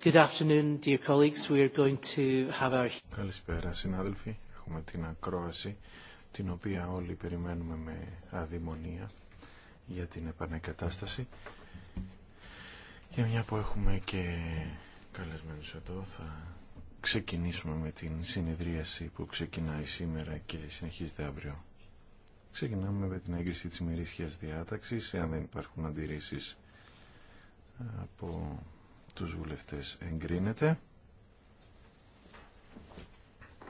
Καλησπέρα συνάδελφοι. Έχουμε την ακρόαση την οποία όλοι περιμένουμε με αδημονία για την επανεκατάσταση. Και μια που έχουμε και καλεσμένους εδώ θα ξεκινήσουμε με την συνεδρίαση που ξεκινάει σήμερα και συνεχίζεται αύριο. Ξεκινάμε με την έγκριση της ημερήσιας διάταξης, εάν δεν υπάρχουν αντιρρήσεις από τους βουλευτές εγκρίνεται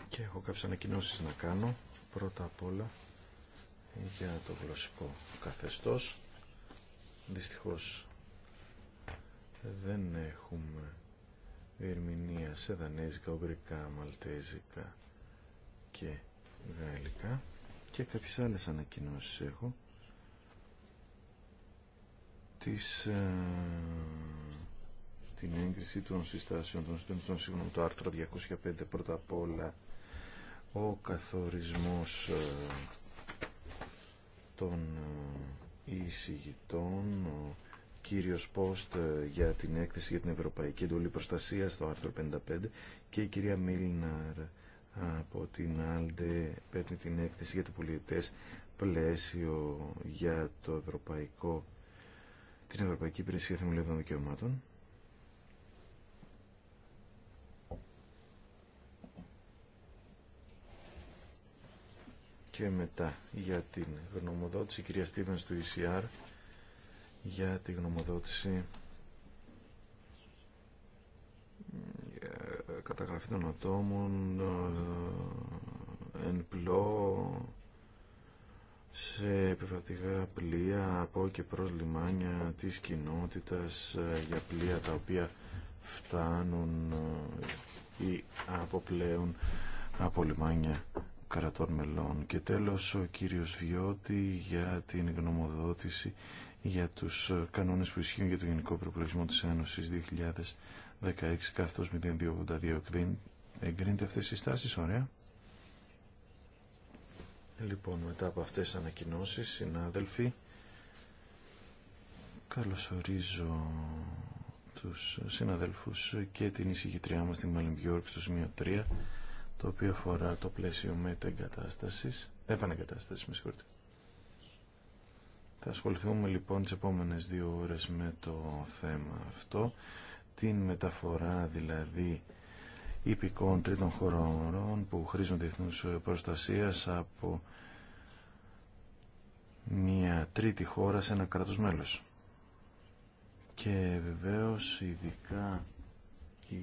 και έχω κάποιες ανακοινώσεις να κάνω πρώτα απ' όλα για το γλωσσικό καθεστώς δυστυχώς δεν έχουμε ερμηνεία σε δανέζικα, ογκρικά, μαλτέζικα και γαλλικά και κάποιες άλλες ανακοινώσεις έχω τις ε, την έγκριση των συστάσεων των συντονιστών συγγνώμη το άρθρο 205 πρώτα απ' όλα ο καθορισμός ε, των ε, εισηγητών ο κύριος Πόστ ε, για την έκθεση για την Ευρωπαϊκή Εντολή Προστασία στο άρθρο 55 και η κυρία Μίλναρ από την Άλντε παίρνει την έκθεση για το πολιτέ πλαίσιο για το Ευρωπαϊκό την Ευρωπαϊκή Υπηρεσία Θεμελιωδών Δικαιωμάτων και μετά για την γνωμοδότηση κυρία Στίβενς του ECR για τη γνωμοδότηση ε, καταγραφή των ατόμων ε, εν πλώ σε επιβατικά πλοία από και προς λιμάνια της κοινότητας ε, για πλοία τα οποία φτάνουν ή αποπλέουν από λιμάνια κρατών μελών. Και τέλος ο κύριος Βιώτη για την γνωμοδότηση για τους ε, κανόνες που ισχύουν για το Γενικό Προπολογισμό της Ένωσης 2016 καθώς 0282 εγκρίνεται αυτές οι στάσεις ωραία. Λοιπόν, μετά από αυτές τις ανακοινώσεις, συνάδελφοι, καλωσορίζω τους συναδέλφους και την εισηγητριά μας, την Μαλιμπιόρκ, στο σημείο 3 το οποίο αφορά το πλαίσιο μεταγκατάστασης, επαναγκατάστασης, με συγχωρείτε. Θα ασχοληθούμε λοιπόν τις επόμενες δύο ώρες με το θέμα αυτό, την μεταφορά δηλαδή υπηκών τρίτων χωρών που χρήζουν διεθνούς προστασίας από μια τρίτη χώρα σε ένα κράτος μέλος. Και βεβαίως ειδικά η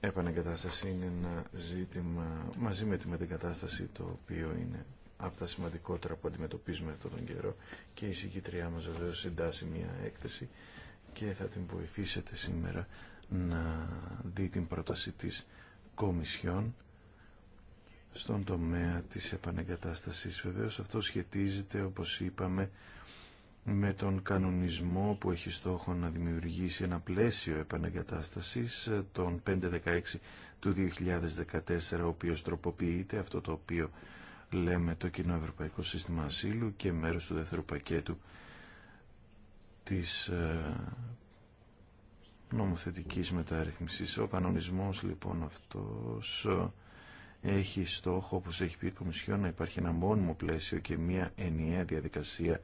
επανεγκατάσταση είναι ένα ζήτημα μαζί με τη μετεγκατάσταση το οποίο είναι από τα σημαντικότερα που αντιμετωπίζουμε αυτόν τον καιρό και η συγκήτριά μας βεβαίως, συντάσσει μια έκθεση και θα την βοηθήσετε σήμερα να δει την πρόταση της Κομισιόν στον τομέα της επανεγκατάστασης. Βεβαίως αυτό σχετίζεται όπως είπαμε με τον κανονισμό που έχει στόχο να δημιουργήσει ένα πλαίσιο επαναγκατάστασης ε, των 516 του 2014 ο οποίος τροποποιείται αυτό το οποίο λέμε το κοινό ευρωπαϊκό σύστημα ασύλου και μέρος του δεύτερου πακέτου της ε, νομοθετικής μεταρρύθμισης. Ο κανονισμός λοιπόν αυτός ε, έχει στόχο, όπως έχει πει η Κομισιόν, να υπάρχει ένα μόνιμο πλαίσιο και μια ενιαία διαδικασία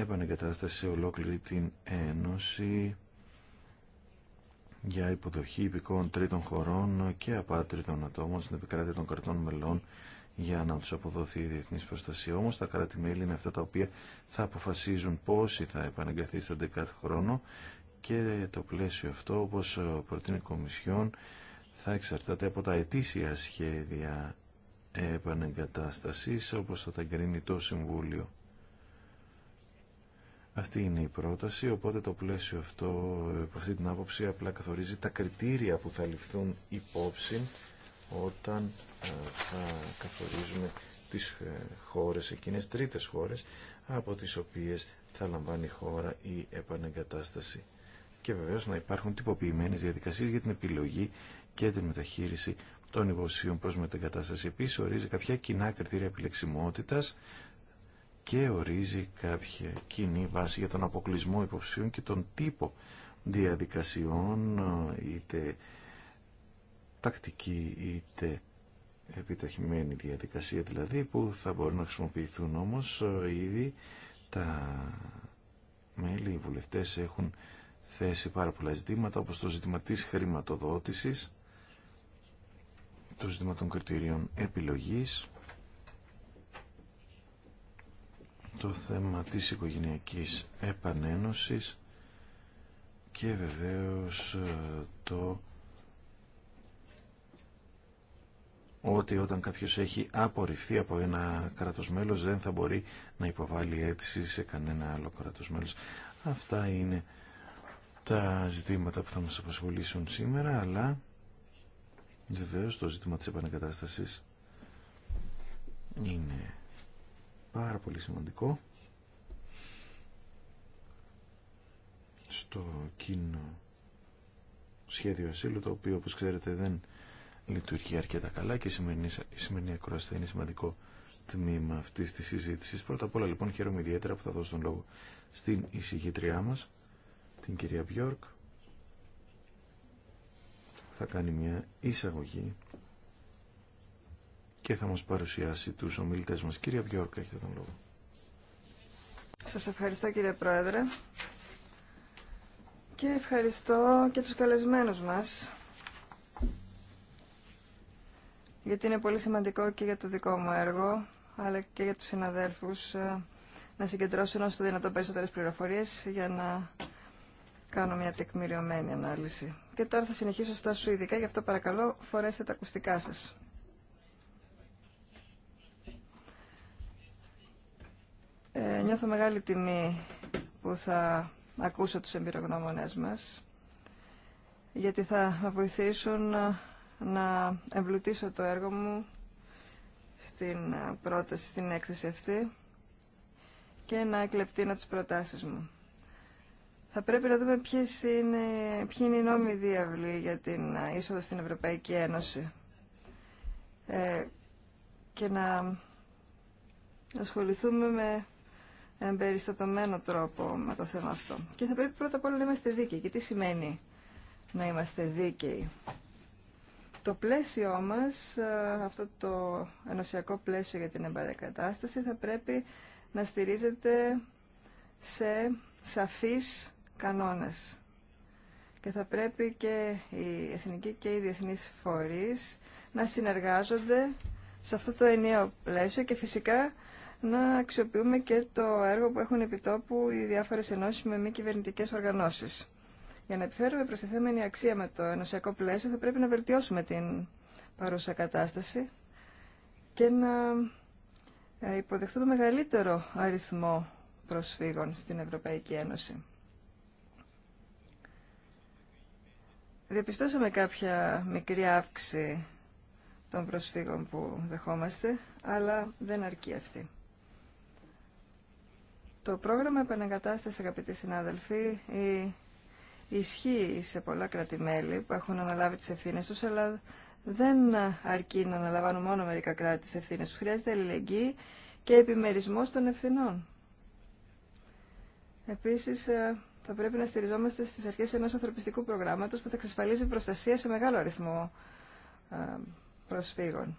επανεγκατάσταση σε ολόκληρη την Ένωση για υποδοχή υπηκών τρίτων χωρών και απάτριτων ατόμων στην επικράτεια των κρατών μελών για να τους αποδοθεί η διεθνής προστασία. Όμως τα κράτη-μέλη είναι αυτά τα οποία θα αποφασίζουν πόσοι θα επανεγκαθίστανται κάθε χρόνο και το πλαίσιο αυτό, όπως προτείνει η Κομισιόν, θα εξαρτάται από τα ετήσια σχέδια επανεγκατάστασης, όπως θα τα εγκρίνει το Συμβούλιο. Αυτή είναι η πρόταση, οπότε το πλαίσιο αυτό, από αυτή την άποψη, απλά καθορίζει τα κριτήρια που θα ληφθούν υπόψη όταν ε, θα καθορίζουμε τις ε, χώρες, εκείνες τρίτες χώρες, από τις οποίες θα λαμβάνει η χώρα η επανεγκατάσταση. Και βεβαίως να υπάρχουν τυποποιημένες διαδικασίες για την επιλογή και την μεταχείριση των υποψηφίων προς μετεγκατάσταση. Επίσης, ορίζει κάποια κοινά κριτήρια επιλεξιμότητας και ορίζει κάποια κοινή βάση για τον αποκλεισμό υποψηφίων και τον τύπο διαδικασιών είτε τακτική είτε επιταχυμένη διαδικασία δηλαδή που θα μπορούν να χρησιμοποιηθούν όμως ε, ήδη τα μέλη, οι βουλευτές έχουν θέσει πάρα πολλά ζητήματα όπως το ζήτημα της χρηματοδότησης το ζήτημα των κριτηρίων επιλογής το θέμα της οικογενειακής επανένωσης και βεβαίως ε, το ότι όταν κάποιος έχει απορριφθεί από ένα κράτος μέλος δεν θα μπορεί να υποβάλει αίτηση σε κανένα άλλο κράτος μέλος. Αυτά είναι τα ζητήματα που θα μας απασχολήσουν σήμερα, αλλά βεβαίως το ζήτημα της επανεκατάστασης είναι πάρα πολύ σημαντικό στο κοινό σχέδιο ασύλου το οποίο όπως ξέρετε δεν λειτουργεί αρκετά καλά και η σημερινή, ακρόαση θα είναι σημαντικό τμήμα αυτής της συζήτησης. Πρώτα απ' όλα λοιπόν χαίρομαι ιδιαίτερα που θα δώσω τον λόγο στην εισηγήτριά μας, την κυρία Μπιόρκ. Θα κάνει μια εισαγωγή και θα μας παρουσιάσει τους ομιλητές μας. Κύριε Βιόρκα, έχετε τον λόγο. Σας ευχαριστώ κύριε Πρόεδρε και ευχαριστώ και τους καλεσμένους μας γιατί είναι πολύ σημαντικό και για το δικό μου έργο αλλά και για τους συναδέλφους ε, να συγκεντρώσουν όσο δυνατό περισσότερες πληροφορίες για να κάνω μια τεκμηριωμένη ανάλυση. Και τώρα θα συνεχίσω στα σου ειδικά, γι' αυτό παρακαλώ φορέστε τα ακουστικά σας. Ε, νιώθω μεγάλη τιμή που θα ακούσω τους εμπειρογνώμονές μας, γιατί θα με βοηθήσουν ε, να εμπλουτίσω το έργο μου στην ε, πρόταση, στην έκθεση αυτή και να εκλεπτύνω τις προτάσεις μου. Θα πρέπει να δούμε ποιες είναι, ποιοι είναι οι νόμοι διάβλοι για την ε, είσοδο στην Ευρωπαϊκή Ένωση και να ασχοληθούμε με εμπεριστατωμένο τρόπο με το θέμα αυτό. Και θα πρέπει πρώτα απ' όλα να είμαστε δίκαιοι. Και τι σημαίνει να είμαστε δίκαιοι. Το πλαίσιο μας, ε, αυτό το ενωσιακό πλαίσιο για την εμπαρακατάσταση, θα πρέπει να στηρίζεται σε σαφείς κανόνες. Και θα πρέπει και οι εθνικοί και οι διεθνείς φορείς να συνεργάζονται σε αυτό το ενιαίο πλαίσιο και φυσικά να αξιοποιούμε και το έργο που έχουν επιτόπου οι διάφορες ενώσεις με μη κυβερνητικέ οργανώσεις. Για να επιφέρουμε προστιθέμενη αξία με το ενωσιακό πλαίσιο θα πρέπει να βελτιώσουμε την παρούσα κατάσταση και να ε, υποδεχθούμε μεγαλύτερο αριθμό προσφύγων στην Ευρωπαϊκή Ένωση. Διαπιστώσαμε κάποια μικρή αύξηση των προσφύγων που δεχόμαστε, αλλά δεν αρκεί αυτή. Το πρόγραμμα επαναγκατάσταση, αγαπητοί συνάδελφοι, ισχύει σε πολλά κράτη-μέλη που έχουν αναλάβει τις ευθύνε του, αλλά δεν αρκεί να αναλαμβάνουν μόνο μερικά κράτη τι ευθύνε του. Χρειάζεται αλληλεγγύη και επιμερισμός των ευθυνών. Επίσης, ε, θα πρέπει να στηριζόμαστε στις αρχές ενός ανθρωπιστικού προγράμματο που θα εξασφαλίζει προστασία σε μεγάλο αριθμό ε, προσφύγων.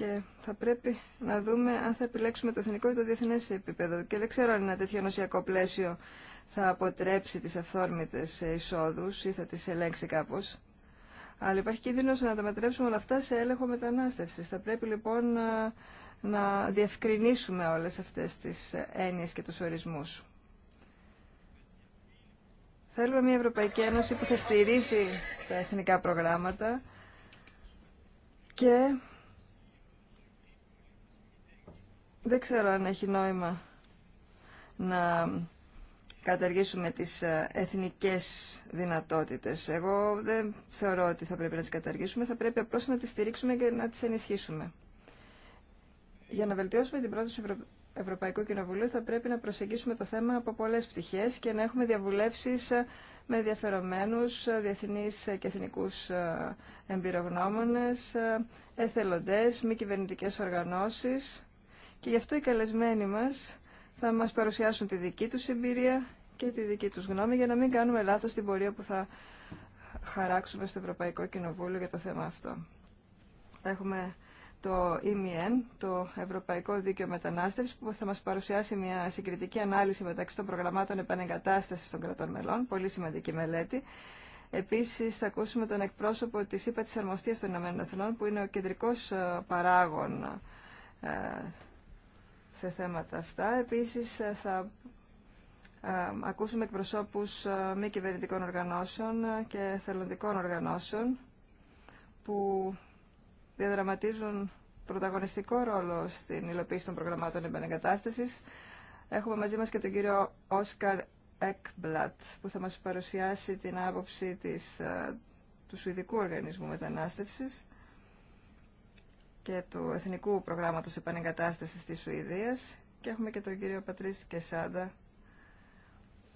και θα πρέπει να δούμε αν θα επιλέξουμε το εθνικό ή το διεθνές επίπεδο. Και δεν ξέρω αν ένα τέτοιο νοσιακό πλαίσιο θα αποτρέψει τις αυθόρμητες εισόδους ή θα τις ελέγξει κάπως. Αλλά υπάρχει κίνδυνο να τα μετρέψουμε όλα αυτά σε έλεγχο μετανάστευσης. Θα πρέπει λοιπόν ε, να διευκρινίσουμε όλες αυτές τις έννοιες και τους ορισμούς. Θέλουμε μια Ευρωπαϊκή Ένωση που θα στηρίζει τα εθνικά προγράμματα και Δεν ξέρω αν έχει νόημα να καταργήσουμε τις ε, εθνικές δυνατότητες. Εγώ δεν θεωρώ ότι θα πρέπει να τις καταργήσουμε, θα πρέπει απλώς να τις στηρίξουμε και να τις ενισχύσουμε. Για να βελτιώσουμε την πρόταση του Ευρωπαϊκού Κοινοβουλίου θα πρέπει να προσεγγίσουμε το θέμα από πολλές πτυχές και να έχουμε διαβουλεύσεις ε, με ενδιαφερομένους ε, διεθνείς και εθνικούς εμπειρογνώμονες, εθελοντές, μη κυβερνητικές οργανώσεις και γι' αυτό οι καλεσμένοι μας θα μας παρουσιάσουν τη δική τους εμπειρία και τη δική τους γνώμη για να μην κάνουμε λάθος στην πορεία που θα χαράξουμε στο Ευρωπαϊκό Κοινοβούλιο για το θέμα αυτό. Έχουμε το EMN, e το Ευρωπαϊκό Δίκαιο Μετανάστευση, που θα μα παρουσιάσει μια συγκριτική ανάλυση μεταξύ των προγραμμάτων επανεγκατάσταση των κρατών μελών, πολύ σημαντική μελέτη. Επίση, θα ακούσουμε τον εκπρόσωπο τη ΥΠΑ των Ηνωμένων που είναι ο κεντρικό ε, παράγων ε, σε θέματα αυτά. Επίσης ε, θα ε, ακούσουμε εκπροσώπους ε, μη κυβερνητικών οργανώσεων και θελοντικών οργανώσεων που διαδραματίζουν πρωταγωνιστικό ρόλο στην υλοποίηση των προγραμμάτων εμπενεγκατάστασης Έχουμε μαζί μας και τον κύριο Όσκαρ Εκμπλατ που θα μας παρουσιάσει την άποψη της, του Σουηδικού Οργανισμού Μετανάστευσης και του Εθνικού Προγράμματος Επανεγκατάστασης της Σουηδίας και έχουμε και τον κύριο Πατρίς Κεσάντα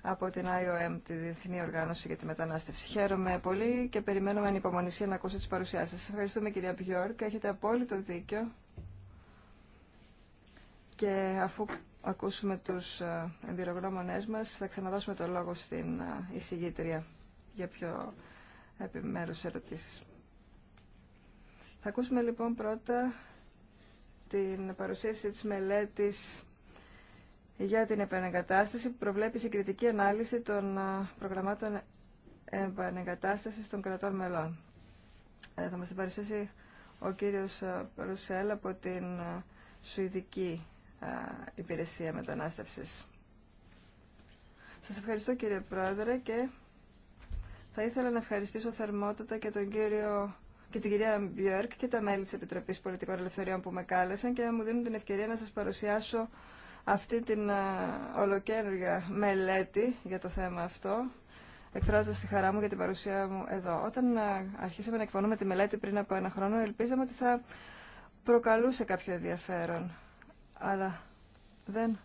από την IOM, τη Διεθνή Οργάνωση για τη Μετανάστευση. Χαίρομαι πολύ και περιμένουμε ανυπομονησία να ακούσω τις παρουσιάσεις σας. Ευχαριστούμε κυρία Πιόρκ, έχετε απόλυτο δίκιο και αφού ακούσουμε τους ε, εμπειρογνώμονές μας θα ξαναδώσουμε το λόγο στην ε, εισηγήτρια για πιο επιμέρους ερωτήσεις. Θα ακούσουμε λοιπόν πρώτα την παρουσίαση της μελέτης για την επανεγκατάσταση που προβλέπει συγκριτική ανάλυση των προγραμμάτων επανεγκατάστασης των κρατών μελών. Ε, θα μας την παρουσιάσει ο κύριος Ρουσέλ από την Σουηδική Υπηρεσία Μετανάστευσης. Σας ευχαριστώ κύριε Πρόεδρε και θα ήθελα να ευχαριστήσω θερμότατα και τον κύριο και την κυρία Μπιόρκ και τα μέλη της Επιτροπής Πολιτικών Ελευθεριών που με κάλεσαν και μου δίνουν την ευκαιρία να σας παρουσιάσω αυτή την ολοκένουργια μελέτη για το θέμα αυτό, Εκφράζω τη χαρά μου για την παρουσία μου εδώ. Όταν αρχίσαμε να εκπονούμε τη μελέτη πριν από ένα χρόνο, ελπίζαμε ότι θα προκαλούσε κάποιο ενδιαφέρον, αλλά δεν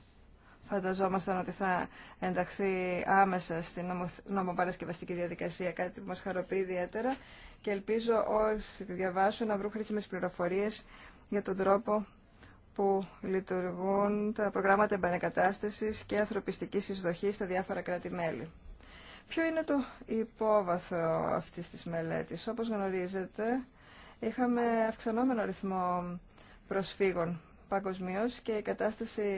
φανταζόμασταν ότι θα ενταχθεί άμεσα στην νομοπαρασκευαστική διαδικασία, κάτι που μας χαροποιεί ιδιαίτερα και ελπίζω όσοι τη διαβάσουν να βρουν χρήσιμες πληροφορίες για τον τρόπο που λειτουργούν τα προγράμματα επανεκατάστασης και ανθρωπιστικής εισδοχής στα διάφορα κράτη-μέλη. Ποιο είναι το υπόβαθρο αυτής της μελέτης. Όπως γνωρίζετε, είχαμε αυξανόμενο ρυθμό προσφύγων παγκοσμίω και η κατάσταση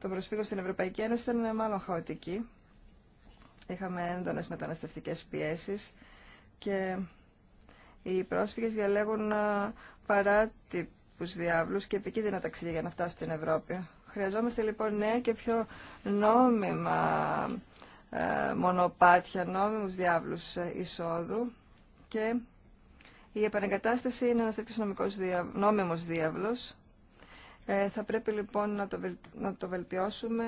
των προσφύγων στην Ευρωπαϊκή Ένωση ήταν μάλλον χαοτική. Είχαμε έντονες μεταναστευτικές πιέσεις και οι πρόσφυγες διαλέγουν ε, παράτυπους διάβλους και επικίνδυνα ταξίδια για να φτάσουν στην Ευρώπη. Χρειαζόμαστε λοιπόν νέα και πιο νόμιμα ε, μονοπάτια, νόμιμους διάβλους ε, εισόδου και η επανεγκατάσταση είναι ένας τέτοιος νομικός νόμιμος διάβλος. Ε, θα πρέπει λοιπόν να το, να το βελτιώσουμε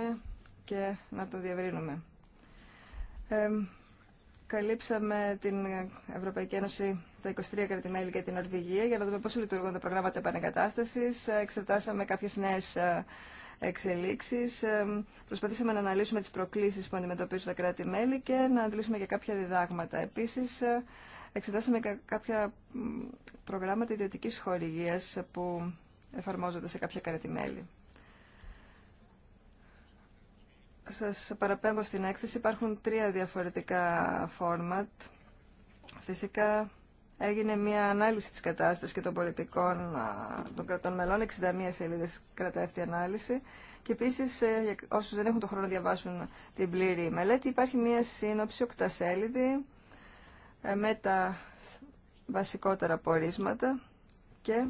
και να το διαβρύνουμε καλύψαμε την Ευρωπαϊκή Ένωση, τα 23 κρατημέλη και την Ορβηγία για να δούμε πώς λειτουργούν τα προγράμματα επανεγκατάστασης. Εξετάσαμε κάποιες νέες ε, εξελίξεις. Ε, προσπαθήσαμε να αναλύσουμε τις προκλήσεις που αντιμετωπίζουν τα κράτη-μέλη και να αντιλήσουμε και κάποια διδάγματα. Επίσης, ε, εξετάσαμε κάποια προγράμματα ιδιωτικής χορηγίας που εφαρμόζονται σε κάποια κράτη-μέλη. σας παραπέμπω στην έκθεση. Υπάρχουν τρία διαφορετικά format. Φυσικά έγινε μια ανάλυση της κατάστασης και των πολιτικών των κρατών μελών. 61 σελίδες κρατάει αυτή η ανάλυση. Και επίσης, ε, για όσους δεν έχουν το χρόνο να διαβάσουν την πλήρη μελέτη, υπάρχει μια σύνοψη οκτασέλιδη ε, με τα βασικότερα πορίσματα και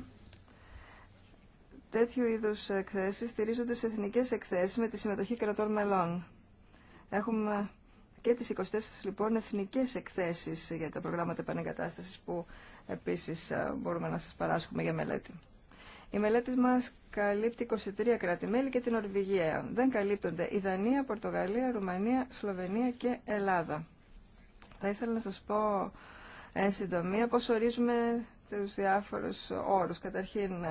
Τέτοιου είδου εκθέσει στηρίζονται σε εθνικέ εκθέσει με τη συμμετοχή κρατών μελών. Έχουμε και τι 24 λοιπόν εθνικές εκθέσεις για τα προγράμματα επανεγκατάσταση που επίση ε, μπορούμε να σα παράσχουμε για μελέτη. Η μελέτη μα καλύπτει 23 κράτη-μέλη και την Ορβηγία. Δεν καλύπτονται η Δανία, Πορτογαλία, Ρουμανία, Σλοβενία και Ελλάδα. Θα ήθελα να σα πω εν συντομία πώ ορίζουμε του διάφορου όρου Καταρχήν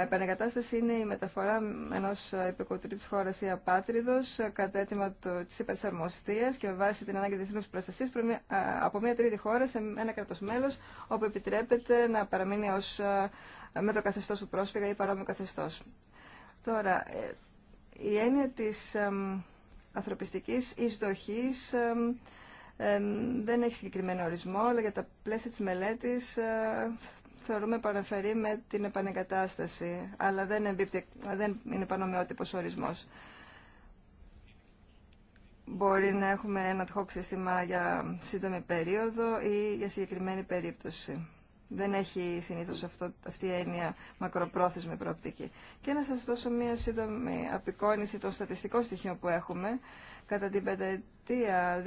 Επανεγκατάσταση είναι η μεταφορά ενό υπηκοτρή χώρα ή Απάτριδο, ε, κατά αίτημα τη υπερσαρμοστία και με βάση την ανάγκη διεθνού προστασία, από μια τρίτη χώρα σε ένα κρατος όπου επιτρέπεται να παραμείνει ως ε, με το καθεστώ του πρόσφυγα ή παρόμοιο καθεστώς. Τώρα, ε, η παρομοιο καθεστω τωρα η εννοια τη ανθρωπιστική εισδοχή δεν έχει συγκεκριμένο ορισμό, αλλά για τα πλαίσια τη μελέτη θεωρούμε παραφέρει με την επανεγκατάσταση αλλά δεν, δεν είναι πανομοιότυπος ορισμός. Μπορεί να έχουμε ένα τχόκ σύστημα για σύντομη περίοδο ή για συγκεκριμένη περίπτωση. Δεν έχει συνήθως αυτό, αυτή η έννοια μακροπρόθεσμη προοπτική. Και να σας δώσω μία σύντομη απεικόνηση των στατιστικών στοιχείων που έχουμε. Κατά την πενταετία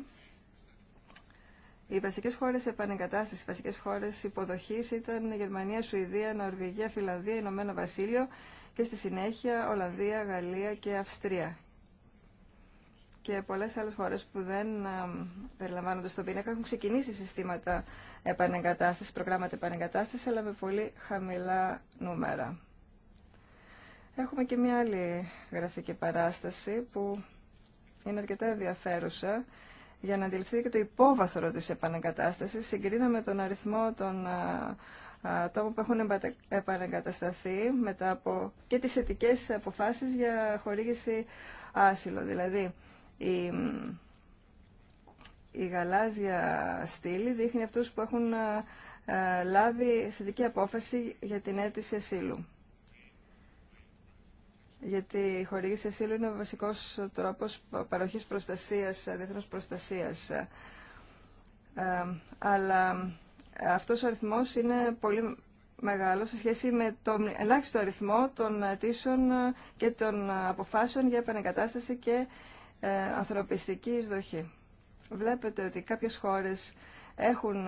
2011-2015, οι βασικέ χώρε επανεγκατάσταση, οι βασικέ χώρε υποδοχή ήταν Γερμανία, Σουηδία, Νορβηγία, Φιλανδία, Ηνωμένο Βασίλειο και στη συνέχεια Ολλανδία, Γαλλία και Αυστρία. Και πολλέ άλλε χώρε που δεν περιλαμβάνονται στον πίνακα έχουν ξεκινήσει συστήματα επανεγκατάσταση, προγράμματα επανεγκατάσταση, αλλά με πολύ χαμηλά νούμερα. Έχουμε και μια άλλη γραφική παράσταση που είναι αρκετά ενδιαφέρουσα για να αντιληφθεί και το υπόβαθρο της επαναγκατάστασης, συγκρίναμε τον αριθμό των τόπων που έχουν επαναγκατασταθεί μετά από και τις θετικέ αποφάσεις για χορήγηση άσυλο. Δηλαδή, η, η γαλάζια στήλη δείχνει αυτούς που έχουν λάβει θετική απόφαση για την αίτηση ασύλου γιατί η χορήγηση ασύλου είναι ο βασικός τρόπος παροχής προστασίας, διεθνούς προστασίας. Ε, αλλά αυτός ο αριθμός είναι πολύ μεγάλος σε σχέση με τον ελάχιστο αριθμό των αιτήσεων και των αποφάσεων για επανεγκατάσταση και ε, ανθρωπιστική εισδοχή. Βλέπετε ότι κάποιες χώρες έχουν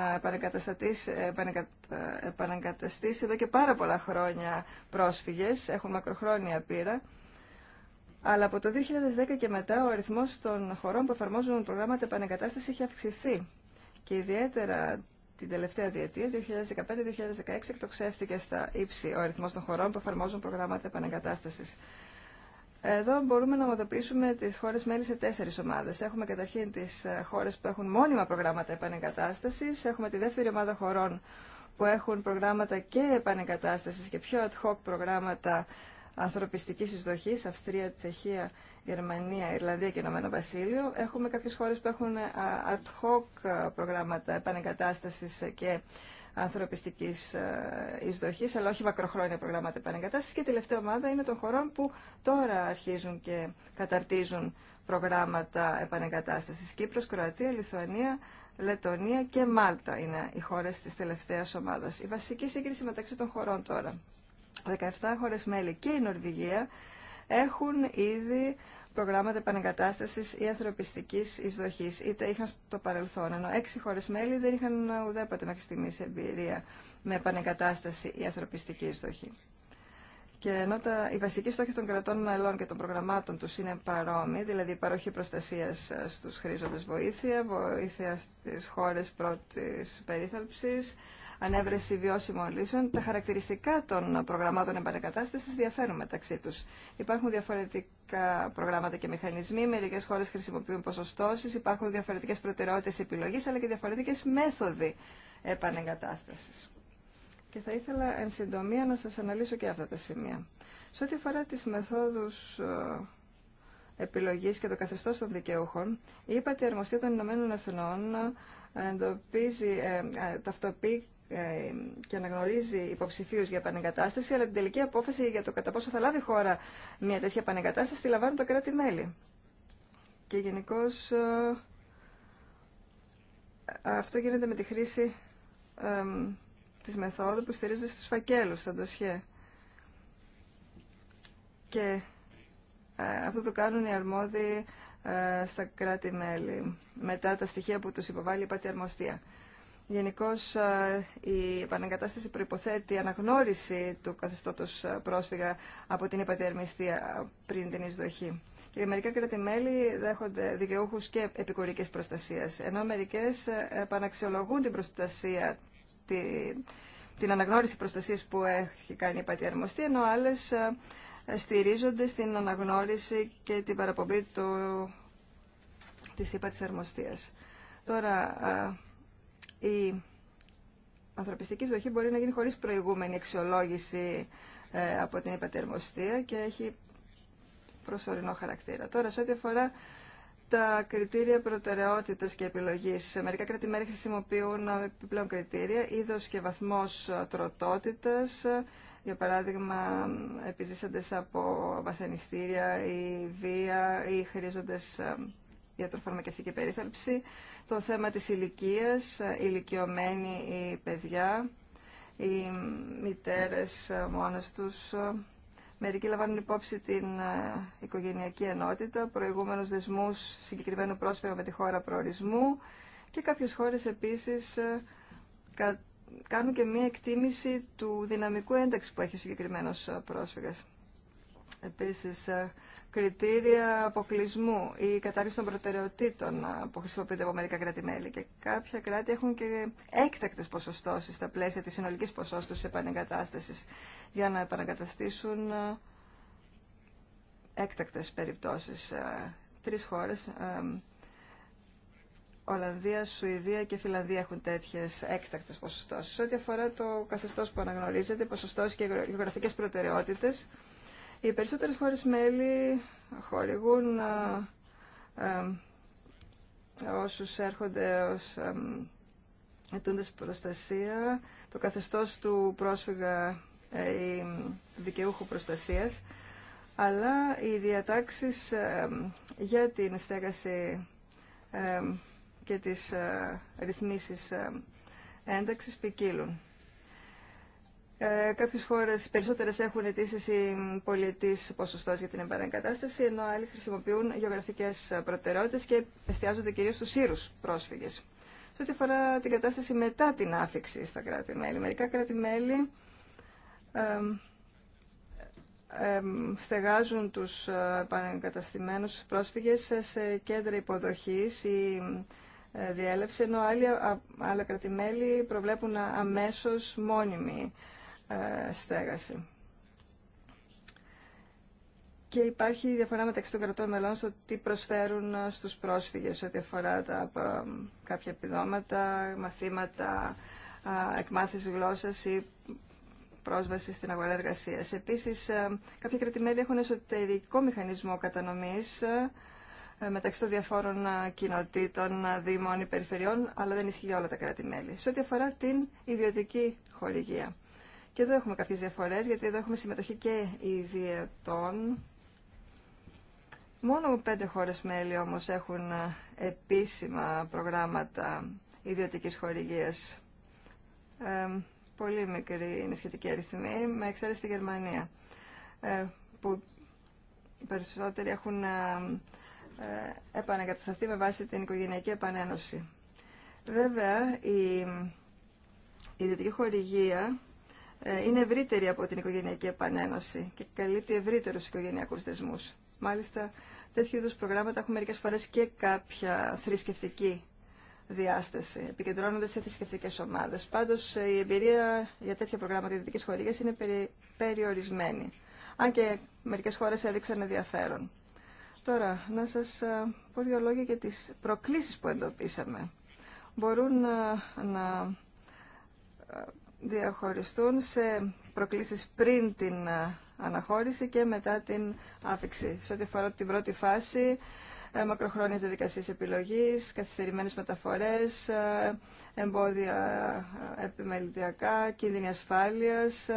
επαναγκαταστήσει εδώ και πάρα πολλά χρόνια πρόσφυγες, έχουν μακροχρόνια πείρα. Αλλά από το 2010 και μετά ο αριθμός των χωρών που εφαρμόζουν προγράμματα επανεγκατάσταση έχει αυξηθεί. Και ιδιαίτερα την τελευταία διετία, 2015-2016, εκτοξεύτηκε στα ύψη ο αριθμός των χωρών που εφαρμόζουν προγράμματα επανεγκατάστασης. Εδώ μπορούμε να ομοδοποιήσουμε τι χώρε μέλη σε τέσσερι ομάδε. Έχουμε καταρχήν τι ε, χώρε που έχουν μόνιμα προγράμματα επανεγκατάσταση. Έχουμε τη δεύτερη ομάδα χωρών που έχουν προγράμματα και επανεγκατάσταση και πιο ad hoc προγράμματα ανθρωπιστική εισδοχή, Αυστρία, Τσεχία, Γερμανία, Ιρλανδία και Ηνωμένο Βασίλειο. Έχουμε κάποιε χώρε που έχουν ε, ad hoc ε, προγράμματα επανεγκατάσταση και ανθρωπιστικής ε, εισδοχή, αλλά όχι μακροχρόνια προγράμματα επανεγκατάσταση. Και τελευταία ομάδα είναι των χωρών που τώρα αρχίζουν και καταρτίζουν προγράμματα επανεγκατάσταση. Κύπρος, Κροατία, Λιθουανία, Λετωνία και Μάλτα είναι οι χώρες της τελευταίας ομάδας. Η βασική σύγκριση μεταξύ των χωρών τώρα. 17 χώρε μέλη και η Νορβηγία έχουν ήδη προγράμματα επανεγκατάστασης ή ανθρωπιστικής εισδοχής, είτε είχαν στο παρελθόν, ενώ έξι χώρες μέλη δεν είχαν ουδέποτε μέχρι στιγμής εμπειρία με επανεγκατάσταση ή ανθρωπιστική εισδοχή. Και ενώ τα, οι βασικοί στόχοι των κρατών μελών και των προγραμμάτων του είναι παρόμοιοι, δηλαδή η παροχή προστασίας ε, στου χρήζοντε βοήθεια, βοήθεια στι χώρε πρώτη περίθαλψης, ανέβρεση βιώσιμων λύσεων, τα χαρακτηριστικά των προγραμμάτων επανεκατάσταση διαφέρουν μεταξύ του. Υπάρχουν διαφορετικά προγράμματα και μηχανισμοί, μερικέ χώρε χρησιμοποιούν ποσοστώσεις, υπάρχουν διαφορετικέ προτεραιότητε επιλογή, αλλά και διαφορετικέ μέθοδοι επανεγκατάσταση. Και θα ήθελα εν συντομία να σας αναλύσω και αυτά τα σημεία. Σε ό,τι αφορά τις μεθόδους ε, επιλογής και το καθεστώς των δικαιούχων, η Αρμοστία των Ηνωμένων Εθνών ε, εντοπίζει, ε, ε ταυτοποιεί ε, και αναγνωρίζει υποψηφίου για επανεγκατάσταση, αλλά την τελική απόφαση για το κατά πόσο θα λάβει η χώρα μια τέτοια επανεγκατάσταση τη λαμβάνουν τα κράτη-μέλη. Και γενικώ ε, αυτό γίνεται με τη χρήση τη ε, της μεθόδου που στηρίζονται στους φακέλους, στα ντοσιέ. Και αυτό το κάνουν οι αρμόδιοι στα κράτη-μέλη, μετά τα στοιχεία που τους υποβάλλει η πατιαρμοστία. Γενικώ ε, η επαναγκατάσταση προϋποθέτει αναγνώριση του καθεστώτος ε, πρόσφυγα από την υπατερμιστία ε, πριν την εισδοχή. Και μερικά κράτη-μέλη δέχονται δικαιούχους και επικουρική προστασίας, ενώ μερικέ επαναξιολογούν την προστασία, την, αναγνώριση προστασίας που έχει κάνει η πατιαρμοστή, ενώ άλλε στηρίζονται στην αναγνώριση και την παραπομπή του, της η ανθρωπιστική ζωή μπορεί να γίνει χωρίς προηγούμενη αξιολόγηση ε, από την υπατερμοστία και έχει προσωρινό χαρακτήρα. Τώρα, σε ό,τι αφορά τα κριτήρια προτεραιότητα και επιλογή. Μερικά κρατημέρια χρησιμοποιούν επιπλέον κριτήρια, είδο και βαθμός τροτότητα, για παράδειγμα, επιζήσαντε από βασανιστήρια ή βία ή χρήζοντε ιατροφαρμακευτική περίθαλψη, το θέμα της ηλικία, ε, ηλικιωμένοι οι παιδιά, οι μητέρες ε, μόνες τους. Ε, μερικοί λαμβάνουν υπόψη την οικογενειακή ενότητα, προηγούμενους δεσμούς συγκεκριμένου πρόσφυγα με τη χώρα προορισμού και κάποιες χώρες επίσης κάνουν και μία εκτίμηση του δυναμικού ένταξη που έχει ο συγκεκριμένος πρόσφυγας. Επίσης, ε, κριτήρια αποκλεισμού ή κατάρριση των προτεραιοτήτων ε, που χρησιμοποιουνται απο από μερικά κράτη-μέλη. Και κάποια κράτη έχουν και έκτακτες ποσοστώσεις στα πλαίσια της συνολικής ποσόστοσης επανεγκατάστασης για να επανακαταστήσουν ε, έκτακτες περιπτώσεις. Τρεις χώρες, Ολλανδία, Σουηδία και Φιλανδία έχουν τέτοιε έκτακτε ποσοστώσει. Ό,τι αφορά το καθεστώ που αναγνωρίζεται, ποσοστώσει και γεωγραφικέ προτεραιότητε, οι περισσότερες χώρες μέλη χορηγούν όσου ε, ε, όσους έρχονται ως ετούντε ετούντες προστασία, το καθεστώς του πρόσφυγα ή ε, δικαιούχου προστασίας, αλλά οι διατάξεις για την στέγαση και τις ρυθμίσεις ένταξης ποικίλουν. Ε, χώρε χώρες, περισσότερες έχουν αιτήσει ή ποσοστό για την επαναγκατάσταση, ενώ άλλοι χρησιμοποιούν γεωγραφικέ προτεραιότητε και εστιάζονται κυρίω στου Ήρου πρόσφυγες. Σε ό,τι αφορά την κατάσταση μετά την άφηξη στα κράτη-μέλη, μερικά κράτη-μέλη ε, ε, στεγάζουν τους ε, επαναγκαταστημένου πρόσφυγες σε κέντρα υποδοχή ή ε, διέλευση, ενώ άλλοι, άλλα κράτη-μέλη προβλέπουν αμέσω μόνιμη ε, στέγαση. Και υπάρχει διαφορά μεταξύ των κρατών μελών στο τι προσφέρουν ε, στους πρόσφυγες ό,τι αφορά τα, ε, κάποια επιδόματα, μαθήματα, εκμάθηση γλώσσας ή πρόσβαση στην αγορά εργασίας. Επίσης, κάποια κρατημέλη έχουν εσωτερικό μηχανισμό κατανομής μεταξύ των διαφόρων κοινοτήτων, δήμων ή περιφερειών, αλλά δεν ισχύει για όλα τα κρατη Σε ό,τι αφορά την ιδιωτική χορηγία. Και εδώ έχουμε κάποιες διαφορές, γιατί εδώ έχουμε συμμετοχή και ιδιαιτών. Μόνο πέντε χώρες μέλη όμως έχουν ε, επίσημα προγράμματα ιδιωτικής χορηγίας. πολύ μικρή είναι σχετική αριθμή, με εξαίρεση τη Γερμανία, ε, που οι περισσότεροι έχουν ε, ε, επανακατασταθεί με βάση την οικογενειακή επανένωση. Βέβαια, η, η ιδιωτική χορηγία ε, είναι ευρύτερη από την οικογενειακή επανένωση και καλύπτει ευρύτερου οικογενειακού δεσμού. Μάλιστα, τέτοιου είδου προγράμματα έχουν μερικέ φορέ και κάποια θρησκευτική διάσταση, επικεντρώνονται σε θρησκευτικέ ομάδε. Πάντω, ε, η εμπειρία για τέτοια προγράμματα ιδιωτική χορηγία είναι περιορισμένη. Αν και μερικέ χώρε έδειξαν ενδιαφέρον. Τώρα, να σα ε, πω δύο λόγια για τι προκλήσει που εντοπίσαμε. Μπορούν να διαχωριστούν σε προκλήσεις πριν την ε, αναχώρηση και μετά την άφηξη. Σε ό,τι αφορά την πρώτη φάση, ε, μακροχρόνια διαδικασίες επιλογής, καθυστερημένες μεταφορές, ε, εμπόδια επιμελητιακά, κίνδυνη ασφάλειας,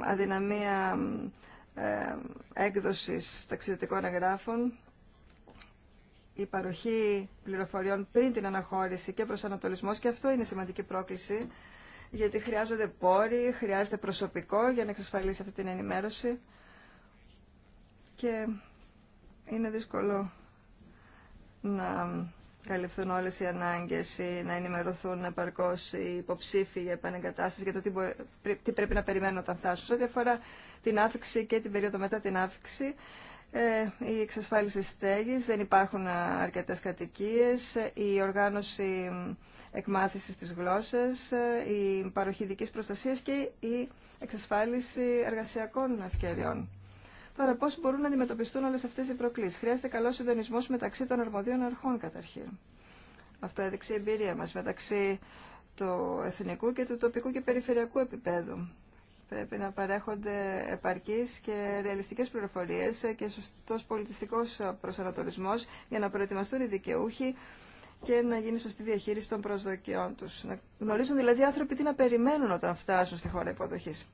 αδυναμία έκδοσης ταξιδιωτικών εγγράφων, η παροχή πληροφοριών πριν την αναχώρηση και προσανατολισμός και αυτό είναι σημαντική πρόκληση γιατί χρειάζονται πόροι, χρειάζεται προσωπικό για να εξασφαλίσει αυτή την ενημέρωση και είναι δύσκολο να καλυφθούν όλες οι ανάγκες ή να ενημερωθούν επαρκώς οι υποψήφοι για επανεγκατάσταση για το τι, τι πρέπει να περιμένουν όταν φτάσουν. Σε ό,τι αφορά την άφηξη και την περίοδο μετά την άφηξη, ε, η εξασφάλιση στέγης, δεν υπάρχουν αρκετές κατοικίες, η οργάνωση εκμάθησης της γλώσσας, η παροχή δικής προστασίας και η εξασφάλιση εργασιακών ευκαιριών. Τώρα, πώς μπορούν να αντιμετωπιστούν όλες αυτές οι προκλήσεις. Χρειάζεται καλό συντονισμό μεταξύ των αρμοδίων αρχών καταρχήν. Αυτό έδειξε η εμπειρία μας μεταξύ του εθνικού και του τοπικού και περιφερειακού επίπεδου. Πρέπει να παρέχονται επαρκείς και ρεαλιστικές πληροφορίες και σωστός πολιτιστικός προσανατολισμός για να προετοιμαστούν οι δικαιούχοι και να γίνει σωστή διαχείριση των προσδοκιών τους. Να γνωρίζουν δηλαδή οι άνθρωποι τι να περιμένουν όταν φτάσουν στη χώρα υποδοχής.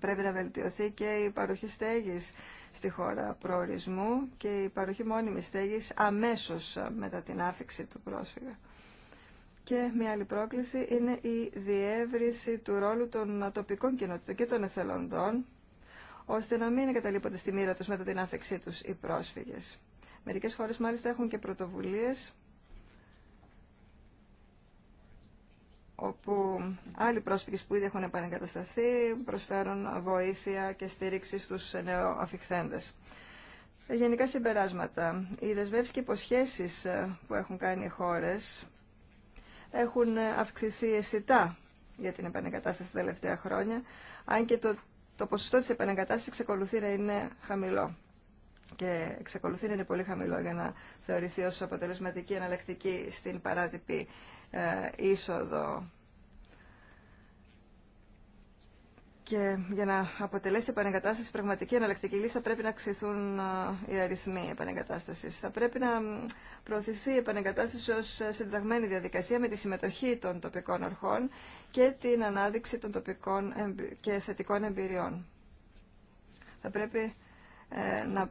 Πρέπει να βελτιωθεί και η παροχή στέγης στη χώρα προορισμού και η παροχή μόνιμης στέγης αμέσως μετά την άφηξη του πρόσφυγα. Και μια άλλη πρόκληση είναι η διεύρυνση του ρόλου των τοπικών κοινότητων και των εθελοντών, ώστε να μην εγκαταλείπονται στη μοίρα τους μετά την άφεξή τους οι πρόσφυγες. Μερικές χώρες μάλιστα έχουν και πρωτοβουλίες όπου άλλοι πρόσφυγες που ήδη έχουν επανεγκατασταθεί προσφέρουν βοήθεια και στήριξη στους νεοαφιχθέντες. Γενικά συμπεράσματα. Οι δεσμεύσεις και υποσχέσεις ε, που έχουν κάνει οι χώρες έχουν αυξηθεί αισθητά για την επανεγκατάσταση τα τελευταία χρόνια, αν και το, το ποσοστό της επανεγκατάστασης εξακολουθεί να είναι χαμηλό και εξακολουθεί να είναι πολύ χαμηλό για να θεωρηθεί ως αποτελεσματική εναλλακτική στην παράτυπη ε, είσοδο Και για να αποτελέσει επανεγκατάσταση πραγματική εναλλακτική λύση θα πρέπει να αξιθούν οι αριθμοί επανεγκατάσταση. Θα πρέπει να προωθηθεί η επανεγκατάσταση ω συνταγμένη διαδικασία με τη συμμετοχή των τοπικών αρχών και την ανάδειξη των τοπικών και θετικών εμπειριών. Θα πρέπει ε, να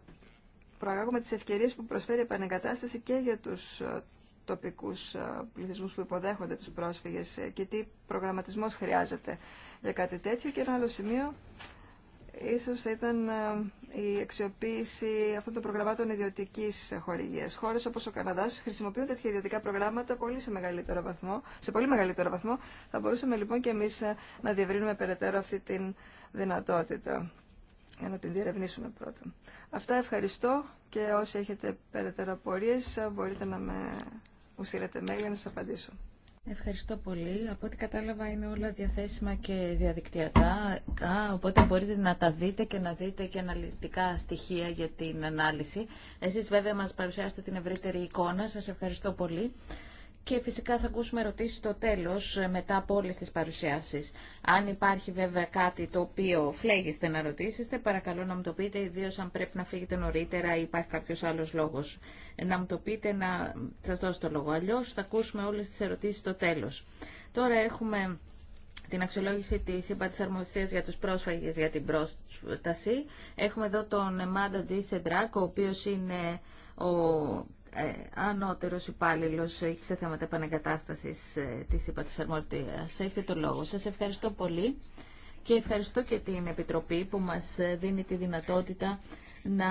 προαγάγουμε τι ευκαιρίε που προσφέρει η επανεγκατάσταση και για τους τοπικού ε, πληθυσμού που υποδέχονται του πρόσφυγες ε, και τι προγραμματισμό χρειάζεται για κάτι τέτοιο. Και ένα άλλο σημείο ίσω ήταν ε, η αξιοποίηση αυτών των προγραμμάτων ιδιωτική χορηγία. Χώρε όπω ο Καναδά χρησιμοποιούν τέτοια ιδιωτικά προγράμματα πολύ σε, μεγαλύτερο βαθμό, σε πολύ μεγαλύτερο βαθμό. Θα μπορούσαμε λοιπόν και εμεί να διευρύνουμε περαιτέρω αυτή τη δυνατότητα. Για να την διερευνήσουμε πρώτα. Αυτά ευχαριστώ και όσοι έχετε περαιτέρω απορίες μπορείτε να με μου στείλετε για να σας απαντήσω. Ευχαριστώ πολύ. Από ό,τι κατάλαβα είναι όλα διαθέσιμα και διαδικτυακά, οπότε μπορείτε να τα δείτε και να δείτε και αναλυτικά στοιχεία για την ανάλυση. Εσείς βέβαια μας παρουσιάσετε την ευρύτερη εικόνα. Σας ευχαριστώ πολύ και φυσικά θα ακούσουμε ερωτήσει στο τέλο ε, μετά από όλε τι παρουσιάσει. Αν υπάρχει βέβαια κάτι το οποίο φλέγεστε να ρωτήσετε, παρακαλώ να μου το πείτε, ιδίω αν πρέπει να φύγετε νωρίτερα ή υπάρχει κάποιο άλλο λόγο ε, Να μου το πείτε, να σα δώσω το λόγο. Αλλιώ, θα ακούσουμε όλε τι ερωτήσει στο τέλο. Τώρα έχουμε την αξιολόγηση τη ΥΠΑ τη για του πρόσφαγε για την πρόσταση. Έχουμε εδώ τον Μάντα Τζι Σεντράκ, ο οποίο είναι ο ε, ανώτερος υπάλληλο έχει σε θέματα επανεγκατάστασης ε, της υπατουσαρμορτίας. Έχετε το λόγο. Σας ευχαριστώ πολύ και ευχαριστώ και την Επιτροπή που μας ε, δίνει τη δυνατότητα να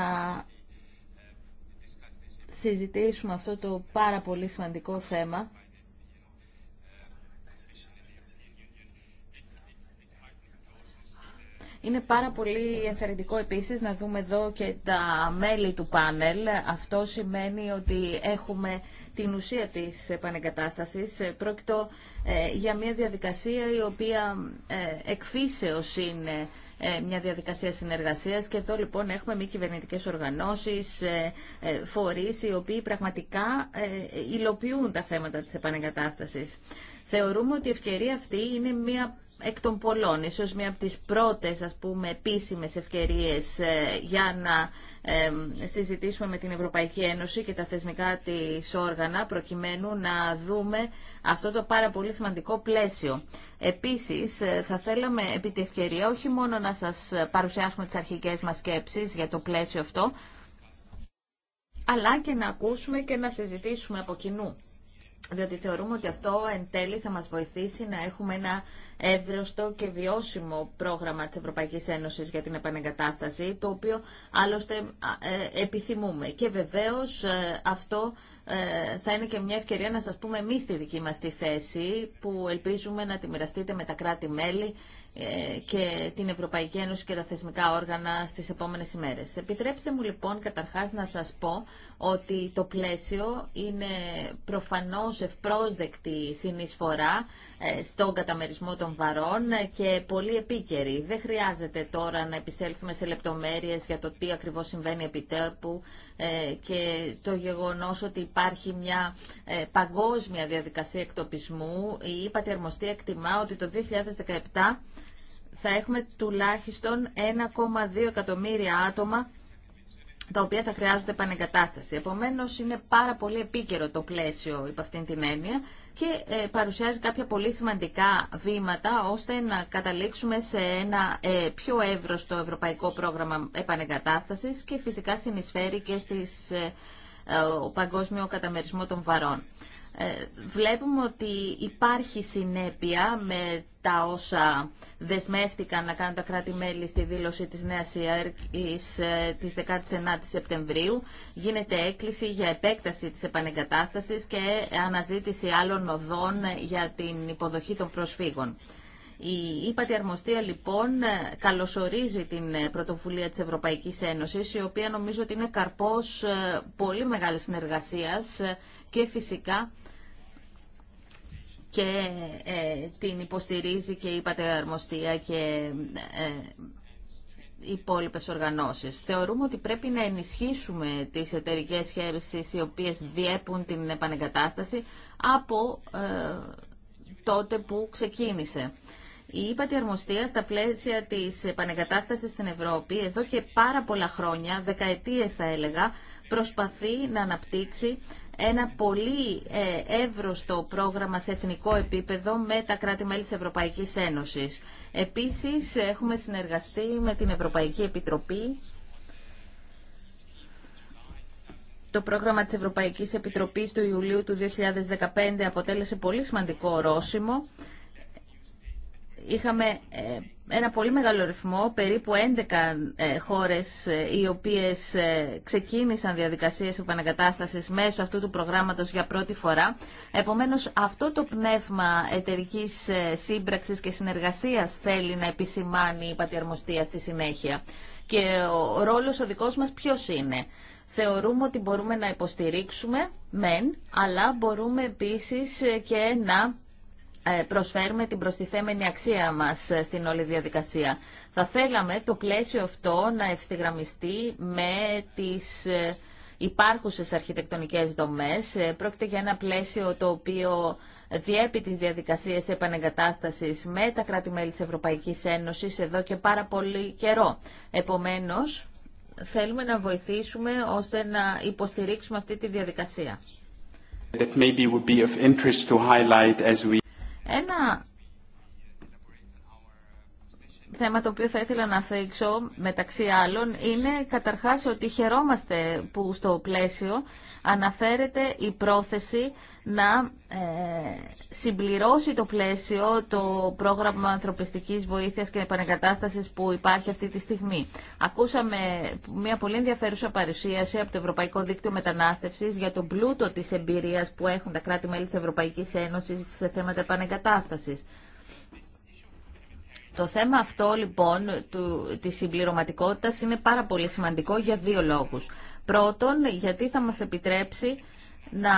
συζητήσουμε αυτό το πάρα πολύ σημαντικό θέμα Είναι πάρα πολύ ενθαρρυντικό επίσης να δούμε εδώ και τα μέλη του πάνελ. Αυτό σημαίνει ότι έχουμε την ουσία της επανεγκατάστασης. Πρόκειται ε, για μια διαδικασία η οποία ε, εκφύσεως είναι ε, μια διαδικασία συνεργασίας και εδώ λοιπόν έχουμε μη κυβερνητικέ οργανώσεις, φορείς οι οποίοι πραγματικά υλοποιούν τα θέματα της επανεγκατάστασης. Θεωρούμε ότι η ευκαιρία αυτή είναι μία εκ των πολλών, ίσως μία από τις πρώτες ας πούμε επίσημες ευκαιρίες ε, για να ε, συζητήσουμε με την Ευρωπαϊκή Ένωση και τα θεσμικά της όργανα προκειμένου να δούμε αυτό το πάρα πολύ σημαντικό πλαίσιο. Επίσης ε, θα θέλαμε επί τη ευκαιρία όχι μόνο να σας παρουσιάσουμε τις αρχικές μας σκέψεις για το πλαίσιο αυτό, αλλά και να ακούσουμε και να συζητήσουμε από κοινού διότι θεωρούμε ότι αυτό εν τέλει θα μας βοηθήσει να έχουμε ένα εύρωστο και βιώσιμο πρόγραμμα της Ευρωπαϊκής Ένωσης για την επανεγκατάσταση, το οποίο άλλωστε ε, επιθυμούμε. Και βεβαίως ε, αυτό ε, θα είναι και μια ευκαιρία να σας πούμε εμείς τη δική μας τη θέση, που ελπίζουμε να τη μοιραστείτε με τα κράτη-μέλη ε, και την Ευρωπαϊκή Ένωση και τα θεσμικά όργανα στις επόμενες ημέρες. Επιτρέψτε μου λοιπόν καταρχάς να σας πω ότι το πλαίσιο είναι προφανώς ευπρόσδεκτη συνεισφορά ε, στον καταμερισμό των βαρών και πολύ επίκαιρη. Δεν χρειάζεται τώρα να επισέλθουμε σε λεπτομέρειες για το τι ακριβώς συμβαίνει επιτέπου ε, και το γεγονός ότι υπάρχει μια παγκόσμια διαδικασία εκτοπισμού. Η εκτιμά ότι το 2017 θα έχουμε τουλάχιστον 1,2 εκατομμύρια άτομα τα οποία θα χρειάζονται επανεγκατάσταση. Επομένως, είναι πάρα πολύ επίκαιρο το πλαίσιο υπ' αυτήν την έννοια και ε, παρουσιάζει κάποια πολύ σημαντικά βήματα ώστε να καταλήξουμε σε ένα ε, πιο εύρωστο ευρωπαϊκό πρόγραμμα επανεγκατάστασης και φυσικά συνεισφέρει και στις ε, παγκόσμιο καταμερισμό των βαρών. Ε, βλέπουμε ότι υπάρχει συνέπεια με τα όσα δεσμεύτηκαν να κάνουν τα κράτη-μέλη στη δήλωση της Νέας Υόρκης ε, της 19ης Σεπτεμβρίου. Γίνεται έκκληση για επέκταση της επανεγκατάστασης και αναζήτηση άλλων οδών για την υποδοχή των προσφύγων. Η ύπατη αρμοστία λοιπόν καλωσορίζει την πρωτοβουλία της Ευρωπαϊκής Ένωσης, η οποία νομίζω ότι είναι καρπός ε, πολύ μεγάλης συνεργασίας και φυσικά και ε, την υποστηρίζει και η πατεραρμοστία και ε, οι υπόλοιπε οργανώσεις. Θεωρούμε ότι πρέπει να ενισχύσουμε τις εταιρικές σχέσεις οι οποίες διέπουν την επανεγκατάσταση από ε, τότε που ξεκίνησε. Η ύπατη στα πλαίσια της επανεγκατάστασης στην Ευρώπη εδώ και πάρα πολλά χρόνια, δεκαετίες θα έλεγα, προσπαθεί να αναπτύξει ένα πολύ ε, εύρωστο πρόγραμμα σε εθνικό επίπεδο με τα κράτη-μέλη της Ευρωπαϊκής Ένωσης. Επίσης, έχουμε συνεργαστεί με την Ευρωπαϊκή Επιτροπή Το πρόγραμμα της Ευρωπαϊκής Επιτροπής του Ιουλίου του 2015 αποτέλεσε πολύ σημαντικό ορόσημο Είχαμε ε, ένα πολύ μεγάλο ρυθμό, περίπου 11 ε, χώρες ε, οι οποίες ξεκίνησαν διαδικασίες επανακατάστασης μέσω αυτού του προγράμματος για πρώτη φορά. Επομένως, αυτό το πνεύμα εταιρικής σύμπραξης και συνεργασίας θέλει να επισημάνει η Πατιαρμοστία στη συνέχεια. Και ο ρόλος ο δικός μας ποιος είναι. Θεωρούμε ότι μπορούμε να υποστηρίξουμε, μεν, αλλά μπορούμε επίσης και να ε, προσφέρουμε την προστιθέμενη αξία μας ε, στην όλη διαδικασία. Θα θέλαμε το πλαίσιο αυτό να ευθυγραμμιστεί με τις ε, υπάρχουσες αρχιτεκτονικές δομές. Πρόκειται για ένα πλαίσιο το οποίο διέπει τις διαδικασίες επανεγκατάστασης με τα κράτη-μέλη της Ευρωπαϊκής Ένωσης εδώ και πάρα πολύ καιρό. Επομένως, θέλουμε να βοηθήσουμε ώστε να υποστηρίξουμε αυτή τη διαδικασία. That would be of interest to ένα θέμα το οποίο θα ήθελα να θέξω μεταξύ άλλων είναι καταρχάς ότι χαιρόμαστε που στο πλαίσιο αναφέρεται η πρόθεση να ε, συμπληρώσει το πλαίσιο το πρόγραμμα ανθρωπιστικής βοήθειας και επανεκατάστασης που υπάρχει αυτή τη στιγμή. Ακούσαμε μια πολύ ενδιαφέρουσα παρουσίαση από το Ευρωπαϊκό Δίκτυο Μετανάστευσης για τον πλούτο της εμπειρίας που έχουν τα κράτη-μέλη της Ευρωπαϊκής Ένωσης σε θέματα επανεκατάστασης. Το θέμα αυτό λοιπόν του, της συμπληρωματικότητας είναι πάρα πολύ σημαντικό για δύο λόγους. Πρώτον, γιατί θα μας επιτρέψει να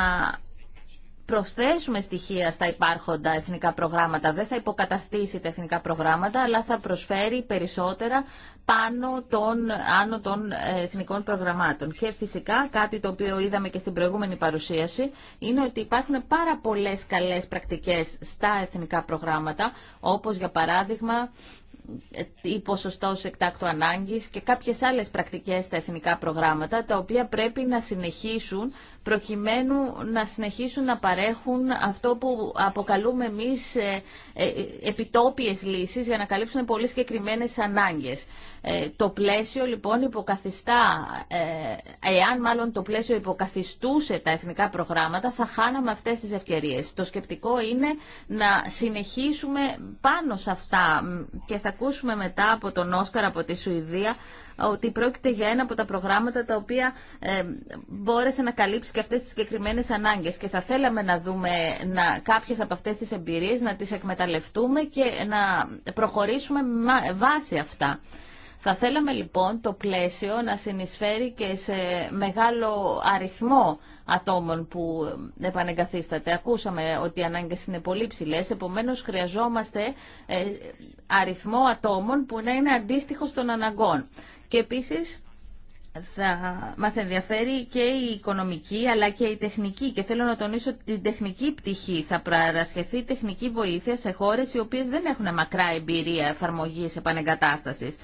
προσθέσουμε στοιχεία στα υπάρχοντα εθνικά προγράμματα. Δεν θα υποκαταστήσει τα εθνικά προγράμματα, αλλά θα προσφέρει περισσότερα πάνω των, άνω των ε, εθνικών προγραμμάτων. Και φυσικά κάτι το οποίο είδαμε και στην προηγούμενη παρουσίαση είναι ότι υπάρχουν πάρα πολλές καλές πρακτικές στα εθνικά προγράμματα, όπως για παράδειγμα ή ποσοστό εκτάκτου ανάγκη και κάποιες άλλες πρακτικές στα εθνικά προγράμματα, τα οποία πρέπει να συνεχίσουν προκειμένου να συνεχίσουν να παρέχουν αυτό που αποκαλούμε εμεί ε, ε, ε, επιτόπιες λύσει για να καλύψουν πολύ συγκεκριμένε ανάγκες. Ε, το πλαίσιο λοιπόν υποκαθιστά, ε, εάν μάλλον το πλαίσιο υποκαθιστούσε τα εθνικά προγράμματα, θα χάναμε αυτές τις ευκαιρίες. Το σκεπτικό είναι να συνεχίσουμε πάνω σε αυτά και θα ακούσουμε μετά από τον Όσκαρ από τη Σουηδία ότι πρόκειται για ένα από τα προγράμματα τα οποία ε, μπόρεσε να καλύψει και αυτές τις συγκεκριμένες ανάγκες και θα θέλαμε να δούμε να, κάποιες από αυτές τις εμπειρίες να τις εκμεταλλευτούμε και να προχωρήσουμε βάσει αυτά. Θα θέλαμε λοιπόν το πλαίσιο να συνεισφέρει και σε μεγάλο αριθμό ατόμων που επανεγκαθίσταται. Ακούσαμε ότι οι ανάγκες είναι πολύ ψηλές, επομένως χρειαζόμαστε ε, αριθμό ατόμων που να είναι αντίστοιχο των αναγκών. Και επίσης θα μας ενδιαφέρει και η οικονομική αλλά και η τεχνική και θέλω να τονίσω ότι την τεχνική πτυχή. Θα παρασχεθεί τεχνική βοήθεια σε χώρες οι οποίες δεν έχουν μακρά εμπειρία εφαρμογής επανεγκατάστασης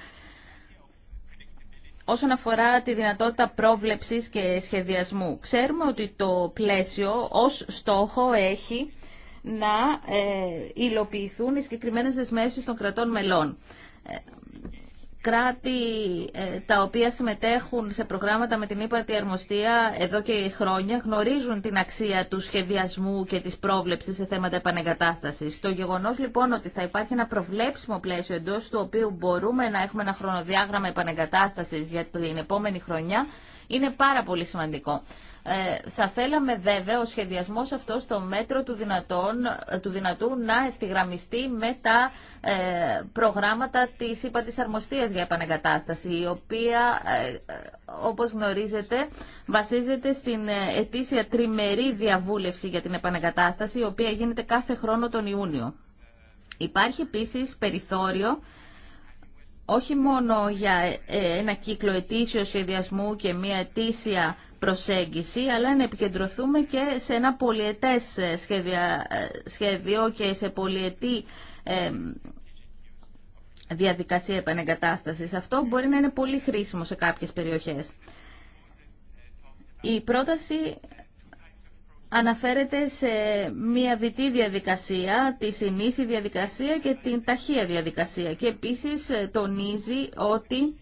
όσον αφορά τη δυνατότητα πρόβλεψης και σχεδιασμού. Ξέρουμε ότι το πλαίσιο ως στόχο έχει να ε, υλοποιηθούν οι συγκεκριμένες δεσμεύσεις των κρατών μελών. Ε, κράτη ε, τα οποία συμμετέχουν σε προγράμματα με την ύπατη αρμοστία εδώ και χρόνια γνωρίζουν την αξία του σχεδιασμού και της πρόβλεψης σε θέματα επανεγκατάστασης. Το γεγονός λοιπόν ότι θα υπάρχει ένα προβλέψιμο πλαίσιο εντός του οποίου μπορούμε να έχουμε ένα χρονοδιάγραμμα επανεγκατάστασης για την επόμενη χρονιά είναι πάρα πολύ σημαντικό. Ε, θα θέλαμε βέβαια ο σχεδιασμός αυτό στο μέτρο του, δυνατών, του δυνατού να ευθυγραμμιστεί με τα ε, προγράμματα της ΥΠΑ της Αρμοστίας για επανεγκατάσταση, η οποία, ε, ε όπως γνωρίζετε, βασίζεται στην ετήσια τριμερή διαβούλευση για την επανεγκατάσταση, η οποία γίνεται κάθε χρόνο τον Ιούνιο. Υπάρχει επίσης περιθώριο όχι μόνο για ε, ένα κύκλο ετήσιο σχεδιασμού και μία ετήσια προσέγγιση, αλλά να επικεντρωθούμε και σε ένα πολιετές ε, ε, σχέδιο και σε πολιετή διαδικασία επανεγκατάστασης. Αυτό μπορεί να είναι πολύ χρήσιμο σε κάποιες περιοχές. Η πρόταση αναφέρεται σε μια δυτή διαδικασία, τη συνήθι διαδικασία και την ταχεία διαδικασία. Και επίσης ε, τονίζει ότι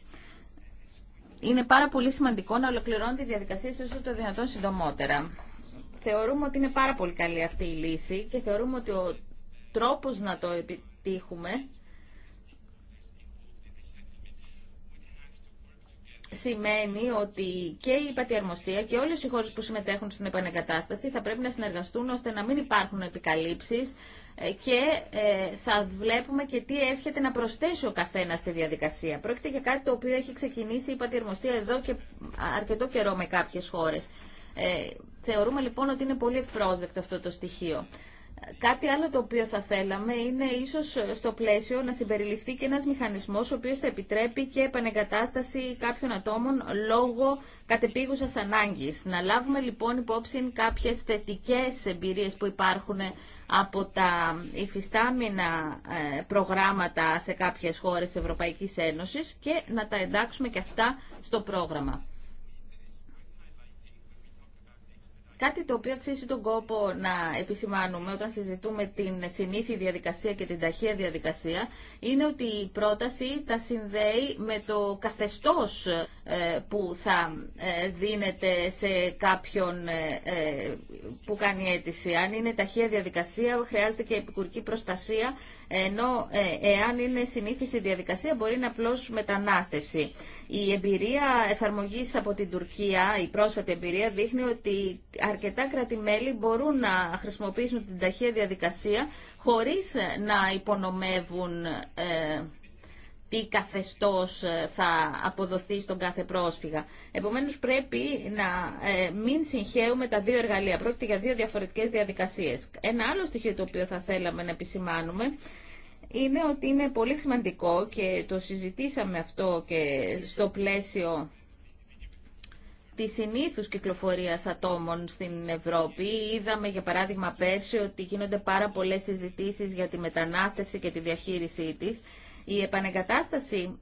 είναι πάρα πολύ σημαντικό να ολοκληρώνει τη διαδικασία όσο το δυνατόν συντομότερα. Θεωρούμε ότι είναι πάρα πολύ καλή αυτή η λύση και θεωρούμε ότι ο τρόπος να το επιτύχουμε σημαίνει ότι και η Πατιαρμοστία και όλες οι χώρες που συμμετέχουν στην επανεγκατάσταση θα πρέπει να συνεργαστούν ώστε να μην υπάρχουν επικαλύψεις ε, και ε, θα βλέπουμε και τι έρχεται να προσθέσει ο καθένα στη διαδικασία. Πρόκειται για κάτι το οποίο έχει ξεκινήσει η Πατιαρμοστία εδώ και αρκετό καιρό με κάποιες χώρες. Ε, θεωρούμε λοιπόν ότι είναι πολύ ευπρόσδεκτο αυτό το στοιχείο. Κάτι άλλο το οποίο θα θέλαμε είναι ίσως στο πλαίσιο να συμπεριληφθεί και ένας μηχανισμός ο οποίος θα επιτρέπει και επανεγκατάσταση κάποιων ατόμων λόγω κατεπίγουσας ανάγκης. Να λάβουμε λοιπόν υπόψη κάποιες θετικές εμπειρίες που υπάρχουν από τα υφιστάμινα ε, προγράμματα σε κάποιες χώρες Ευρωπαϊκής Ένωσης και να τα εντάξουμε και αυτά στο πρόγραμμα. Κάτι το οποίο αξίζει τον κόπο να επισημάνουμε όταν συζητούμε την συνήθη διαδικασία και την ταχεία διαδικασία είναι ότι η πρόταση τα συνδέει με το καθεστώς ε, που θα ε, δίνεται σε κάποιον ε, που κάνει αίτηση. Αν είναι ταχεία διαδικασία χρειάζεται και επικουρική προστασία ενώ εάν είναι συνήθιση διαδικασία μπορεί να απλώς μετανάστευση. Η εμπειρία εφαρμογή από την Τουρκία, η πρόσφατη εμπειρία, δείχνει ότι αρκετά κρατημέλη μπορούν να χρησιμοποιήσουν την ταχεία διαδικασία χωρίς να υπονομεύουν ε, τι καθεστώς ε, θα αποδοθεί στον κάθε πρόσφυγα. Επομένως πρέπει να ε, μην συγχαίουμε τα δύο εργαλεία. Πρόκειται για δύο διαφορετικές διαδικασίε. Ένα άλλο στοιχείο το οποίο θα θέλαμε να επισημάνουμε είναι ότι είναι πολύ σημαντικό και το συζητήσαμε αυτό και στο πλαίσιο τη συνήθους κυκλοφορία ατόμων στην Ευρώπη. Είδαμε, για παράδειγμα, πέρσι ότι γίνονται πάρα πολλές συζητήσεις για τη μετανάστευση και τη διαχείρισή της. Η επανεγκατάσταση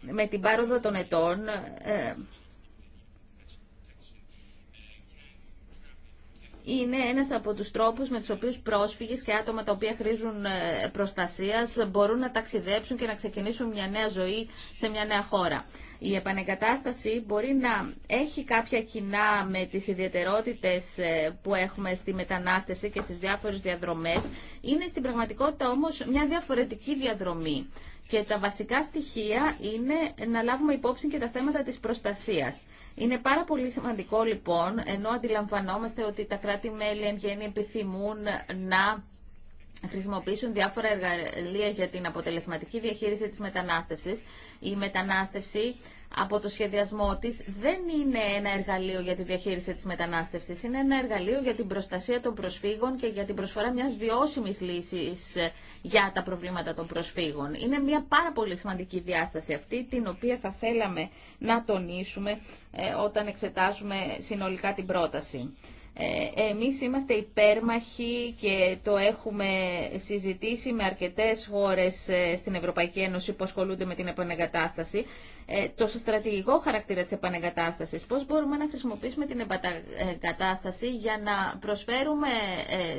με την πάροδο των ετών ε, είναι ένας από τους τρόπους με τους οποίους πρόσφυγες και άτομα τα οποία χρήζουν ε, προστασίας μπορούν να ταξιδέψουν και να ξεκινήσουν μια νέα ζωή σε μια νέα χώρα. Η επανεγκατάσταση μπορεί να έχει κάποια κοινά με τις ιδιαιτερότητες ε, που έχουμε στη μετανάστευση και στις διάφορες διαδρομές. Είναι στην πραγματικότητα όμως μια διαφορετική διαδρομή. Και τα βασικά στοιχεία είναι να λάβουμε υπόψη και τα θέματα της προστασίας. Είναι πάρα πολύ σημαντικό λοιπόν, ενώ αντιλαμβανόμαστε ότι τα κράτη-μέλη εν γέννη επιθυμούν να χρησιμοποιήσουν διάφορα εργαλεία για την αποτελεσματική διαχείριση της μετανάστευσης. Η μετανάστευση από το σχεδιασμό της δεν είναι ένα εργαλείο για τη διαχείριση της μετανάστευσης. Είναι ένα εργαλείο για την προστασία των προσφύγων και για την προσφορά μιας βιώσιμη λύσης ε, για τα προβλήματα των προσφύγων. Είναι μια πάρα πολύ σημαντική διάσταση αυτή, την οποία θα θέλαμε να τονίσουμε ε, όταν εξετάζουμε συνολικά την πρόταση. Ε, εμείς είμαστε υπέρμαχοι και το έχουμε συζητήσει με αρκετές χώρες ε, στην Ευρωπαϊκή Ένωση που ασχολούνται με την επανεγκατάσταση. Ε, το στρατηγικό χαρακτήρα της επανεγκατάστασης, πώς μπορούμε να χρησιμοποιήσουμε την επανεγκατάσταση για να προσφέρουμε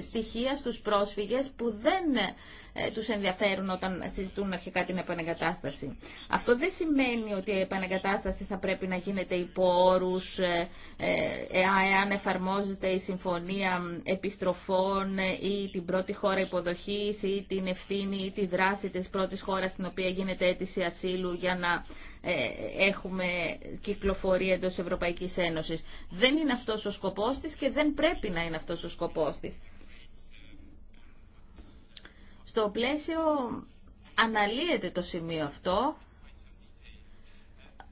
στοιχεία στους πρόσφυγες που δεν ε, τους ενδιαφέρουν όταν συζητούν αρχικά την επανεγκατάσταση. Αυτό δεν σημαίνει ότι η επανεγκατάσταση θα πρέπει να γίνεται υπό όρους ε, ε, εάν εφαρμόζεται η συμφωνία επιστροφών ή την πρώτη χώρα υποδοχής ή την ευθύνη ή τη δράση της πρώτης χώρας στην οποία γίνεται αίτηση ασύλου για να έχουμε κυκλοφορία εντό Ευρωπαϊκής Ένωσης. Δεν είναι αυτός ο σκοπός της και δεν πρέπει να είναι αυτός ο σκοπός της. Στο πλαίσιο αναλύεται το σημείο αυτό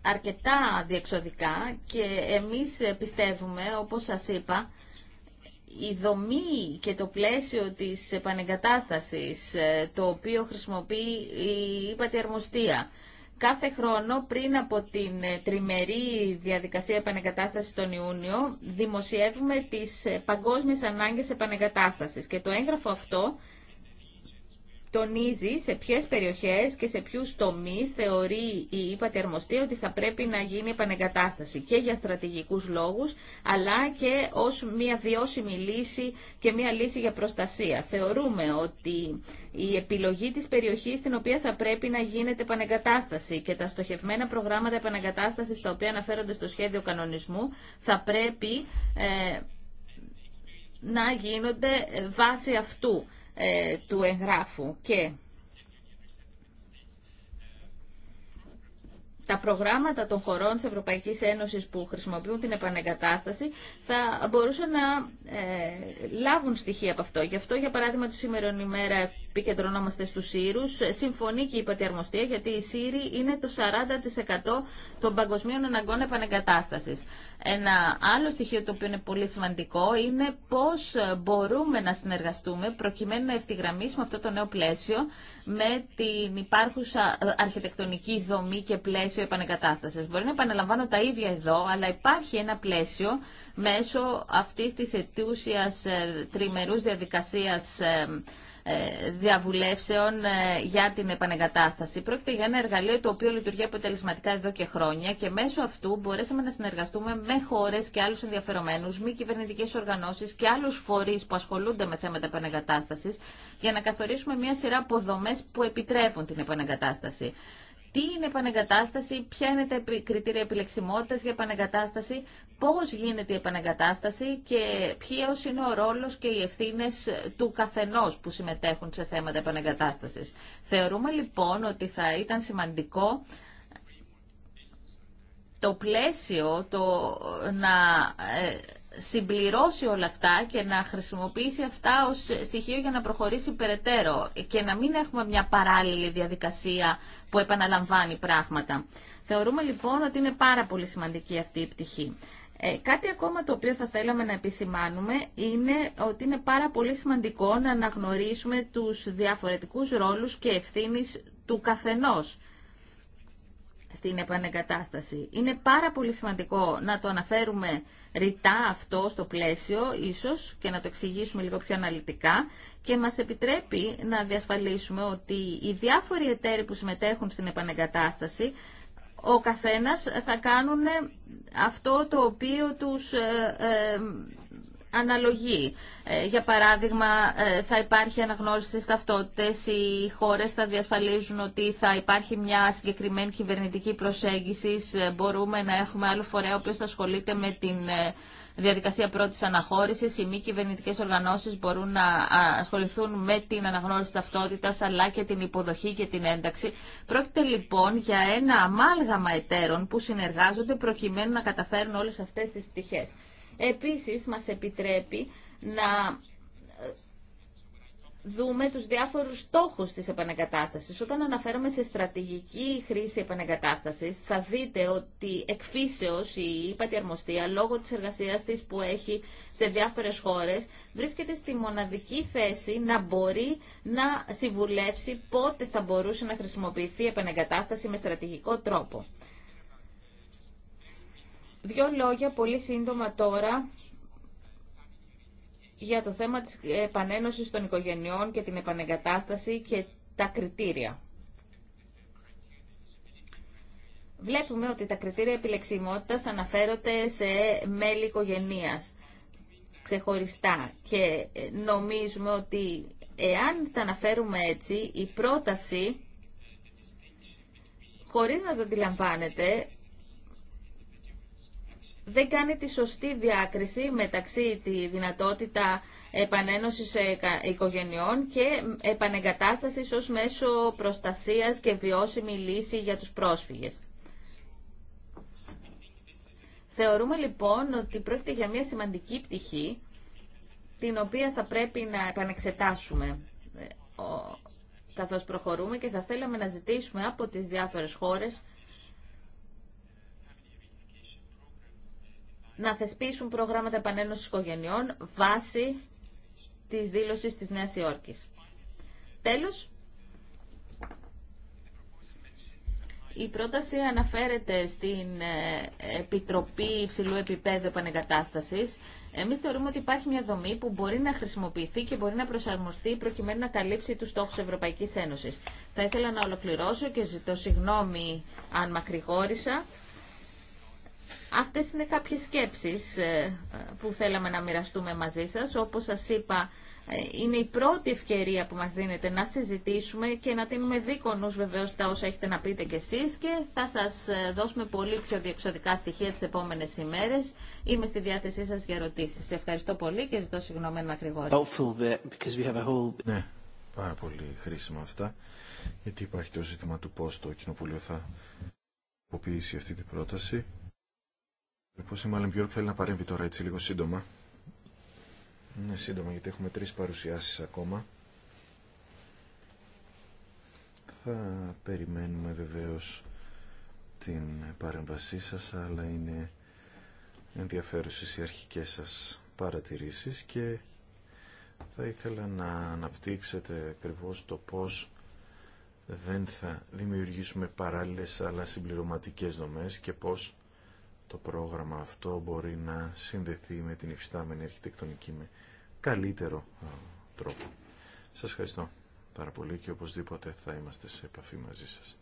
αρκετά διεξοδικά και εμείς πιστεύουμε, όπως σας είπα, η δομή και το πλαίσιο της επανεγκατάστασης, ε, το οποίο χρησιμοποιεί η Πατιαρμοστία, κάθε χρόνο πριν από την ε, τριμερή διαδικασία επανεγκατάστασης τον Ιούνιο, δημοσιεύουμε τις ε, παγκόσμιες ανάγκες επανεγκατάστασης. Και το έγγραφο αυτό τονίζει σε ποιε περιοχές και σε ποιου τομεί θεωρεί η υπατερμοστή ότι θα πρέπει να γίνει επανεγκατάσταση και για στρατηγικούς λόγους αλλά και ως μια βιώσιμη λύση και μια λύση για προστασία. Θεωρούμε ότι η επιλογή της περιοχής στην οποία θα πρέπει να γίνεται επανεγκατάσταση και τα στοχευμένα προγράμματα επανεγκατάσταση τα οποία αναφέρονται στο σχέδιο κανονισμού θα πρέπει ε, να γίνονται βάσει αυτού ε, του εγγράφου και τα προγράμματα των χωρών της Ευρωπαϊκής Ένωσης που χρησιμοποιούν την επανεγκατάσταση θα μπορούσαν να ε, λάβουν στοιχεία από αυτό. Γι' αυτό, για παράδειγμα, τη σήμερα ημέρα επικεντρωνόμαστε στους Σύρους. Ε, συμφωνεί και η Πατιαρμοστία γιατί οι Σύροι είναι το 40% των παγκοσμίων αναγκών επανεγκατάστασης. Ένα άλλο στοιχείο το οποίο είναι πολύ σημαντικό είναι πώς μπορούμε να συνεργαστούμε προκειμένου να ευθυγραμμίσουμε αυτό το νέο πλαίσιο με την υπάρχουσα αρχιτεκτονική δομή και πλαίσιο επανεγκατάστασης. Μπορεί να επαναλαμβάνω τα ίδια εδώ, αλλά υπάρχει ένα πλαίσιο μέσω αυτής της ετούσιας ε, τριμερούς διαδικασίας ε, ε, διαβουλεύσεων ε, για την επανεγκατάσταση. Πρόκειται για ένα εργαλείο το οποίο λειτουργεί αποτελεσματικά εδώ και χρόνια και μέσω αυτού μπορέσαμε να συνεργαστούμε με χώρε και άλλου ενδιαφερομένου, μη κυβερνητικέ οργανώσει και άλλου φορεί που ασχολούνται με θέματα επανεγκατάσταση για να καθορίσουμε μια σειρά αποδομέ που επιτρέπουν την επανεγκατάσταση τι είναι επανεγκατάσταση, ποια είναι τα κριτήρια επιλεξιμότητας για επανεγκατάσταση, πώς γίνεται η επανεγκατάσταση και ποιος είναι ο ρόλος και οι ευθύνες του καθενός που συμμετέχουν σε θέματα επανεγκατάστασης. Θεωρούμε λοιπόν ότι θα ήταν σημαντικό το πλαίσιο το να ε, συμπληρώσει όλα αυτά και να χρησιμοποιήσει αυτά ως στοιχείο για να προχωρήσει περαιτέρω και να μην έχουμε μια παράλληλη διαδικασία που επαναλαμβάνει πράγματα. Θεωρούμε λοιπόν ότι είναι πάρα πολύ σημαντική αυτή η πτυχή. Ε, κάτι ακόμα το οποίο θα θέλαμε να επισημάνουμε είναι ότι είναι πάρα πολύ σημαντικό να αναγνωρίσουμε τους διαφορετικούς ρόλους και ευθύνης του καθενός στην επανεγκατάσταση. Είναι πάρα πολύ σημαντικό να το αναφέρουμε ρητά αυτό στο πλαίσιο ίσως και να το εξηγήσουμε λίγο πιο αναλυτικά και μας επιτρέπει να διασφαλίσουμε ότι οι διάφοροι εταίροι που συμμετέχουν στην επανεγκατάσταση ο καθένας θα κάνουν αυτό το οποίο τους ε, ε, αναλογεί. Ε, για παράδειγμα, ε, θα υπάρχει αναγνώριση στις ταυτότητες, οι χώρες θα διασφαλίζουν ότι θα υπάρχει μια συγκεκριμένη κυβερνητική προσέγγιση, ε, μπορούμε να έχουμε άλλο φορέα ο οποίο θα ασχολείται με την διαδικασία πρώτη αναχώρηση. Οι μη κυβερνητικέ οργανώσει μπορούν να ασχοληθούν με την αναγνώριση ταυτότητα αλλά και την υποδοχή και την ένταξη. Πρόκειται λοιπόν για ένα αμάλγαμα εταίρων που συνεργάζονται προκειμένου να καταφέρουν όλε αυτέ τι πτυχέ. Επίσης, μας επιτρέπει να ε, δούμε τους διάφορους στόχους της επανακατάστασης. Όταν αναφέρομαι σε στρατηγική χρήση επανακατάστασης, θα δείτε ότι εκφύσεως η ύπατη λόγω της εργασίας της που έχει σε διάφορες χώρες, βρίσκεται στη μοναδική θέση να μπορεί να συμβουλεύσει πότε θα μπορούσε να χρησιμοποιηθεί η επανακατάσταση με στρατηγικό τρόπο. Δύο λόγια πολύ σύντομα τώρα για το θέμα της επανένωσης των οικογενειών και την επανεγκατάσταση και τα κριτήρια. Βλέπουμε ότι τα κριτήρια επιλεξιμότητας αναφέρονται σε μέλη οικογενείας ξεχωριστά και νομίζουμε ότι εάν τα αναφέρουμε έτσι, η πρόταση, χωρίς να το αντιλαμβάνεται δεν κάνει τη σωστή διάκριση μεταξύ τη δυνατότητα επανένωσης οικογενειών και επανεγκατάστασης ως μέσο προστασίας και βιώσιμη λύση για τους πρόσφυγες. Θεωρούμε λοιπόν ότι πρόκειται για μια σημαντική πτυχή την οποία θα πρέπει να επανεξετάσουμε ε, καθώς προχωρούμε και θα θέλαμε να ζητήσουμε από τις διάφορες χώρες να θεσπίσουν προγράμματα επανένωσης οικογενειών βάσει της δήλωσης της Νέας Υόρκης. Τέλος, η πρόταση αναφέρεται στην ε, Επιτροπή Υψηλού Επιπέδου Επανεγκατάστασης. Εμείς θεωρούμε ότι υπάρχει μια δομή που μπορεί να χρησιμοποιηθεί και μπορεί να προσαρμοστεί προκειμένου να καλύψει τους στόχους Ευρωπαϊκής Ένωσης. Θα ήθελα να ολοκληρώσω και ζητώ συγγνώμη αν μακρηγόρησα. Αυτές είναι κάποιες σκέψεις ε, που θέλαμε να μοιραστούμε μαζί σας. Όπως σας είπα, ε, είναι η πρώτη ευκαιρία που μας δίνετε να συζητήσουμε και να τίνουμε δίκονους βεβαίως τα όσα έχετε να πείτε κι εσείς και θα σας ε, δώσουμε πολύ πιο διεξοδικά στοιχεία τις επόμενες ημέρες. Είμαι στη διάθεσή σας για ερωτήσεις. Ευχαριστώ πολύ και ζητώ συγγνώμη γρηγόρη. Ναι, πάρα πολύ χρήσιμα αυτά γιατί υπάρχει το ζήτημα του πώς το Κοινοβούλιο θα υποποιήσει αυτή την πρόταση. Λοιπόν, η Μάλλον Πιόρκ θέλει να παρέμβει τώρα έτσι λίγο σύντομα. Ναι, σύντομα, γιατί έχουμε τρεις παρουσιάσεις ακόμα. Θα περιμένουμε βεβαίως την παρέμβασή σας, αλλά είναι ενδιαφέρουσες οι αρχικές σας παρατηρήσεις και θα ήθελα να αναπτύξετε ακριβώ το πώς δεν θα δημιουργήσουμε παράλληλες αλλά συμπληρωματικές δομές και πώς το πρόγραμμα αυτό μπορεί να συνδεθεί με την υφιστάμενη αρχιτεκτονική με καλύτερο τρόπο. Σας ευχαριστώ πάρα πολύ και οπωσδήποτε θα είμαστε σε επαφή μαζί σας.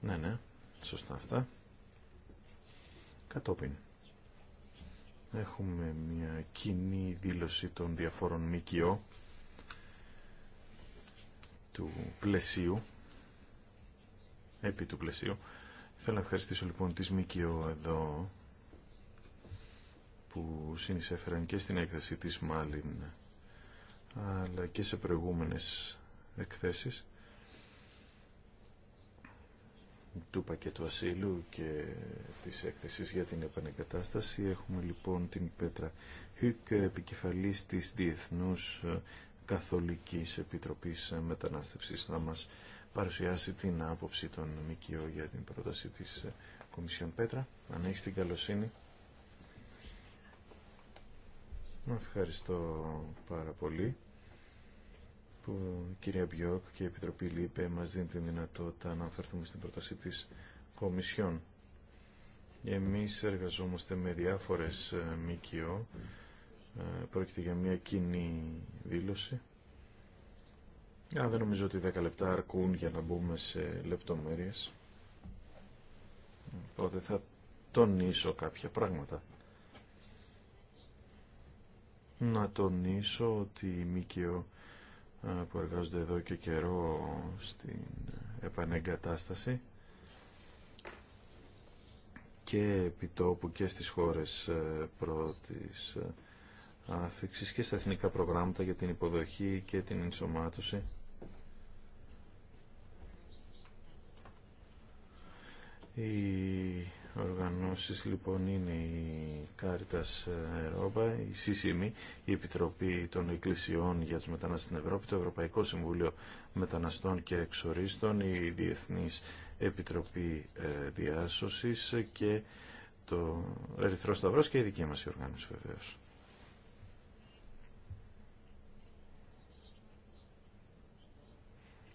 Ναι, ναι, σωστά αυτά. Κατόπιν. Έχουμε μια κοινή δήλωση των διαφόρων ΜΚΟ του πλαισίου επί του πλαισίου Θέλω να ευχαριστήσω λοιπόν τη ΜΚΟ εδώ που συνεισέφεραν και στην έκθεση της Μάλιν αλλά και σε προηγούμενες εκθέσεις του πακέτου ασύλου και της έκθεσης για την επανεκατάσταση. Έχουμε λοιπόν την Πέτρα Χουκ, επικεφαλής της Διεθνούς Καθολικής Επιτροπής Μετανάστευσης να μας παρουσιάσει την άποψη των ΜΚΟ για την πρόταση της ε, Κομισιόν Πέτρα. Αν έχει την καλοσύνη. Ευχαριστώ πάρα πολύ που η κυρία Μπιόκ και η Επιτροπή ΛΥΠΕ μας δίνει τη δυνατότητα να αφαιρθούμε στην πρόταση της Κομισιόν. Εμείς εργαζόμαστε με διάφορες ε, ΜΚΟ. Ε, πρόκειται για μια κοινή δήλωση Α, δεν νομίζω ότι 10 λεπτά αρκούν για να μπούμε σε λεπτομέρειες. Οπότε θα τονίσω κάποια πράγματα. Να τονίσω ότι η ΜΚΟ που εργάζονται εδώ και καιρό στην επανεγκατάσταση και επιτόπου και στις χώρες ε, πρώτης ε, αναφήξεις και στα εθνικά προγράμματα για την υποδοχή και την ενσωμάτωση. Οι οργανώσεις λοιπόν είναι η Κάριτας Ευρώπα, η ΣΥΣΥΜΗ, e, η Επιτροπή των Εκκλησιών για τους Μετανάστες στην Ευρώπη, το Ευρωπαϊκό Συμβούλιο Μεταναστών και Εξορίστων, η Διεθνής Επιτροπή ε, Διάσωσης και το Ερυθρό Σταυρός και η δική μας οργάνωση βεβαίως.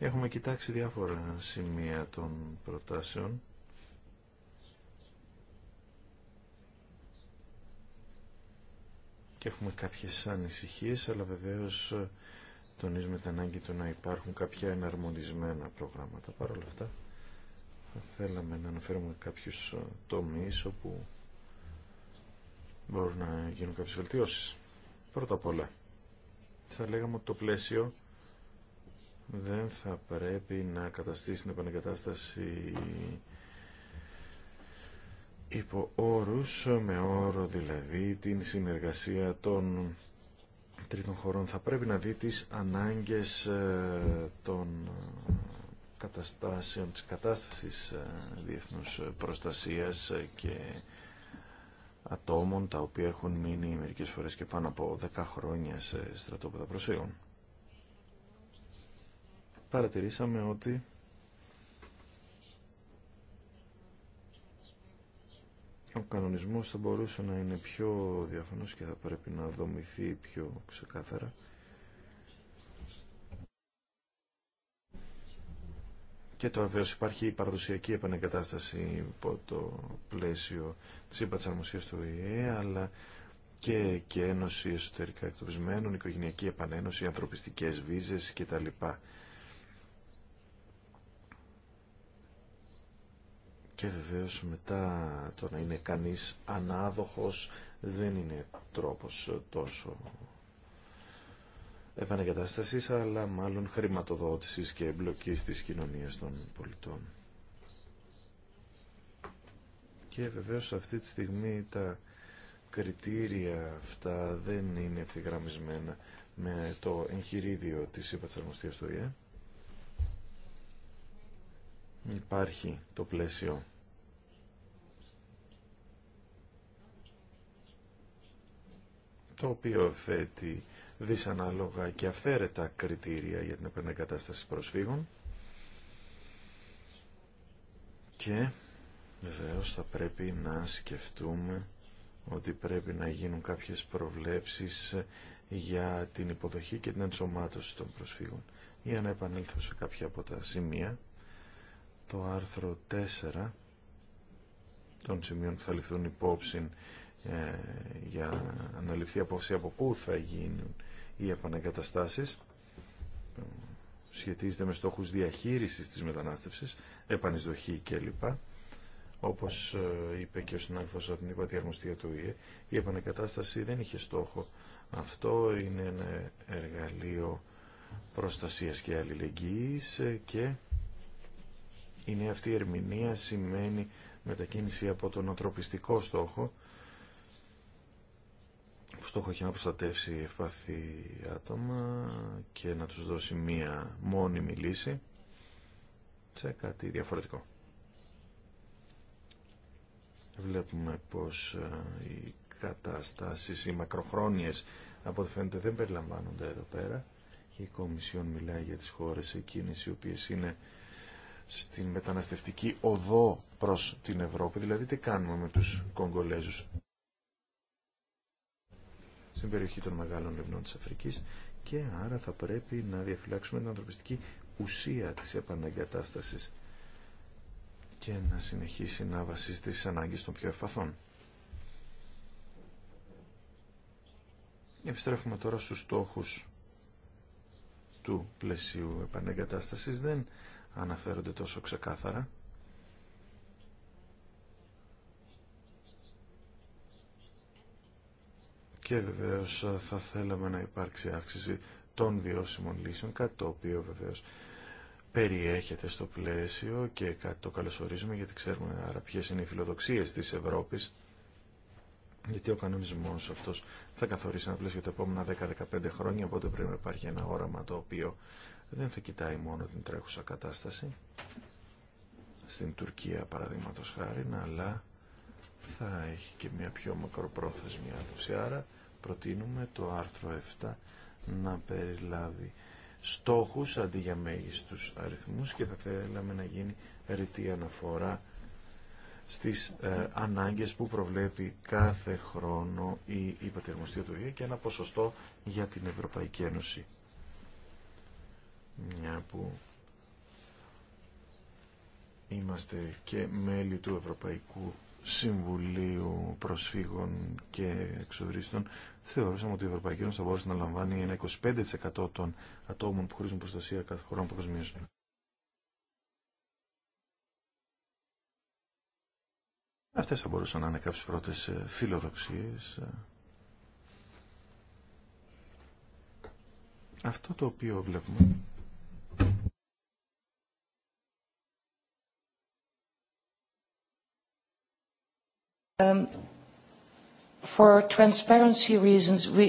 Έχουμε κοιτάξει διάφορα σημεία των προτάσεων. Και έχουμε κάποιες ανησυχίες, αλλά βεβαίως ε, τονίζουμε την ανάγκη του να υπάρχουν κάποια εναρμονισμένα προγράμματα. Παρ' όλα αυτά, θα θέλαμε να αναφέρουμε κάποιους ε, τομείς όπου μπορούν να γίνουν κάποιες βελτιώσεις. Πρώτα απ' όλα, θα λέγαμε ότι το πλαίσιο δεν θα πρέπει να καταστήσει την επανεγκατάσταση υπό όρους, με όρο δηλαδή την συνεργασία των τρίτων χωρών. Θα πρέπει να δει τις ανάγκες ε, των καταστάσεων, της κατάστασης ε, διεθνούς προστασίας ε, και ατόμων τα οποία έχουν μείνει μερικές φορές και πάνω από 10 χρόνια σε στρατόπεδα προσφύγων παρατηρήσαμε ότι ο κανονισμός θα μπορούσε να είναι πιο διαφανός και θα πρέπει να δομηθεί πιο ξεκάθαρα. Και το βέβαια υπάρχει η παραδοσιακή επανεγκατάσταση υπό το πλαίσιο της ΥΠΑ του ΙΕ, αλλά και, και ένωση εσωτερικά εκτοπισμένων, οικογενειακή επανένωση, ανθρωπιστικές βίζες κτλ. Και βεβαίως μετά το να είναι κανείς ανάδοχος δεν είναι τρόπος τόσο επανεγκατάστασης, αλλά μάλλον χρηματοδότησης και εμπλοκής της κοινωνίας των πολιτών. Και βεβαίως αυτή τη στιγμή τα κριτήρια αυτά δεν είναι ευθυγραμμισμένα με το εγχειρίδιο της υπατσαρμοστίας του ΙΕ. Υπάρχει το πλαίσιο το οποίο θέτει δυσανάλογα και αφαίρετα κριτήρια για την επενεγκατάσταση προσφύγων και βεβαίως θα πρέπει να σκεφτούμε ότι πρέπει να γίνουν κάποιες προβλέψεις για την υποδοχή και την ενσωμάτωση των προσφύγων. Για να επανέλθω σε κάποια από τα σημεία, το άρθρο 4 των σημείων που θα ληφθούν υπόψη ε, για να ληφθεί απόψη από πού θα γίνουν οι επανακαταστάσεις ε, σχετίζεται με στόχους διαχείρισης της μετανάστευσης, επανεισδοχή κλπ. Όπως ε, είπε και ο συνάδελφος από την Υπατή Αρμοστία του ΙΕ, η επανακατάσταση δεν είχε στόχο. Αυτό είναι ένα εργαλείο προστασίας και αλληλεγγύης και είναι αυτή η ερμηνεία σημαίνει μετακίνηση από τον ανθρωπιστικό στόχο που στόχο έχει να προστατεύσει ευπαθή άτομα και να τους δώσει μία μόνιμη λύση σε κάτι διαφορετικό. Βλέπουμε πως ε, οι καταστάσεις, οι μακροχρόνιες από ό,τι φαίνεται δεν περιλαμβάνονται εδώ πέρα. Η Κομισιόν μιλάει για τις χώρες εκείνες οι οποίες είναι στην μεταναστευτική οδό προς την Ευρώπη. Δηλαδή τι κάνουμε με τους Κογκολέζους στην περιοχή των μεγάλων λιμνών της Αφρικής και άρα θα πρέπει να διαφυλάξουμε την ανθρωπιστική ουσία της επαναγκατάστασης και να συνεχίσει να βασίζεται στις ανάγκες των πιο ευπαθών. Επιστρέφουμε τώρα στους στόχους του πλαισίου επανεγκατάστασης. Δεν αναφέρονται τόσο ξεκάθαρα. και βεβαίως ε, θα θέλαμε να υπάρξει αύξηση των βιώσιμων λύσεων, κάτι το οποίο βεβαίως περιέχεται στο πλαίσιο και κάτι το καλωσορίζουμε γιατί ξέρουμε άρα ποιες είναι οι φιλοδοξίε τη Ευρώπη, γιατί ο κανονισμός αυτός θα καθορίσει ένα πλαίσιο τα επόμενα 10-15 χρόνια οπότε πρέπει να υπάρχει ένα όραμα το οποίο δεν θα κοιτάει μόνο την τρέχουσα κατάσταση στην Τουρκία παραδείγματο χάρη αλλά θα έχει και μια πιο μακροπρόθεσμη άποψη άρα προτείνουμε το άρθρο 7 να περιλάβει στόχους αντί για αριθμούς και θα θέλαμε να γίνει ρητή αναφορά στις ε, ανάγκες που προβλέπει κάθε χρόνο η υπατερμοστία του ΙΕ και ένα ποσοστό για την Ευρωπαϊκή Ένωση. Μια που είμαστε και μέλη του Ευρωπαϊκού Συμβουλίου Προσφύγων και Εξοδρίστων θεωρούσαμε ότι η Ευρωπαϊκή Ένωση θα μπορούσε να λαμβάνει ένα 25% των ατόμων που χρήζουν προστασία κάθε χρόνο παγκοσμίω. Αυτές θα μπορούσαν να είναι κάποιες πρώτες ε, φιλοδοξίες. Αυτό το οποίο βλέπουμε For transparency reasons, we.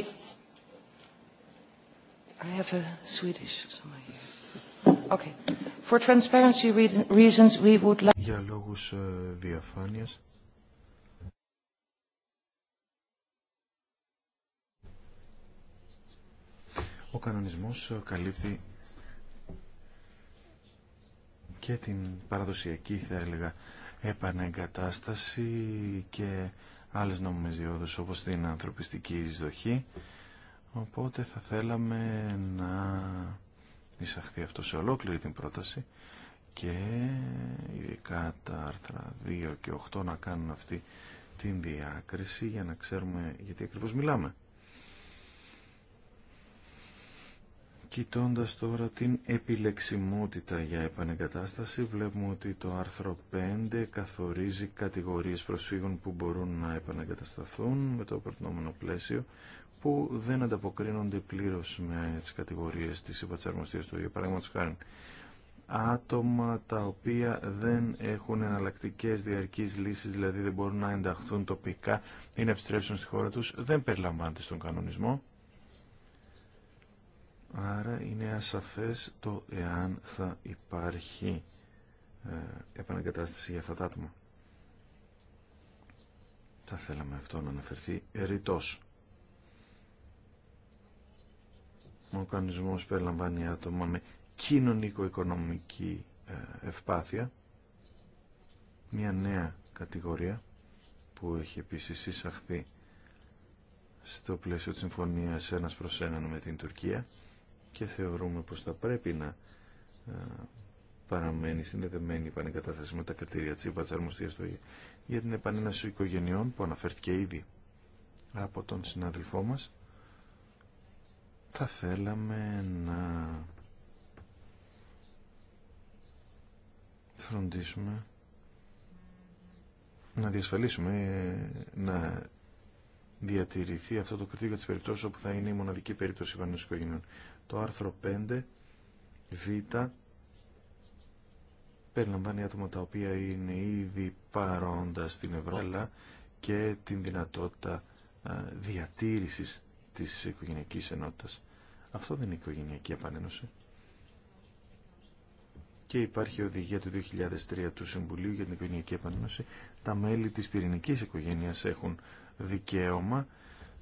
I have a Swedish somewhere here. Okay. For transparency reasons, we would like. Για λόγους διαφάνειας. Ο κανονισμός καλύπτει και την παραδοσιακή, θα έλεγα, επανεγκατάσταση και άλλες νόμιμες διόδους όπως την ανθρωπιστική εισδοχή. Οπότε θα θέλαμε να εισαχθεί αυτό σε ολόκληρη την πρόταση και ειδικά τα άρθρα 2 και 8 να κάνουν αυτή την διάκριση για να ξέρουμε γιατί ακριβώς μιλάμε. Κοιτώντας τώρα την επιλεξιμότητα για επανεγκατάσταση, βλέπουμε ότι το άρθρο 5 καθορίζει κατηγορίες προσφύγων που μπορούν να επανεγκατασταθούν με το προτινόμενο πλαίσιο, που δεν ανταποκρίνονται πλήρως με τις κατηγορίες της υπατσαρμοστίας του Παραδείγματος χάρη άτομα τα οποία δεν έχουν εναλλακτικέ διαρκείς λύσεις, δηλαδή δεν μπορούν να ενταχθούν τοπικά ή να επιστρέψουν στη χώρα τους, δεν περιλαμβάνεται στον κανονισμό. Άρα είναι ασαφές το εάν θα υπάρχει ε, επαναγκατάσταση για αυτά τα άτομα. Θα θέλαμε αυτό να αναφερθεί ρητός. Ο οργανισμός περιλαμβάνει άτομα με κοινωνικο-οικονομική ε, ευπάθεια, μια νέα κατηγορία που έχει επίσης εισαχθεί στο πλαίσιο της συμφωνίας ένας προς έναν με την Τουρκία και θεωρούμε πως θα πρέπει να παραμένει συνδεδεμένη η πανεγκατάσταση με τα κριτήρια της ΥΠΑ στο του για την επανέναση οικογενειών που αναφέρθηκε ήδη από τον συνάδελφό μας θα θέλαμε να φροντίσουμε να διασφαλίσουμε να διατηρηθεί αυτό το κριτήριο της περιπτώσεις όπου θα είναι η μοναδική περίπτωση βανούς οικογενειών. Το άρθρο 5 Β περιλαμβάνει άτομα τα οποία είναι ήδη παρόντα στην Ευρώπη και την δυνατότητα διατήρησης της οικογενειακής ενότητας. Αυτό δεν είναι οικογενειακή επανένωση. Και υπάρχει οδηγία του 2003 του Συμβουλίου για την Οικογενειακή Επανένωση. Τα μέλη της πυρηνικής οικογένειας έχουν δικαίωμα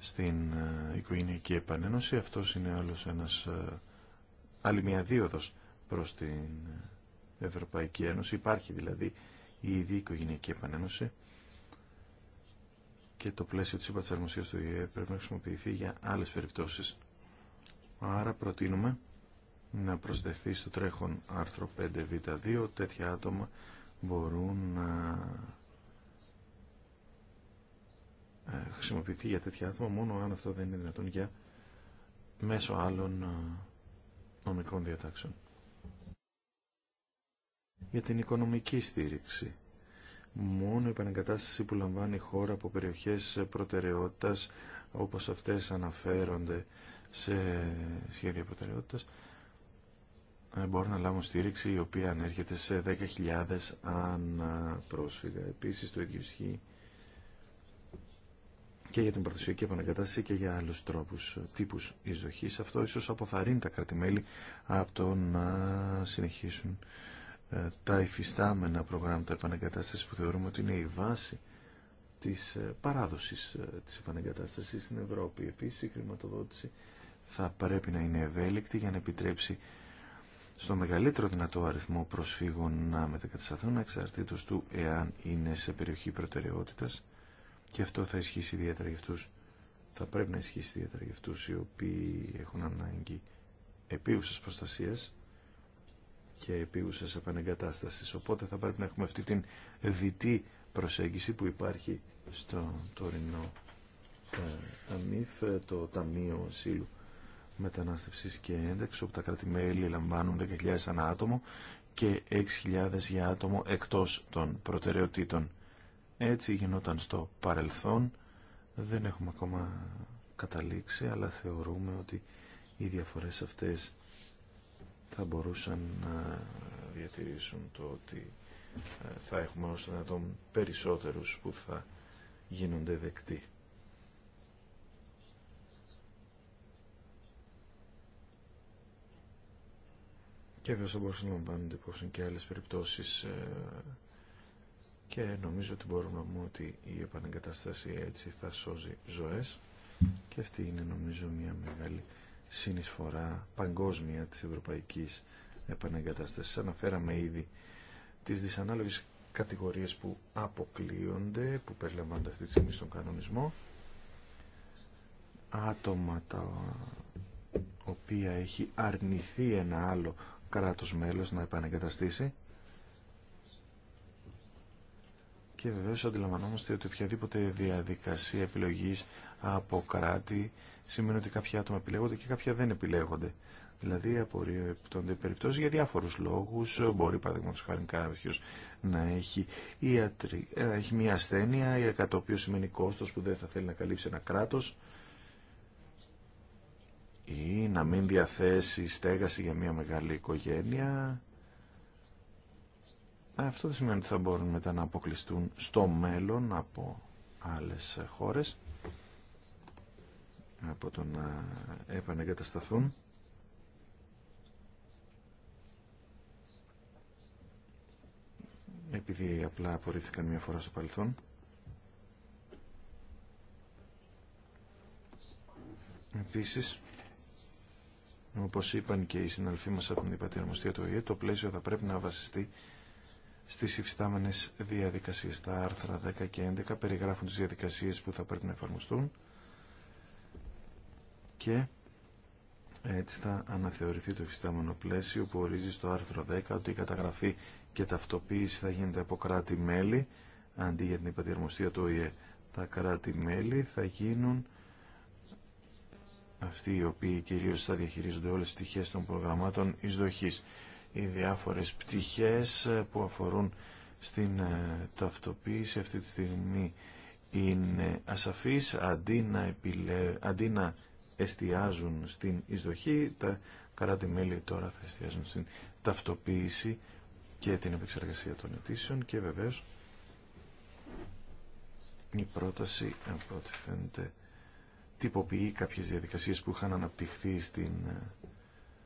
στην ε, οικογενειακή επανένωση. Αυτός είναι άλλος ένας, ε, άλλη μια δίωδος προς την Ευρωπαϊκή Ένωση. Υπάρχει δηλαδή η ίδια οικογενειακή επανένωση και το πλαίσιο της υπατσαρμοσίας του ΙΕ πρέπει να χρησιμοποιηθεί για άλλες περιπτώσεις. Άρα προτείνουμε να προσθεθεί στο τρέχον άρθρο 5β2 τέτοια άτομα μπορούν να ε, χρησιμοποιηθεί για τέτοια άτομα μόνο αν αυτό δεν είναι δυνατόν για μέσω άλλων ε, νομικών διατάξεων. Για την οικονομική στήριξη. Μόνο η επανεγκατάσταση που λαμβάνει η χώρα από περιοχές προτεραιότητας όπως αυτές αναφέρονται σε σχέδια προτεραιότητας ε, μπορεί να λάβουν στήριξη η οποία ανέρχεται σε 10.000 αν πρόσφυγα. Επίσης το ίδιο ισχύει και για την παραδοσιακή επανακατάσταση και για άλλους τρόπους, ε, τύπους εισδοχής. Αυτό ίσως αποθαρρύνει τα κρατημέλη από το να συνεχίσουν ε, τα υφιστάμενα προγράμματα επανακατάστασης που θεωρούμε ότι είναι η βάση της ε, παράδοσης της επανεγκατάστασης στην Ευρώπη. Επίσης η χρηματοδότηση θα πρέπει να είναι ευέλικτη για να επιτρέψει στο μεγαλύτερο δυνατό αριθμό προσφύγων να μετακατασταθούν εξαρτήτως του εάν είναι σε περιοχή προτεραιότητας και αυτό θα ισχύσει ιδιαίτερα θα πρέπει να ισχύσει ιδιαίτερα για αυτούς οι οποίοι έχουν ανάγκη επίγουσας προστασίας και επίγουσας επανεγκατάστασης. Οπότε θα πρέπει να έχουμε αυτή την διτή προσέγγιση που υπάρχει στο τωρινό ε, ΑΜΙΦ, το Ταμείο Σύλλου Μετανάστευσης και Ένταξη, όπου τα κράτη-μέλη λαμβάνουν 10.000 ανά άτομο και 6.000 για άτομο εκτός των προτεραιοτήτων. Έτσι γινόταν στο παρελθόν. Δεν έχουμε ακόμα καταλήξει, αλλά θεωρούμε ότι οι διαφορές αυτές θα μπορούσαν να διατηρήσουν το ότι ε, θα έχουμε ως δυνατόν περισσότερους που θα γίνονται δεκτοί. Και βέβαια θα μπορούσαν να λαμβάνονται και άλλες περιπτώσεις ε, και νομίζω ότι μπορούμε να πούμε ότι η επανεγκατάσταση έτσι θα σώζει ζωές και αυτή είναι νομίζω μια μεγάλη συνεισφορά παγκόσμια της ευρωπαϊκής επανεγκατάστασης. Αναφέραμε ήδη τις δυσανάλογες κατηγορίες που αποκλείονται, που περιλαμβάνονται αυτή τη στιγμή στον κανονισμό. Άτομα τα οποία έχει αρνηθεί ένα άλλο κράτος μέλος να επανεγκαταστήσει Και βεβαίω αντιλαμβανόμαστε ότι οποιαδήποτε διαδικασία επιλογή από κράτη σημαίνει ότι κάποια άτομα επιλέγονται και κάποια δεν επιλέγονται. Δηλαδή απορρίπτονται περιπτώσεις για διάφορου λόγου. Μπορεί παραδείγματο χάρη κάποιο να έχει, ιατρι... Ε, έχει μια ασθένεια για κατά το οποίο σημαίνει κόστο που δεν θα θέλει να καλύψει ένα κράτο. ή να μην διαθέσει στέγαση για μια μεγάλη οικογένεια αυτό δεν σημαίνει ότι θα μπορούν μετά να αποκλειστούν στο μέλλον από άλλες χώρες από το να επανεγκατασταθούν. επειδή απλά απορρίφθηκαν μια φορά στο παρελθόν. Επίσης, όπως είπαν και οι συναλφοί μας από την Υπατήρμοστία του ΟΗΕ, το πλαίσιο θα πρέπει να βασιστεί στις υφιστάμενε διαδικασίες. Τα άρθρα 10 και 11 περιγράφουν τι διαδικασίες που θα πρέπει να εφαρμοστούν και έτσι θα αναθεωρηθεί το υφιστάμενο πλαίσιο που ορίζει στο άρθρο 10 ότι η καταγραφή και ταυτοποίηση θα γίνεται από κράτη-μέλη αντί για την υπαδιαρμοστία του ΟΗΕ. Τα κράτη-μέλη θα γίνουν αυτοί οι οποίοι κυρίως θα διαχειρίζονται όλες τις στοιχείες των προγραμμάτων εισδοχής οι διάφορες πτυχές ε, που αφορούν στην ε, ταυτοποίηση αυτή τη στιγμή είναι ασαφείς αντί να, εστιάζουν στην εισδοχή τα κράτη-μέλη τώρα θα εστιάζουν στην ταυτοποίηση και την επεξεργασία των αιτήσεων και βεβαίως η πρόταση από ό,τι τυποποιεί κάποιες διαδικασίες που είχαν αναπτυχθεί στην ε,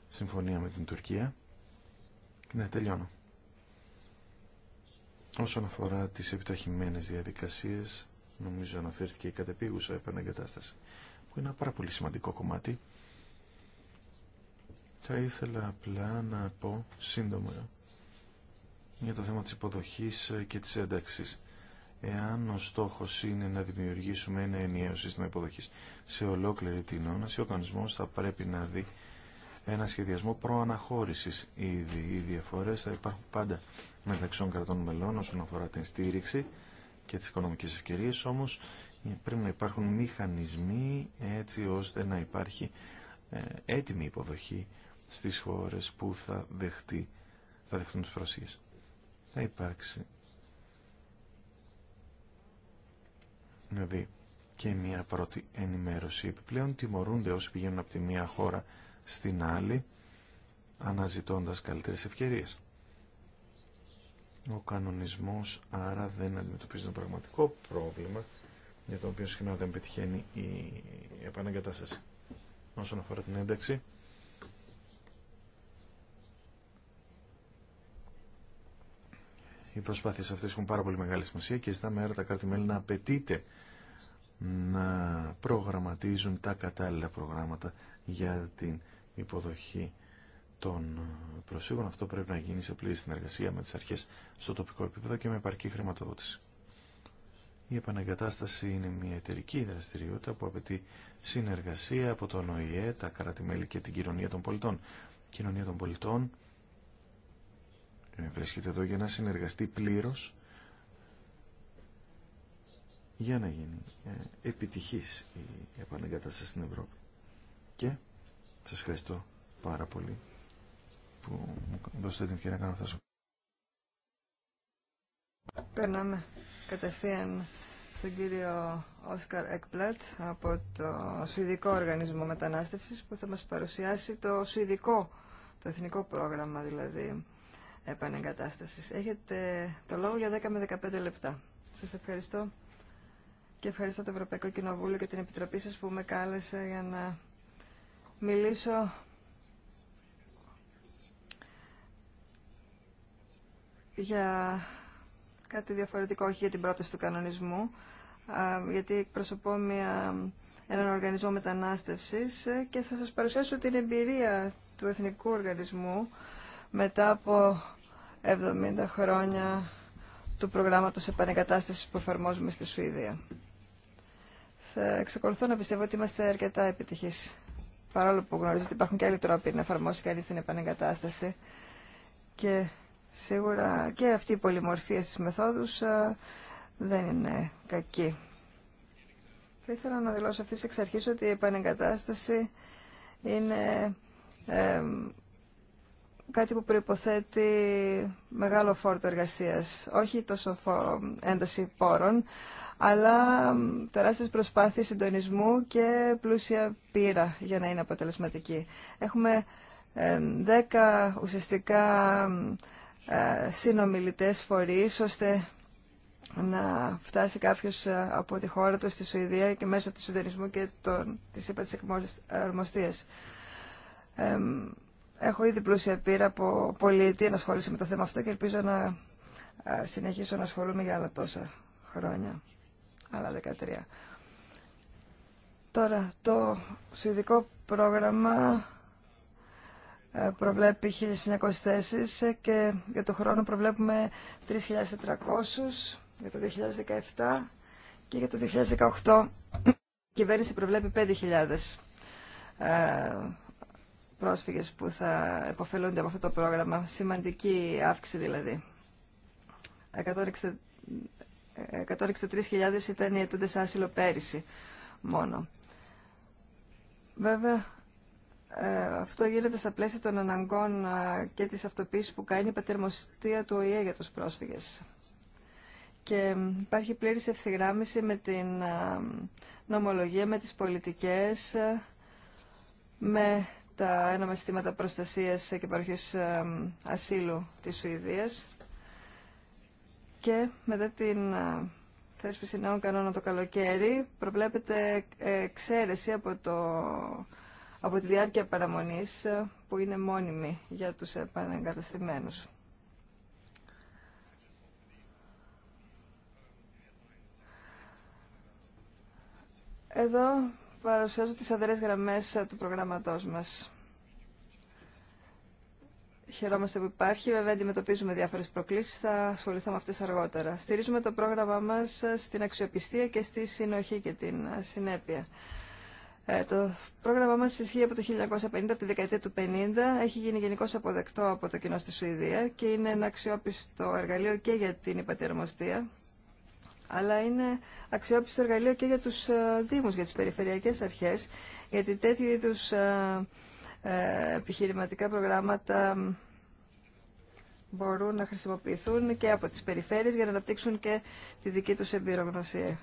συμφωνία με την Τουρκία ναι, τελειώνω. Όσον αφορά τις επιταχυμένες διαδικασίες, νομίζω αναφέρθηκε η κατεπίγουσα επαναγκατάσταση, που είναι ένα πάρα πολύ σημαντικό κομμάτι. Θα ήθελα απλά να πω σύντομα για το θέμα της υποδοχής και της ένταξης. Εάν ο στόχος είναι να δημιουργήσουμε ένα ενιαίο σύστημα υποδοχής σε ολόκληρη την όναση, ο κανονισμός θα πρέπει να δει ένα σχεδιασμό προαναχώρησης ήδη. Οι διαφορές θα υπάρχουν πάντα μεταξύ των κρατών μελών όσον αφορά την στήριξη και τις οικονομικές ευκαιρίες, όμως πρέπει να υπάρχουν μηχανισμοί έτσι ώστε να υπάρχει ε, έτοιμη υποδοχή στις χώρες που θα, δεχτεί, θα δεχτούν τις προσφύγες. Θα υπάρξει δηλαδή και μια πρώτη ενημέρωση. Επιπλέον τιμωρούνται όσοι πηγαίνουν από τη μία χώρα στην άλλη, αναζητώντας καλύτερες ευκαιρίες. Ο κανονισμός άρα δεν αντιμετωπίζει το πραγματικό πρόβλημα για το οποίο συχνά δεν πετυχαίνει η επαναγκατάσταση. Όσον αφορά την ένταξη, οι προσπάθειες αυτές έχουν πάρα πολύ μεγάλη σημασία και ζητάμε άρα τα κράτη-μέλη να απαιτείται να προγραμματίζουν τα κατάλληλα προγράμματα για την υποδοχή των προσφύγων. Αυτό πρέπει να γίνει σε πλήρη συνεργασία με τις αρχές στο τοπικό επίπεδο και με επαρκή χρηματοδότηση. Η επαναγκατάσταση είναι μια εταιρική δραστηριότητα που απαιτεί συνεργασία από τον ΟΗΕ, τα κράτη-μέλη και την κοινωνία των πολιτών. Η κοινωνία των πολιτών βρίσκεται εδώ για να συνεργαστεί πλήρως για να γίνει ε, επιτυχής η επαναγκατάσταση στην Ευρώπη. Και σας ευχαριστώ πάρα πολύ που μου δώσετε την ευκαιρία να κάνω αυτά Περνάμε κατευθείαν στον κύριο Όσκαρ Εκπλατ από το Σουηδικό Οργανισμό Μετανάστευσης που θα μας παρουσιάσει το Σουηδικό, το εθνικό πρόγραμμα δηλαδή επανεγκατάστασης. Έχετε το λόγο για 10 με 15 λεπτά. Σας ευχαριστώ και ευχαριστώ το Ευρωπαϊκό Κοινοβούλιο και την Επιτροπή σας που με κάλεσε για να μιλήσω για κάτι διαφορετικό, όχι για την πρόταση του κανονισμού, γιατί προσωπώ μια, έναν οργανισμό μετανάστευσης και θα σας παρουσιάσω την εμπειρία του Εθνικού Οργανισμού μετά από 70 χρόνια του προγράμματος επανεγκατάστασης που εφαρμόζουμε στη Σουηδία. Θα εξακολουθώ να πιστεύω ότι είμαστε αρκετά επιτυχείς παρόλο που γνωρίζω ότι υπάρχουν και άλλοι τρόποι να εφαρμόσει κανεί την επανεγκατάσταση. Και σίγουρα και αυτή η πολυμορφία στις μεθόδους ε, δεν είναι κακή. Θα ήθελα να δηλώσω αυτής εξ αρχής ότι η επανεγκατάσταση είναι ε, κάτι που προϋποθέτει μεγάλο φόρτο εργασίας. Όχι τόσο ένταση πόρων, αλλά τεράστιες προσπάθειες συντονισμού και πλούσια πείρα για να είναι αποτελεσματική. Έχουμε δέκα ουσιαστικά ε, συνομιλητές φορείς, ώστε να φτάσει κάποιος ε, από τη χώρα του στη Σουηδία και μέσω του συντονισμού και των, της Έχω ήδη πλούσια πείρα από να ασχολήσει με το θέμα αυτό και ελπίζω να συνεχίσω να ασχολούμαι για άλλα τόσα χρόνια, άλλα 13. Τώρα, το σουηδικό πρόγραμμα ε, προβλέπει 1.900 θέσεις και για το χρόνο προβλέπουμε 3.400 για το 2017 και για το 2018 η κυβέρνηση προβλέπει 5.000 πρόσφυγες που θα υποφελούνται από αυτό το πρόγραμμα. Σημαντική αύξηση δηλαδή. 163.000 ήταν οι αιτούντες άσυλο πέρυσι μόνο. Βέβαια, ε, αυτό γίνεται στα πλαίσια των αναγκών ε, και της αυτοποίησης που κάνει η πατερμοστία του ΟΗΕ για τους πρόσφυγες. Και υπάρχει πλήρης ευθυγράμμιση με την ε, νομολογία, με τις πολιτικές, με τα Ένωμα συστήματα προστασίας και παροχής ασύλου της Σουηδίας και μετά την ε, θέσπιση νέων κανόνων το καλοκαίρι προβλέπεται εξαίρεση από, το, από τη διάρκεια παραμονής ε, που είναι μόνιμη για τους επανεγκαταστημένους. Εδώ παρουσιάζω τις αδερές γραμμές ε, του προγράμματός μας. Χαιρόμαστε που υπάρχει. Βέβαια, αντιμετωπίζουμε διάφορε προκλήσει. Θα ασχοληθώ με αυτέ αργότερα. Στηρίζουμε το πρόγραμμά μα ε, στην αξιοπιστία και στη συνοχή και την ε, συνέπεια. Ε, το πρόγραμμά μα ισχύει από το 1950, από τη δεκαετία του 50. Έχει γίνει γενικώ αποδεκτό από το κοινό στη Σουηδία και είναι ένα αξιόπιστο εργαλείο και για την υπατερμοστία αλλά είναι αξιόπιστο εργαλείο και για τους ε, δήμους, για τις περιφερειακές αρχές, γιατί τέτοιου είδους ε, ε, επιχειρηματικά προγράμματα μπορούν να χρησιμοποιηθούν και από τις περιφέρειες για να αναπτύξουν και τη δική τους εμπειρογνωσία.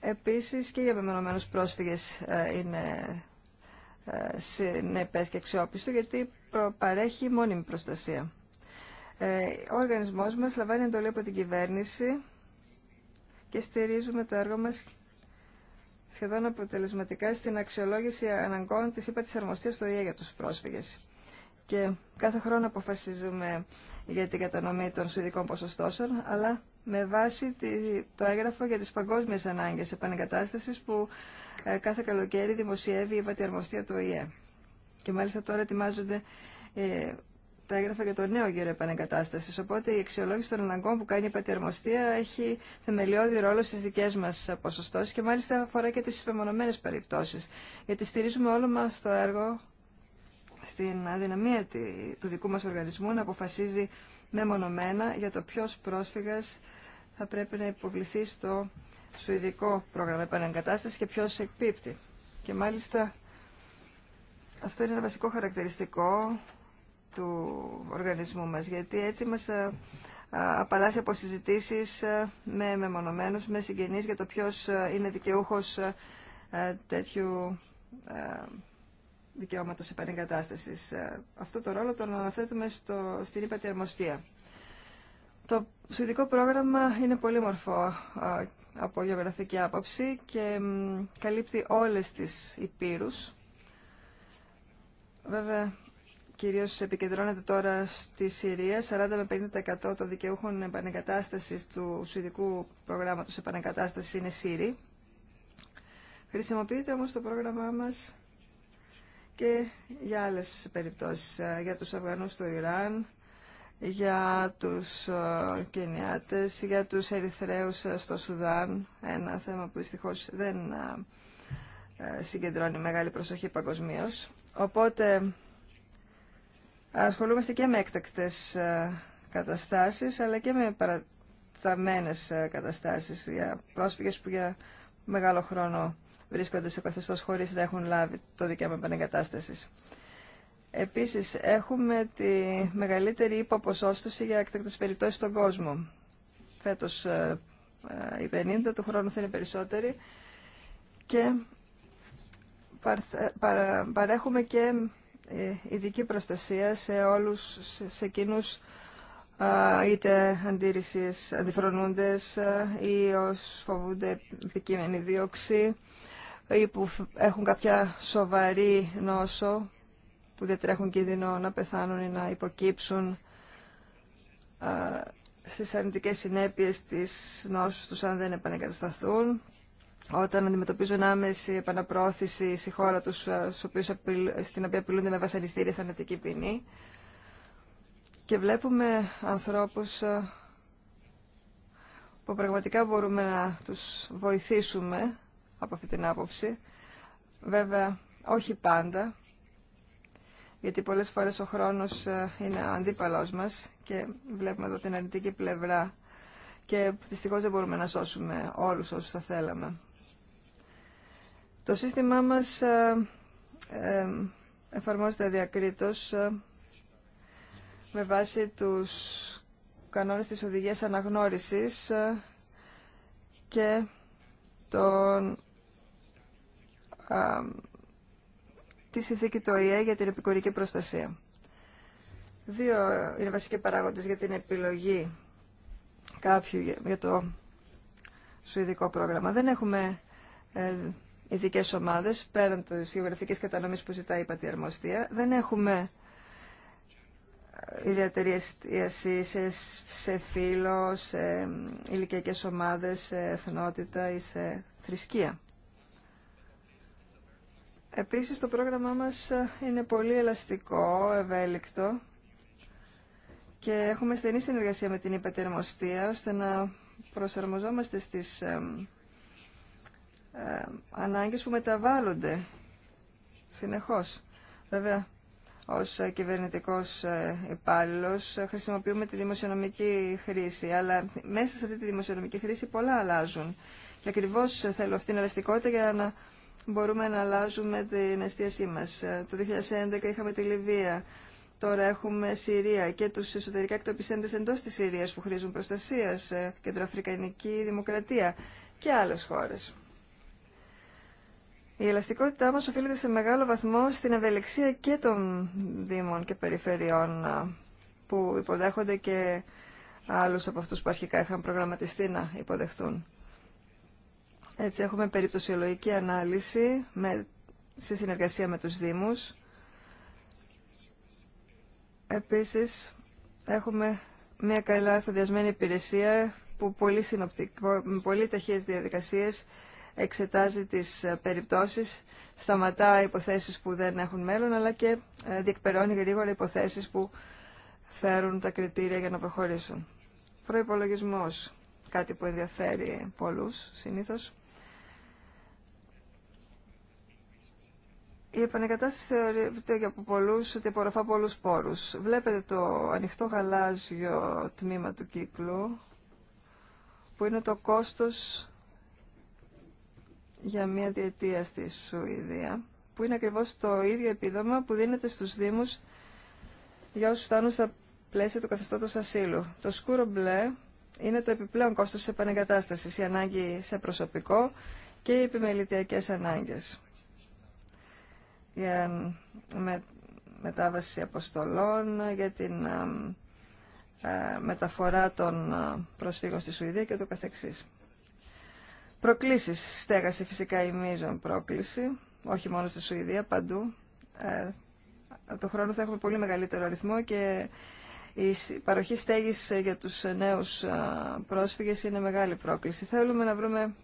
Επίσης και για μεμονωμένους πρόσφυγες είναι συνεπές και αξιόπιστο γιατί παρέχει μόνιμη προστασία. Ε, ο οργανισμός μας λαμβάνει εντολή από την κυβέρνηση και στηρίζουμε το έργο μας σχεδόν αποτελεσματικά στην αξιολόγηση αναγκών της ΥΠΑ της Αρμοστίας του ΙΕ για τους πρόσφυγες. Και κάθε χρόνο αποφασίζουμε για την κατανομή των σουηδικών ποσοστώσεων, αλλά με βάση το έγγραφο για τις παγκόσμιες ανάγκες επανεγκατάστασης που ε, κάθε καλοκαίρι δημοσιεύει η αρμοστία του ΟΗΕ. Και μάλιστα τώρα ετοιμάζονται ε, τα έγγραφα για το νέο γύρο επανεγκατάσταση. Οπότε η αξιολόγηση των αναγκών που κάνει η πατερμοστία έχει θεμελιώδη ρόλο στι δικέ μα ποσοστώσει και μάλιστα αφορά και τι υπεμονωμένε περιπτώσει. Γιατί στηρίζουμε όλο μα το έργο στην αδυναμία του δικού μα οργανισμού να αποφασίζει μεμονωμένα για το ποιο πρόσφυγα θα πρέπει να υποβληθεί στο σουηδικό πρόγραμμα επανεγκατάσταση και ποιο εκπίπτει. Και μάλιστα αυτό είναι ένα βασικό χαρακτηριστικό του οργανισμού μας, γιατί έτσι μας ε, ε, απαλλάσσει από συζητήσει ε, με μεμονωμένους, με συγγενείς για το ποιος είναι δικαιούχος τέτοιου δικαιώματος επανεγκατάστασης. Αυτό το ρόλο τον αναθέτουμε στο, στην ύπατη αρμοστία. Το σχετικό πρόγραμμα είναι πολύ μορφό από γεωγραφική άποψη και καλύπτει όλες τις υπήρους. Βέβαια, κυρίως επικεντρώνεται τώρα στη Συρία. 40 με 50% των δικαιούχων επανεκατάστασης του Σουηδικού Προγράμματος επανεκατάστασης είναι Σύριοι. Χρησιμοποιείται όμως το πρόγραμμά μας και για άλλες περιπτώσεις, ε, για τους Αφγανούς στο Ιράν, για τους ε, Κενιάτες, για τους Ερυθρέους ε, στο Σουδάν, ένα θέμα που δυστυχώς δεν συγκεντρώνει μεγάλη προσοχή παγκοσμίω. Οπότε ασχολούμαστε και με έκτακτες ε, καταστάσεις, αλλά και με παραταμένες ε, καταστάσεις για πρόσφυγες που για μεγάλο χρόνο βρίσκονται σε καθεστώς χωρίς να έχουν λάβει το δικαίωμα επανεγκατάστασης. Επίσης, έχουμε τη μεγαλύτερη υποποσόστοση για έκτακτες περιπτώσεις στον κόσμο. Φέτος ε, οι 50, του χρόνου θα είναι περισσότεροι και παρέχουμε και ε, ειδική προστασία σε όλους, σε εκείνου είτε αντίρρησης αντιφρονούντες ή ως φοβούνται επικείμενη δίωξη ή που έχουν κάποια σοβαρή νόσο που τρέχουν κίνδυνο να πεθάνουν ή να υποκύψουν στις αρνητικές συνέπειες της νόσου τους αν δεν επανεκατασταθούν όταν αντιμετωπίζουν άμεση επαναπρόθεση στη χώρα τους ε, στην οποία απειλούνται με βασανιστήρια θανατική ποινή και βλέπουμε ανθρώπους ε, που πραγματικά μπορούμε να τους βοηθήσουμε από αυτή την άποψη. Βέβαια, όχι πάντα, γιατί πολλές φορές ο χρόνος ε, είναι αντίπαλός μας και βλέπουμε εδώ την αρνητική πλευρά και δυστυχώς δεν μπορούμε να σώσουμε όλους όσους θα θέλαμε. Το σύστημά μας ε, ε, εφαρμόζεται διακρίτως ε, με βάση τους κανόνες της οδηγίας αναγνώρισης και τον, τη συνθήκη του ΟΗΕ για την επικουρική προστασία. Δύο είναι βασικοί παράγοντες για την επιλογή κάποιου για το σουηδικό πρόγραμμα. Δεν έχουμε ειδικέ ομάδες, πέραν τη γεωγραφική κατανομή που ζητάει η πατιαρμοστία. Δεν έχουμε ε, ιδιαίτερη εστίαση σε, σε φύλλο, σε ηλικιακέ ομάδες, σε εθνότητα ή σε θρησκεία. Επίσης το πρόγραμμά μας ε, είναι πολύ ελαστικό, ευέλικτο και έχουμε στενή συνεργασία με την υπετερμοστία ώστε να προσαρμοζόμαστε στις ε, ε, ανάγκες που μεταβάλλονται συνεχώς. Βέβαια, ως ε, κυβερνητικός ε, υπάλληλος χρησιμοποιούμε τη δημοσιονομική χρήση, αλλά μέσα σε αυτή τη δημοσιονομική χρήση πολλά αλλάζουν. Και ακριβώς θέλω αυτή την ελαστικότητα για να μπορούμε να αλλάζουμε την εστίασή μας. Το 2011 είχαμε τη Λιβύα, τώρα έχουμε Συρία και τους εσωτερικά εκτοπιστέντες εντός της Συρίας που χρήζουν προστασίας, Κεντροαφρικανική Δημοκρατία και άλλες χώρες. Η ελαστικότητά μας οφείλεται σε μεγάλο βαθμό στην ευελιξία και των Δήμων και Περιφερειών που υποδέχονται και άλλους από αυτούς που αρχικά είχαν προγραμματιστεί να υποδεχθούν. Έτσι έχουμε περιπτωσιολογική ανάλυση με, σε συνεργασία με τους Δήμους. Επίσης έχουμε μια καλά εφοδιασμένη υπηρεσία που πολύ με πολύ ταχείες διαδικασίες εξετάζει τις ε, περιπτώσεις, σταματά υποθέσεις που δεν έχουν μέλλον, αλλά και ε, διεκπερώνει γρήγορα υποθέσεις που φέρουν τα κριτήρια για να προχωρήσουν. Προϋπολογισμός, κάτι που ενδιαφέρει πολλούς συνήθως. Η επανεκατάσταση θεωρείται για πολλούς ότι απορροφά πολλούς πόρους. Βλέπετε το ανοιχτό γαλάζιο τμήμα του κύκλου, που είναι το κόστος για μία διετία στη Σουηδία, που είναι ακριβώς το ίδιο επίδομα που δίνεται στους Δήμους για όσους φτάνουν στα πλαίσια του καθεστώτος ασύλου. Το σκούρο μπλε είναι το επιπλέον κόστος της επανεγκατάστασης, η ανάγκη σε προσωπικό και οι επιμελητιακές ανάγκες. Για μετάβαση αποστολών, για την ε, ε, μεταφορά των ε, προσφύγων στη Σουηδία και το καθεξής. Προκλήσεις. Στέγασε φυσικά η μείζον πρόκληση, όχι μόνο στη Σουηδία, παντού. Ε, το χρόνο θα έχουμε πολύ μεγαλύτερο αριθμό και η παροχή στέγης για τους νέους ε, πρόσφυγες είναι μεγάλη πρόκληση. Θέλουμε να βρούμε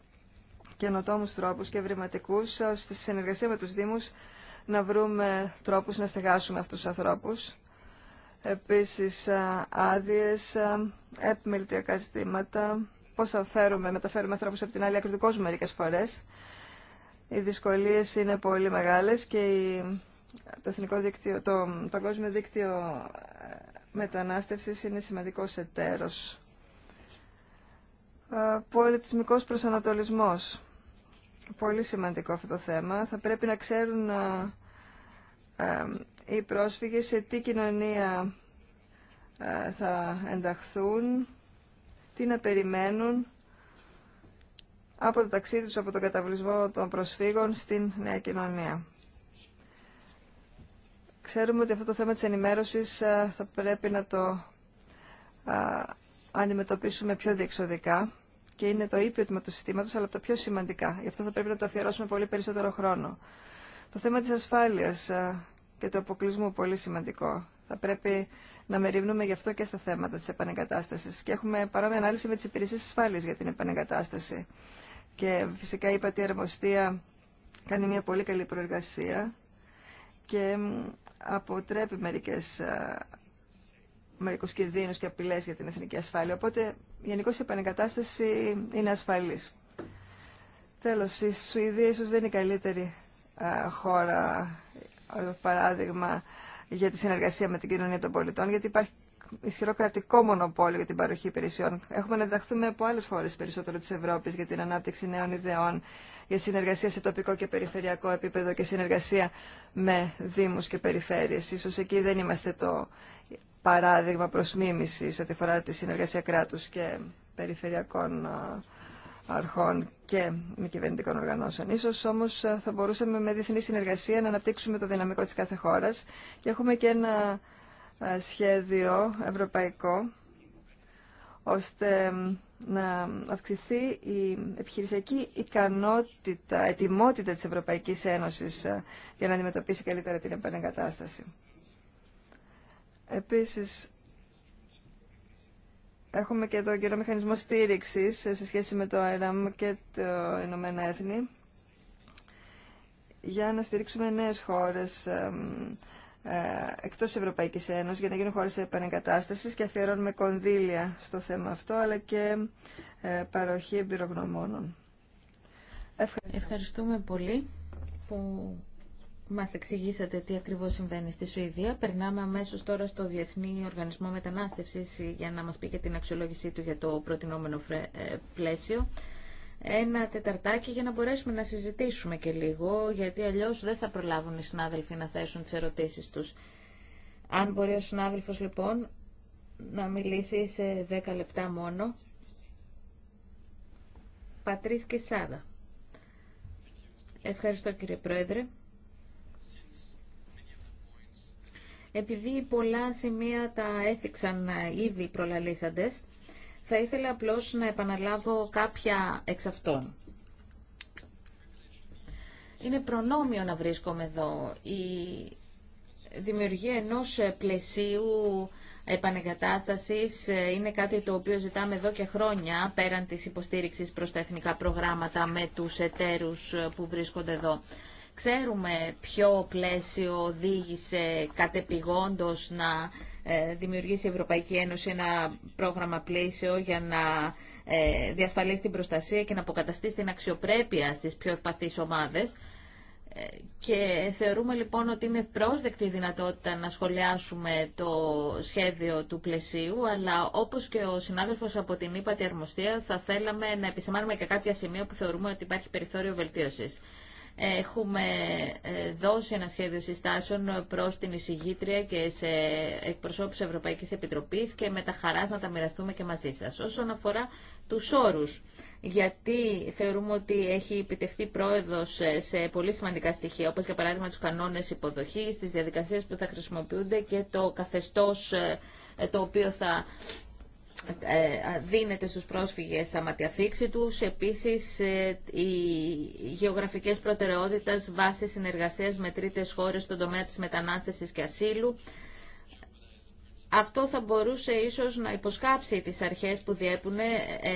καινοτόμους τρόπους και ευρηματικούς, ώστε στη συνεργασία με τους Δήμους να βρούμε τρόπους να στεγάσουμε αυτούς τους ανθρώπους. Επίσης, ε, άδειες, ε, επιμελητιακά ζητήματα, πώς θα φέρουμε, μεταφέρουμε ανθρώπους από την άλλη άκρη του φορές. Οι δυσκολίες είναι πολύ μεγάλες και το, εθνικό δίκτυο, το παγκόσμιο δίκτυο ε, μετανάστευσης είναι σημαντικός εταίρος. Ε, πολιτισμικός προσανατολισμός. Πολύ σημαντικό αυτό το θέμα. Θα πρέπει να ξέρουν ε, οι πρόσφυγες σε τι κοινωνία θα ενταχθούν, τι να περιμένουν από το ταξίδι τους, από τον καταβλισμό των προσφύγων στην νέα κοινωνία. Ξέρουμε ότι αυτό το θέμα της ενημέρωσης θα πρέπει να το αντιμετωπίσουμε πιο διεξοδικά και είναι το ίδιο του συστήματος, αλλά από πιο σημαντικά. Γι' αυτό θα πρέπει να το αφιερώσουμε πολύ περισσότερο χρόνο. Το θέμα της ασφάλειας και του αποκλεισμού, πολύ σημαντικό. Θα πρέπει να μεριμνούμε γι' αυτό και στα θέματα της επανεγκατάστασης. Και έχουμε παρόμοια ανάλυση με τις υπηρεσίες ασφάλειας για την επανεγκατάσταση. Και φυσικά είπα ότι η αρμοστία κάνει μια πολύ καλή προεργασία και αποτρέπει μερικές, μερικούς κινδύνους και απειλές για την εθνική ασφάλεια. Οπότε γενικώ η επανεγκατάσταση είναι ασφαλής. Τέλος, η Σουηδία ίσως δεν είναι η καλύτερη χώρα παράδειγμα για τη συνεργασία με την κοινωνία των πολιτών, γιατί υπάρχει ισχυρό κρατικό μονοπόλιο για την παροχή υπηρεσιών. Έχουμε να διδαχθούμε από άλλε χώρε περισσότερο τη Ευρώπη για την ανάπτυξη νέων ιδεών, για συνεργασία σε τοπικό και περιφερειακό επίπεδο και συνεργασία με Δήμου και περιφέρειε. σω εκεί δεν είμαστε το παράδειγμα προ μίμηση ό,τι αφορά τη συνεργασία κράτου και περιφερειακών αρχών και μη κυβερνητικών οργανώσεων. Ίσως όμως ε, θα μπορούσαμε με διεθνή συνεργασία να αναπτύξουμε το δυναμικό της κάθε χώρας και έχουμε και ένα ε, σχέδιο ευρωπαϊκό ώστε να αυξηθεί η επιχειρησιακή ικανότητα, ετοιμότητα της Ευρωπαϊκής Ένωσης ε, για να αντιμετωπίσει καλύτερα την επανεγκατάσταση. Επίσης, Έχουμε και εδώ καιρό μηχανισμό στήριξη σε σχέση με το ΑΕΡΑΜ και το Ηνωμένα Έθνη για να στηρίξουμε νέε χώρε εκτό Ευρωπαϊκή Ένωση για να γίνουν χώρε επανεγκατάσταση και αφιερώνουμε κονδύλια στο θέμα αυτό αλλά και ε, παροχή εμπειρογνωμόνων. Ευχαριστούμε πολύ που μας εξηγήσατε τι ακριβώ συμβαίνει στη Σουηδία. Περνάμε αμέσω τώρα στο Διεθνή Οργανισμό Μετανάστευση για να μας πει και την αξιολόγησή του για το προτινόμενο ε, πλαίσιο. Ένα τεταρτάκι για να μπορέσουμε να συζητήσουμε και λίγο, γιατί αλλιώς δεν θα προλάβουν οι συνάδελφοι να θέσουν τις ερωτήσει τους. Αν μπορεί ο συνάδελφο λοιπόν να μιλήσει σε 10 λεπτά μόνο. Πατρίς Κεσάδα. Ευχαριστώ κύριε Πρόεδρε. Επειδή πολλά σημεία τα έφυξαν ε, ήδη οι προλαλήσαντες, θα ήθελα απλώς να επαναλάβω κάποια εξ αυτών. Είναι προνόμιο να βρίσκομαι εδώ. Η δημιουργία ενός ε, πλαισίου ε, επανεγκατάστασης είναι κάτι το οποίο ζητάμε εδώ και χρόνια πέραν της υποστήριξης προς τα εθνικά προγράμματα με τους εταίρους που βρίσκονται εδώ. Ξέρουμε ποιο πλαίσιο οδήγησε κατεπηγόντως να ε, δημιουργήσει η Ευρωπαϊκή Ένωση ένα πρόγραμμα πλαίσιο για να ε, διασφαλίσει την προστασία και να αποκαταστήσει την αξιοπρέπεια στις πιο ευπαθείς ομάδες. Ε, και θεωρούμε λοιπόν ότι είναι πρόσδεκτη η δυνατότητα να σχολιάσουμε το σχέδιο του πλαισίου, αλλά όπως και ο συνάδελφος από την ΥΠΑΤΗ Αρμοστία θα θέλαμε να επισημάνουμε και κάποια σημεία που θεωρούμε ότι υπάρχει περιθώριο βελτίωσης. Έχουμε ε, δώσει ένα σχέδιο συστάσεων προς την εισηγήτρια και σε εκπροσώπους Ευρωπαϊκής Επιτροπής και με τα χαράς να τα μοιραστούμε και μαζί σας. Όσον αφορά τους όρους, γιατί θεωρούμε ότι έχει επιτευχθεί πρόεδρος ε, σε πολύ σημαντικά στοιχεία, όπως για παράδειγμα τους κανόνες υποδοχής, τις διαδικασίες που θα χρησιμοποιούνται και το καθεστώς ε, το οποίο θα ε, δίνεται στους πρόσφυγες αματιαθήξη τους. Επίσης, ε, οι γεωγραφικές προτεραιότητες βάσει συνεργασίας με τρίτες χώρες στον τομέα της μετανάστευσης και ασύλου αυτό θα μπορούσε ίσως να υποσκάψει τις αρχές που διέπουν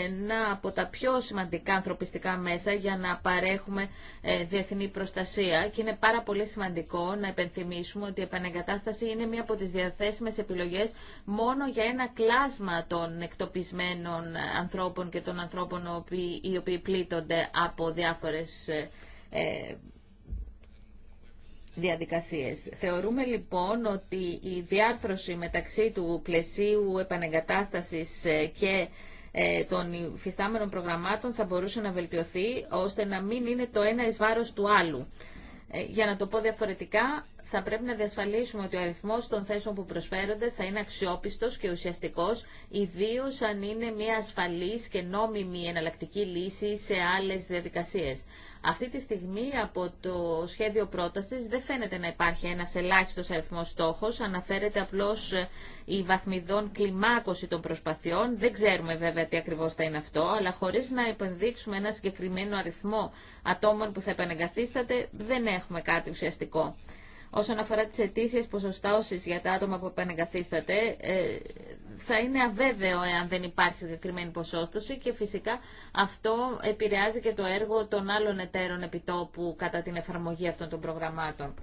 ένα από τα πιο σημαντικά ανθρωπιστικά μέσα για να παρέχουμε ε, διεθνή προστασία και είναι πάρα πολύ σημαντικό να επενθυμίσουμε ότι η επανεγκατάσταση είναι μία από τις διαθέσιμες επιλογές μόνο για ένα κλάσμα των εκτοπισμένων ανθρώπων και των ανθρώπων οι οποίοι πλήττονται από διάφορες ε, ε, διαδικασίες. Θεωρούμε λοιπόν ότι η διάρθρωση μεταξύ του πλαισίου επανεγκατάστασης ε, και ε, των υφιστάμενων προγραμμάτων θα μπορούσε να βελτιωθεί ώστε να μην είναι το ένα εις βάρος του άλλου. Ε, για να το πω διαφορετικά, θα πρέπει να διασφαλίσουμε ότι ο αριθμό των θέσεων που προσφέρονται θα είναι αξιόπιστος και ουσιαστικό, ιδίω αν είναι μια ασφαλή και νόμιμη εναλλακτική λύση σε άλλε διαδικασίε. Αυτή τη στιγμή από το σχέδιο πρόταση δεν φαίνεται να υπάρχει ένα ελάχιστο αριθμό στόχο, αναφέρεται απλώ ε, η βαθμιδόν κλιμάκωση των προσπαθειών, δεν ξέρουμε βέβαια τι ακριβώ θα είναι αυτό, αλλά χωρί να επενδύξουμε ένα συγκεκριμένο αριθμό ατόμων που θα επανεγκαθίσταται, δεν έχουμε κάτι ουσιαστικό. Όσον αφορά τις αιτήσιες ποσοστώσεις για τα άτομα που επανεγκαθίσταται, ε, θα είναι αβέβαιο εάν δεν υπάρχει συγκεκριμένη ποσόστοση και φυσικά αυτό επηρεάζει και το έργο των άλλων εταίρων επιτόπου κατά την εφαρμογή αυτών των προγραμμάτων.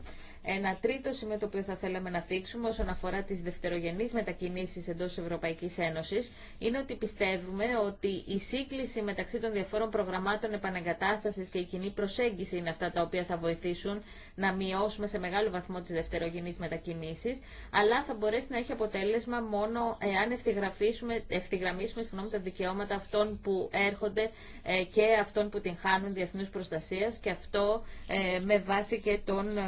Ένα τρίτο σημείο το οποίο θα θέλαμε να θίξουμε όσον αφορά τις δευτερογενείς μετακινήσεις εντός Ευρωπαϊκής Ένωσης είναι ότι πιστεύουμε ότι η σύγκληση μεταξύ των διαφόρων προγραμμάτων επαναγκατάστασης και η κοινή προσέγγιση είναι αυτά τα οποία θα βοηθήσουν να μειώσουμε σε μεγάλο βαθμό τις δευτερογενείς μετακινήσεις, αλλά θα μπορέσει να έχει αποτέλεσμα μόνο εάν ευθυγραμμίσουμε συγγνώμη, τα δικαιώματα αυτών που έρχονται ε, και αυτών που την χάνουν διεθνού προστασία, και αυτό ε, με βάση και τον ε,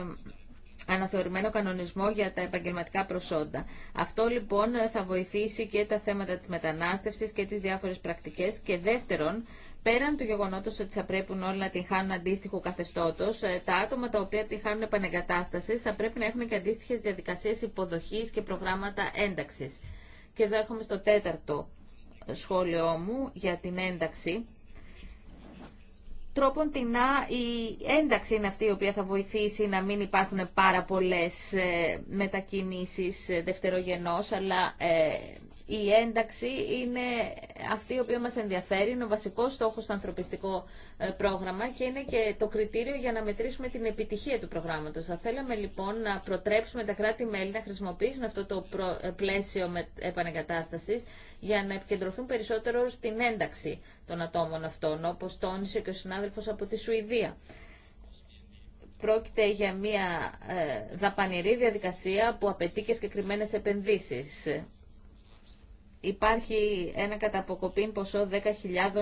αναθεωρημένο κανονισμό για τα επαγγελματικά προσόντα. Αυτό λοιπόν θα βοηθήσει και τα θέματα της μετανάστευσης και τις διάφορες πρακτικές και δεύτερον, Πέραν του γεγονότος ότι θα πρέπει όλοι να την χάνουν αντίστοιχο καθεστώτος, ε, τα άτομα τα οποία την χάνουν επανεγκατάσταση θα πρέπει να έχουν και αντίστοιχε διαδικασίες υποδοχής και προγράμματα ένταξης. Και εδώ έρχομαι στο τέταρτο σχόλιο μου για την ένταξη τρόπον την να, η ένταξη είναι αυτή η οποία θα βοηθήσει να μην υπάρχουν πάρα πολλές ε, μετακινήσεις ε, δευτερογενώς, αλλά ε, η ένταξη είναι αυτή η οποία μας ενδιαφέρει, είναι ο βασικός στόχος στο ανθρωπιστικό ε, πρόγραμμα και είναι και το κριτήριο για να μετρήσουμε την επιτυχία του προγράμματος. Θα θέλαμε λοιπόν να προτρέψουμε τα κράτη-μέλη να χρησιμοποιήσουν αυτό το ε, πλαίσιο επανεγκατάστασης για να επικεντρωθούν περισσότερο στην ένταξη των ατόμων αυτών, όπως τόνισε και ο συνάδελφος από τη Σουηδία πρόκειται για μια ε, δαπανηρή διαδικασία που απαιτεί και συγκεκριμένε επενδύσεις υπάρχει ένα καταποκοπή ποσό 10.000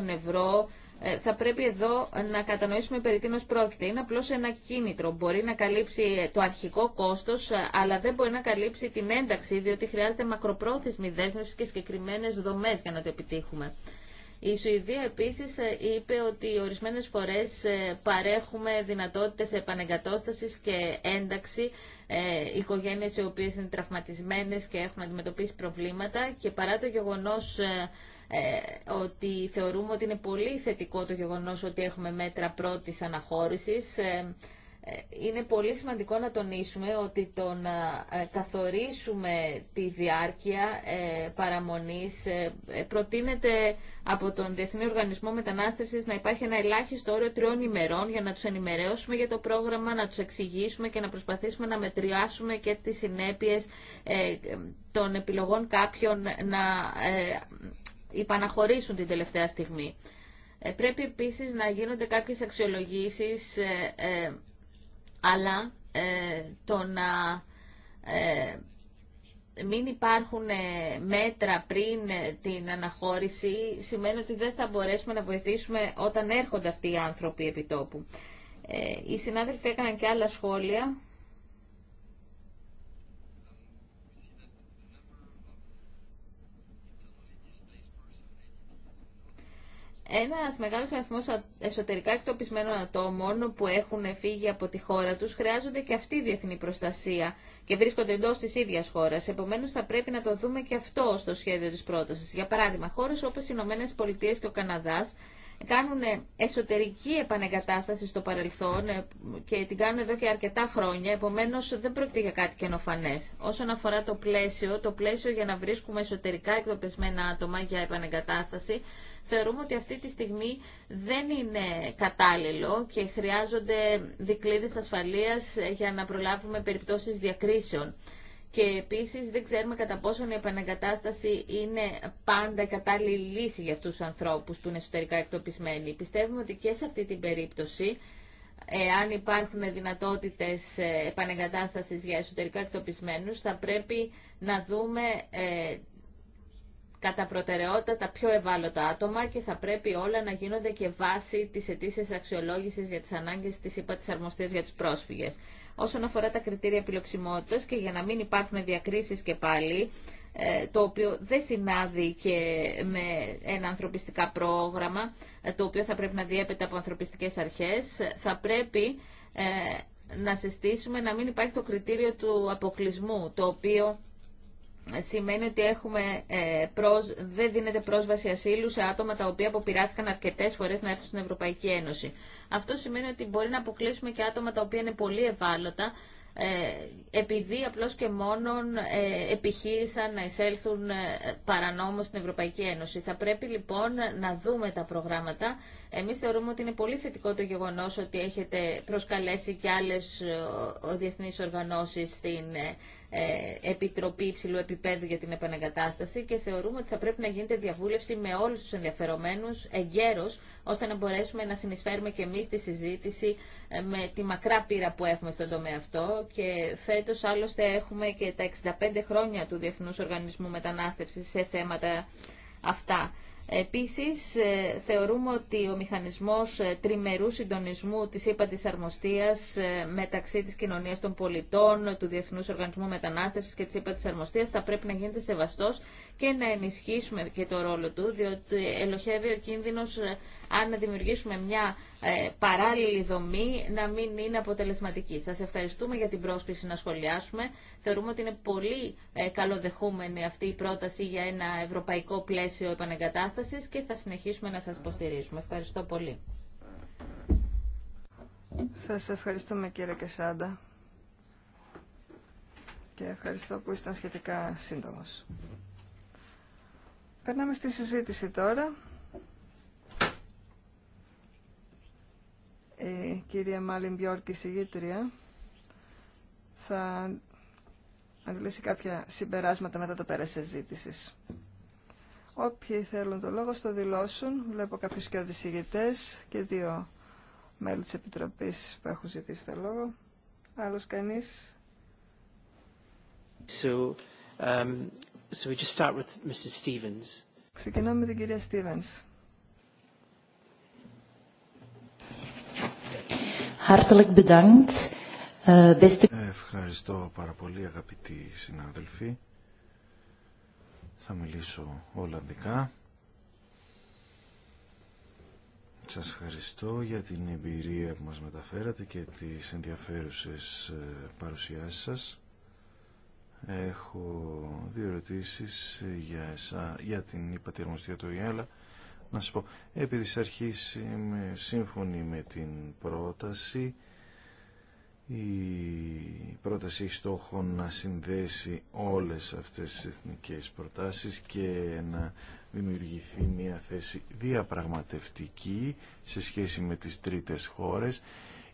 ευρώ. Ε, θα πρέπει εδώ να κατανοήσουμε περί τίνος πρόκειται. Είναι απλώς ένα κίνητρο. Μπορεί να καλύψει ε, το αρχικό κόστος, ε, αλλά δεν μπορεί να καλύψει την ένταξη, διότι χρειάζεται μακροπρόθεσμη δέσμευση και συγκεκριμένε δομές για να το επιτύχουμε. Η Σουηδία επίσης ε, είπε ότι ορισμένες φορές ε, παρέχουμε δυνατότητες επανεγκατόστασης και ένταξη ε, οικογένειες οι οποίες είναι τραυματισμένες και έχουν αντιμετωπίσει προβλήματα και παρά το γεγονός ε, ότι θεωρούμε ότι είναι πολύ θετικό το γεγονός ότι έχουμε μέτρα πρώτης αναχώρησης, ε, είναι πολύ σημαντικό να τονίσουμε ότι το να ε, καθορίσουμε τη διάρκεια ε, παραμονής προτείνεται από τον Διεθνή Οργανισμό Μετανάστευσης να υπάρχει ένα ελάχιστο όριο τριών ημερών για να τους ενημερώσουμε για το πρόγραμμα, να τους εξηγήσουμε και να προσπαθήσουμε να μετριάσουμε και τις συνέπειες των επιλογών κάποιων να υπαναχωρήσουν την τελευταία στιγμή. Πρέπει επίσης να γίνονται κάποιες αξιολογήσεις αλλά ε, το να ε, μην υπάρχουν ε, μέτρα πριν ε, την αναχώρηση σημαίνει ότι δεν θα μπορέσουμε να βοηθήσουμε όταν έρχονται αυτοί οι άνθρωποι επιτόπου. Ε, οι συνάδελφοι έκαναν και άλλα σχόλια. Ένα μεγάλο αριθμό εσωτερικά εκτοπισμένων ατόμων που έχουν φύγει από τη χώρα του χρειάζονται και αυτή η διεθνή προστασία και βρίσκονται εντό τη ίδια χώρα. Επομένω θα πρέπει να το δούμε και αυτό στο σχέδιο τη πρόταση. Για παράδειγμα, χώρε όπως οι Ηνωμένε Πολιτείε και ο Καναδά κάνουν εσωτερική επανεγκατάσταση στο παρελθόν ε, και την κάνουν εδώ και αρκετά χρόνια, Επομένω, δεν πρόκειται για κάτι καινοφανέ. Όσον αφορά το πλαίσιο, το πλαίσιο για να βρίσκουμε εσωτερικά εκτοπισμένα άτομα για επανεγκατάσταση θεωρούμε ότι αυτή τη στιγμή δεν είναι κατάλληλο και χρειάζονται δικλείδες ασφαλείας για να προλάβουμε περιπτώσεις διακρίσεων. Και επίσης δεν ξέρουμε κατά πόσο η επανεγκατάσταση είναι πάντα η κατάλληλη λύση για αυτούς τους ανθρώπους που είναι εσωτερικά εκτοπισμένοι. Πιστεύουμε ότι και σε αυτή την περίπτωση εάν υπάρχουν δυνατότητες ε, επανεγκατάστασης για εσωτερικά εκτοπισμένους, θα πρέπει να δούμε ε, κατά προτεραιότητα τα πιο ευάλωτα άτομα και θα πρέπει όλα να γίνονται και βάση τη αιτήσει αξιολόγηση για τι ανάγκε, τη ΥΠΑ τη αρμοστία για τους πρόσφυγε. Όσον αφορά τα κριτήρια επιλοξιμότητας και για να μην υπάρχουν διακρίσει και πάλι, ε, το οποίο δεν συνάδει και με ένα ανθρωπιστικά πρόγραμμα, ε, το οποίο θα πρέπει να διέπεται από ανθρωπιστικές αρχές, θα πρέπει ε, να συστήσουμε να μην υπάρχει το κριτήριο του αποκλεισμού, το οποίο σημαίνει ότι έχουμε, ε, δεν δίνεται πρόσβαση ασύλου σε άτομα τα οποία αποπειράθηκαν αρκετέ φορέ να έρθουν στην Ευρωπαϊκή Ένωση. Αυτό σημαίνει ότι μπορεί να αποκλείσουμε και άτομα τα οποία είναι πολύ ευάλωτα, ε, επειδή απλώς και μόνον ε, επιχείρησαν να εισέλθουν ε, παρανόμως στην Ευρωπαϊκή Ένωση. Θα πρέπει λοιπόν να δούμε τα προγράμματα. Εμείς θεωρούμε ότι είναι πολύ θετικό το γεγονός ότι έχετε προσκαλέσει και άλλες διεθνείς οργανώσεις στην ε, Επιτροπή Υψηλού Επιπέδου για την Επανεγκατάσταση και θεωρούμε ότι θα πρέπει να γίνεται διαβούλευση με όλους τους ενδιαφερομένους εγκαίρως, ώστε να μπορέσουμε να συνεισφέρουμε και εμείς τη συζήτηση ε, με τη μακρά πείρα που έχουμε στον τομέα αυτό και φέτος άλλωστε έχουμε και τα 65 χρόνια του Διεθνούς Οργανισμού Μετανάστευσης σε θέματα αυτά. Επίσης, ε, θεωρούμε ότι ο μηχανισμός ε, τριμερού συντονισμού της ΥΠΑ Αρμοστίας ε, μεταξύ της κοινωνίας των πολιτών, του Διεθνούς Οργανισμού Μετανάστευσης και της ΥΠΑ Αρμοστίας θα πρέπει να γίνεται σεβαστός και να ενισχύσουμε και το ρόλο του, διότι ελοχεύει ο κίνδυνος αν δημιουργήσουμε μια ε, παράλληλη δομή να μην είναι αποτελεσματική. Σας ευχαριστούμε για την πρόσκληση να σχολιάσουμε. Θεωρούμε ότι είναι πολύ ε, καλοδεχούμενη αυτή η πρόταση για ένα ευρωπαϊκό πλαίσιο επανεγκατάστασης και θα συνεχίσουμε να σας υποστηρίζουμε. Ευχαριστώ πολύ. Σας ευχαριστούμε κύριε Κεσάντα και ευχαριστώ που ήσταν σχετικά σύντομος. Περνάμε στη συζήτηση τώρα. Ε, η κυρία Μάλιν Μπιόρκη, συγγήτρια, θα αντιλήσει κάποια συμπεράσματα μετά το πέρας ζήτηση. Όποιοι θέλουν το λόγο, στο δηλώσουν. Βλέπω κάποιους και οδησηγητές και δύο μέλη της Επιτροπής που έχουν ζητήσει το λόγο. Άλλος κανείς. So, um, Ξεκινάμε με την κυρία Stevens. Eh, ευχαριστώ πάρα πολύ αγαπητοί συνάδελφοι. Θα μιλήσω Ολλανδικά. Σας ευχαριστώ για την εμπειρία που μας μεταφέρατε και τις ενδιαφέρουσες ε, παρουσιάσεις σας. Έχω δύο ερωτήσεις ε, για, εσά, για την υπατήρμοστια του Ιέλα να σας πω. επειδή σε αρχής σύμφωνη με την πρόταση. Η πρόταση έχει στόχο να συνδέσει όλες αυτές τις εθνικές προτάσεις και να δημιουργηθεί μια θέση διαπραγματευτική σε σχέση με τις τρίτες χώρες.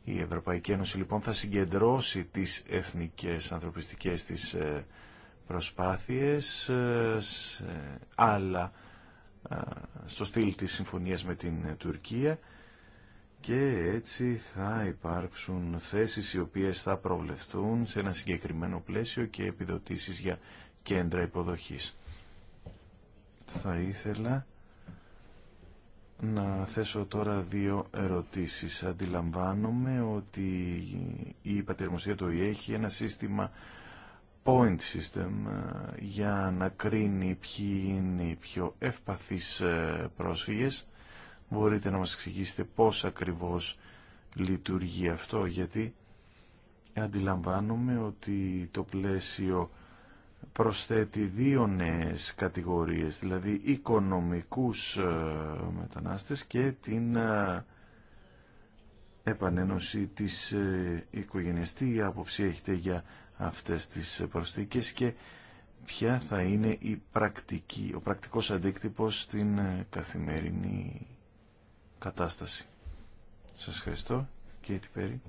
Η Ευρωπαϊκή Ένωση λοιπόν θα συγκεντρώσει τις εθνικές ανθρωπιστικές της ε, προσπάθειες, αλλά ε, στο στυλ της συμφωνίας με την Τουρκία και έτσι θα υπάρξουν θέσεις οι οποίες θα προβλεφθούν σε ένα συγκεκριμένο πλαίσιο και επιδοτήσεις για κέντρα υποδοχής. Θα ήθελα να θέσω τώρα δύο ερωτήσεις. Αντιλαμβάνομαι ότι η πατερμοσία του ΙΕ έχει ένα σύστημα point system ε, για να κρίνει ποιοι είναι οι πιο ευπαθείς ε, πρόσφυγες. Μπορείτε να μας εξηγήσετε πώς ακριβώς λειτουργεί αυτό, γιατί αντιλαμβάνομαι ότι το πλαίσιο προσθέτει δύο νέες κατηγορίες, δηλαδή οικονομικούς ε, μετανάστες και την επανένωση της οικογένειας. Τι άποψη έχετε για αυτές τις προσθήκες και ποια θα είναι η πρακτική, ο πρακτικός αντίκτυπος στην καθημερινή κατάσταση. Σας ευχαριστώ. τι πέρι.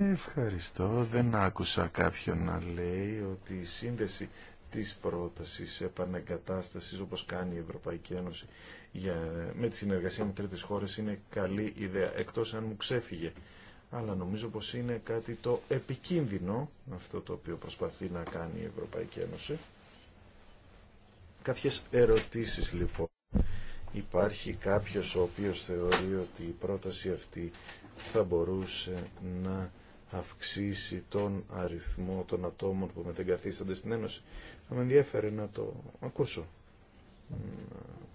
Ευχαριστώ. Δεν άκουσα κάποιον να λέει ότι η σύνδεση της πρότασης επανεγκατάστασης όπως κάνει η Ευρωπαϊκή Ένωση για, με τη συνεργασία με τρίτες χώρες είναι καλή ιδέα, εκτός αν μου ξέφυγε. Αλλά νομίζω πως είναι κάτι το επικίνδυνο αυτό το οποίο προσπαθεί να κάνει η Ευρωπαϊκή Ένωση. Κάποιες ερωτήσεις λοιπόν. Υπάρχει κάποιος ο οποίος θεωρεί ότι η πρόταση αυτή θα μπορούσε να αυξήσει τον αριθμό των ατόμων που μετεγκαθίστανται στην Ένωση. Θα με ενδιαφέρει να το ακούσω να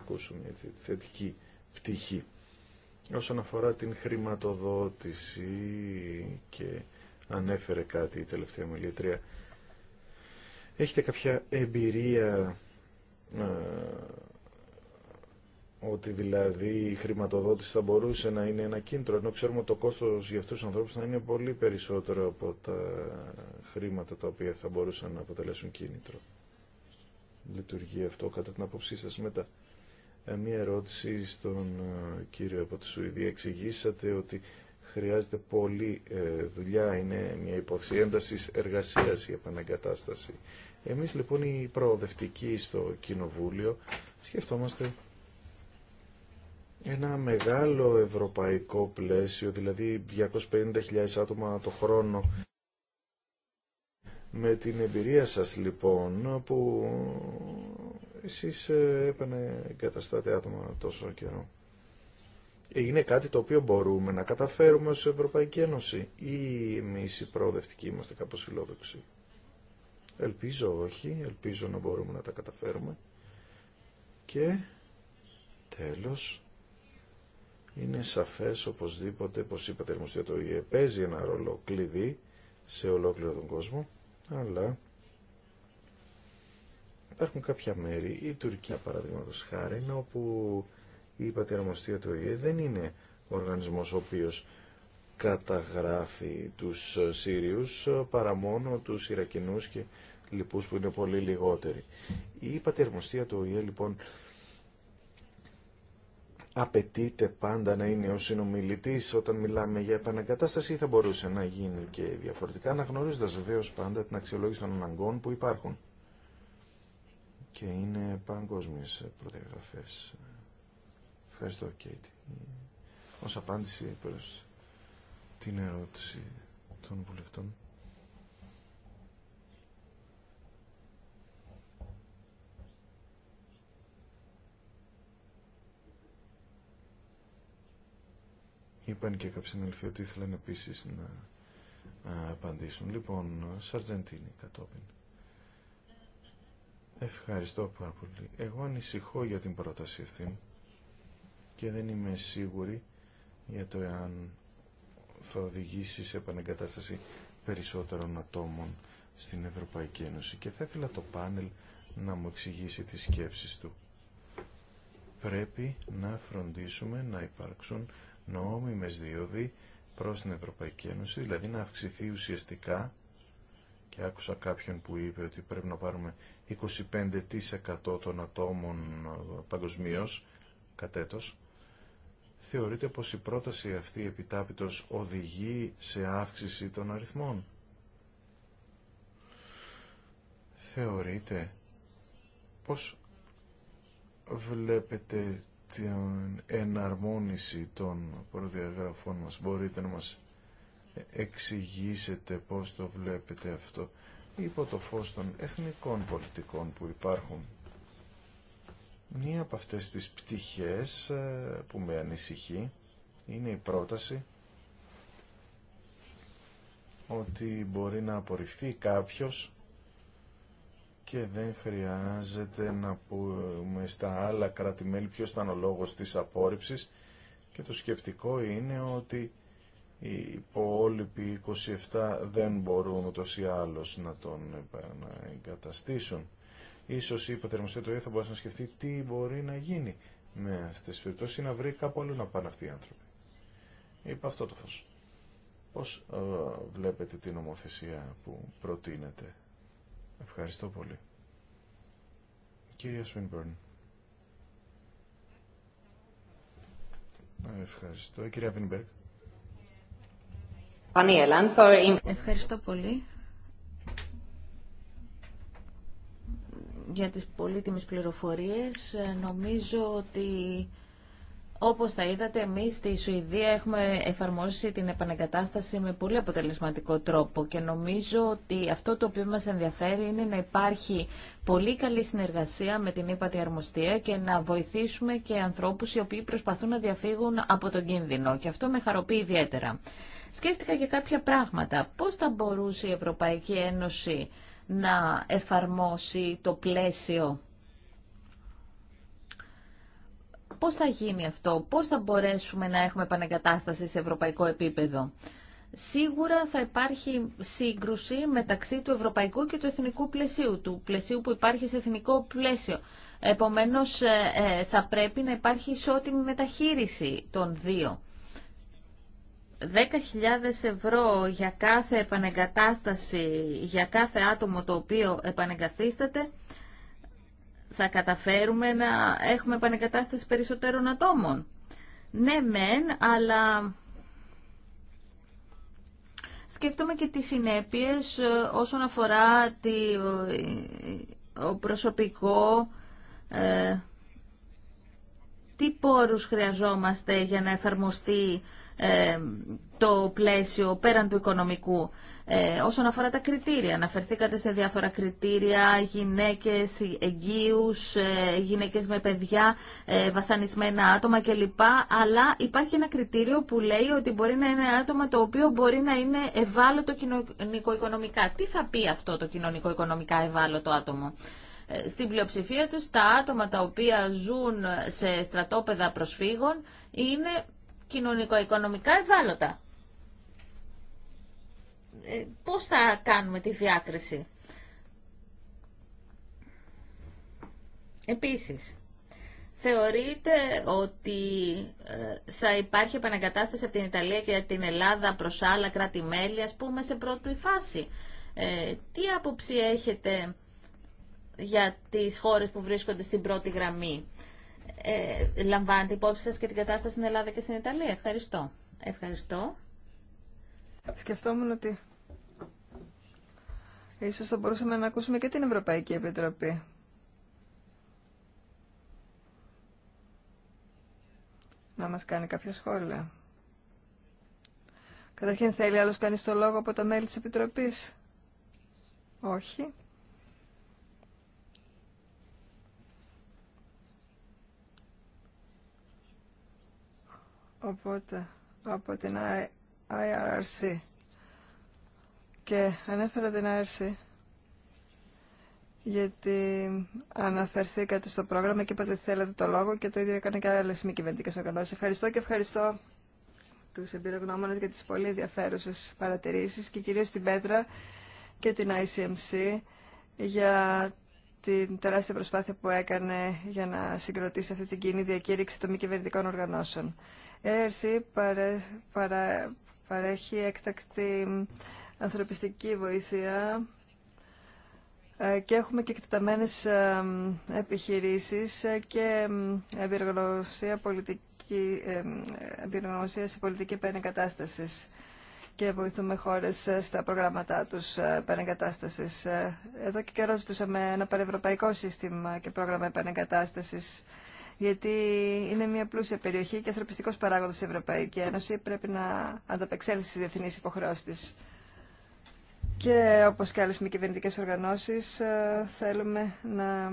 ακούσουμε τη θετική πτυχή. Όσον αφορά την χρηματοδότηση και ανέφερε κάτι η τελευταία μιλήτρια, έχετε κάποια εμπειρία ε, ότι δηλαδή η χρηματοδότηση θα μπορούσε να είναι ένα κίνητρο, ενώ ξέρουμε ότι το κόστος για αυτούς τους ανθρώπους θα είναι πολύ περισσότερο από τα χρήματα τα οποία θα μπορούσαν να αποτελέσουν κίνητρο λειτουργεί αυτό κατά την άποψή σας μετά. Ε, μία ερώτηση στον ε, κύριο από τη Σουηδία. Εξηγήσατε ότι χρειάζεται πολλή ε, δουλειά, είναι μια υπόθεση έντασης εργασίας η επαναγκατάσταση. Εμείς λοιπόν οι προοδευτικοί στο Κοινοβούλιο σκεφτόμαστε ένα μεγάλο ευρωπαϊκό πλαίσιο, δηλαδή 250.000 άτομα το χρόνο με την εμπειρία σας λοιπόν που εσείς ε, εγκαταστάτε άτομα τόσο καιρό. Είναι κάτι το οποίο μπορούμε να καταφέρουμε ως Ευρωπαϊκή Ένωση ή εμείς οι προοδευτικοί είμαστε κάπως φιλόδοξοι. Ελπίζω όχι, ελπίζω να μπορούμε να τα καταφέρουμε. Και τέλος, είναι σαφές οπωσδήποτε, πως είπατε, η το παίζει ένα ρόλο κλειδί σε ολόκληρο τον κόσμο αλλά υπάρχουν κάποια μέρη, η Τουρκία παραδείγματος χάρη, όπου η πατεραμοστία του ΟΗΕ δεν είναι ο οργανισμός ο οποίος καταγράφει τους Σύριους παρά μόνο τους Ιρακινούς και λοιπούς που είναι πολύ λιγότεροι. Η πατερμοστία του ΟΗΕ λοιπόν απαιτείται πάντα να είναι ο συνομιλητής όταν μιλάμε για επαναγκατάσταση ή θα μπορούσε να γίνει και διαφορετικά, γνωρίζοντας βεβαίως πάντα την αξιολόγηση των αναγκών που υπάρχουν. Και είναι παγκόσμιες προδιαγραφέ. Ευχαριστώ, Κέιτ. Ως απάντηση προς την ερώτηση των βουλευτών. Είπαν και κάποιοι συνελφοί ότι ήθελαν επίσης να απαντήσουν. Λοιπόν, Σαρτζεντίνη κατόπιν. Ευχαριστώ πάρα πολύ. Εγώ ανησυχώ για την πρόταση αυτή και δεν είμαι σίγουρη για το εάν θα οδηγήσει σε επανεγκατάσταση περισσότερων ατόμων στην Ευρωπαϊκή Ένωση και θα ήθελα το πάνελ να μου εξηγήσει τις σκέψεις του. Πρέπει να φροντίσουμε να υπάρξουν νόμιμες διόδη προς την Ευρωπαϊκή Ένωση, δηλαδή να αυξηθεί ουσιαστικά και άκουσα κάποιον που είπε ότι πρέπει να πάρουμε 25% των ατόμων ε, παγκοσμίω κατέτος, Θεωρείτε πως η πρόταση αυτή επιτάπητος οδηγεί σε αύξηση των αριθμών. Θεωρείτε πως βλέπετε την εναρμόνιση των προδιαγραφών μας. Μπορείτε να μας εξηγήσετε πώς το βλέπετε αυτό υπό το φως των εθνικών πολιτικών που υπάρχουν. Μία από αυτές τις πτυχές ε, που με ανησυχεί είναι η πρόταση ότι μπορεί να απορριφθεί κάποιος και δεν χρειάζεται να πούμε στα άλλα κράτη-μέλη ποιος ήταν ο λόγος της απόρριψης και το σκεπτικό είναι ότι οι υπόλοιποι 27 δεν μπορούν ούτως ή άλλως να τον να εγκαταστήσουν. Ίσως η πατερμοστή του θα μπορούσε να σκεφτεί τι μπορεί να γίνει με αυτές τις περιπτώσεις ή να βρει κάπου αλλού να πάνε αυτοί οι άνθρωποι. Είπα αυτό το φως. Πώς ε, βλέπετε την νομοθεσία που προτείνεται Ευχαριστώ πολύ. Κυρία Σουίνμπερν. Ευχαριστώ. Κυρία Βινμπεργκ. Ευχαριστώ πολύ για τις πολύτιμες πληροφορίες. Νομίζω ότι όπως θα είδατε, εμείς στη Σουηδία έχουμε εφαρμόσει την επανεγκατάσταση με πολύ αποτελεσματικό τρόπο και νομίζω ότι αυτό το οποίο μας ενδιαφέρει είναι να υπάρχει πολύ καλή συνεργασία με την ύπατη αρμοστία και να βοηθήσουμε και ανθρώπους οι οποίοι προσπαθούν να διαφύγουν από τον κίνδυνο και αυτό με χαροποιεί ιδιαίτερα. Σκέφτηκα και κάποια πράγματα. Πώς θα μπορούσε η Ευρωπαϊκή Ένωση να εφαρμόσει το πλαίσιο Πώς θα γίνει αυτό, πώς θα μπορέσουμε να έχουμε επανεγκατάσταση σε ευρωπαϊκό επίπεδο. Σίγουρα θα υπάρχει σύγκρουση μεταξύ του ευρωπαϊκού και του εθνικού πλαισίου, του πλαισίου που υπάρχει σε εθνικό πλαίσιο. Επομένως, ε, ε, θα πρέπει να υπάρχει ισότιμη μεταχείριση των δύο. 10.000 ευρώ για κάθε επανεγκατάσταση, για κάθε άτομο το οποίο επανεγκαθίσταται, θα καταφέρουμε να έχουμε επανεκατάσταση περισσότερων ατόμων. Ναι, μεν, αλλά σκέφτομαι και τις συνέπειες ε, όσον αφορά τη, ο προσωπικό, ε, τι πόρους χρειαζόμαστε για να εφαρμοστεί ε, το πλαίσιο πέραν του οικονομικού. Ε, όσον αφορά τα κριτήρια, αναφερθήκατε σε διάφορα κριτήρια, γυναίκες εγγύους, ε, γυναίκες με παιδιά, ε, βασανισμένα άτομα κλπ. Αλλά υπάρχει ένα κριτήριο που λέει ότι μπορεί να είναι άτομα το οποίο μπορεί να είναι ευάλωτο κοινωνικο-οικονομικά. Τι θα πει αυτό το κοινωνικο-οικονομικά ευάλωτο άτομο. Στην πλειοψηφία τους τα άτομα τα οποία ζουν σε στρατόπεδα προσφύγων είναι κοινωνικο-οικονομικά ευάλωτα. Ε, πώς θα κάνουμε τη διάκριση. Επίσης, θεωρείτε ότι ε, θα υπάρχει επανακατάσταση από την Ιταλία και την Ελλάδα προς άλλα κράτη-μέλη, ας πούμε, σε πρώτη φάση. Ε, τι άποψη έχετε για τις χώρες που βρίσκονται στην πρώτη γραμμή ε, λαμβάνετε υπόψη σας και την κατάσταση στην Ελλάδα και στην Ιταλία. Ευχαριστώ. Ευχαριστώ. Σκεφτόμουν ότι ίσως θα μπορούσαμε να ακούσουμε και την Ευρωπαϊκή Επιτροπή. Να μας κάνει κάποια σχόλια. Καταρχήν θέλει άλλος κανείς το λόγο από τα μέλη της Επιτροπής. Όχι. Οπότε, από την IRRC. Και ανέφερα την IRC γιατί αναφερθήκατε στο πρόγραμμα και είπατε ότι θέλετε το λόγο και το ίδιο έκανε και άλλες μη κυβερνητικές οργανώσεις. Ευχαριστώ και ευχαριστώ τους εμπειρογνώμονες για τις πολύ ενδιαφέρουσες παρατηρήσεις και κυρίως την Πέτρα και την ICMC για την τεράστια προσπάθεια που έκανε για να συγκροτήσει αυτή την κοινή διακήρυξη των μη κυβερνητικών οργανώσεων. Η παρέ, παρά, παρέχει έκτακτη ανθρωπιστική βοήθεια ε, και έχουμε και εκτεταμένες ε, επιχειρήσεις ε, και εμπειρογνωσία, πολιτική, εμπειρογνωσία σε πολιτική επανεγκατάστασης και βοηθούμε χώρες στα προγράμματά τους επενεγκατάστασης. Εδώ και καιρό ζητούσαμε ένα παρευρωπαϊκό σύστημα και πρόγραμμα επενεγκατάστασης γιατί είναι μια πλούσια περιοχή και ανθρωπιστικό παράγοντα η Ευρωπαϊκή Ένωση πρέπει να ανταπεξέλθει στι διεθνεί υποχρεώσει τη. Και όπω και άλλε μη κυβερνητικέ οργανώσει, ε, θέλουμε να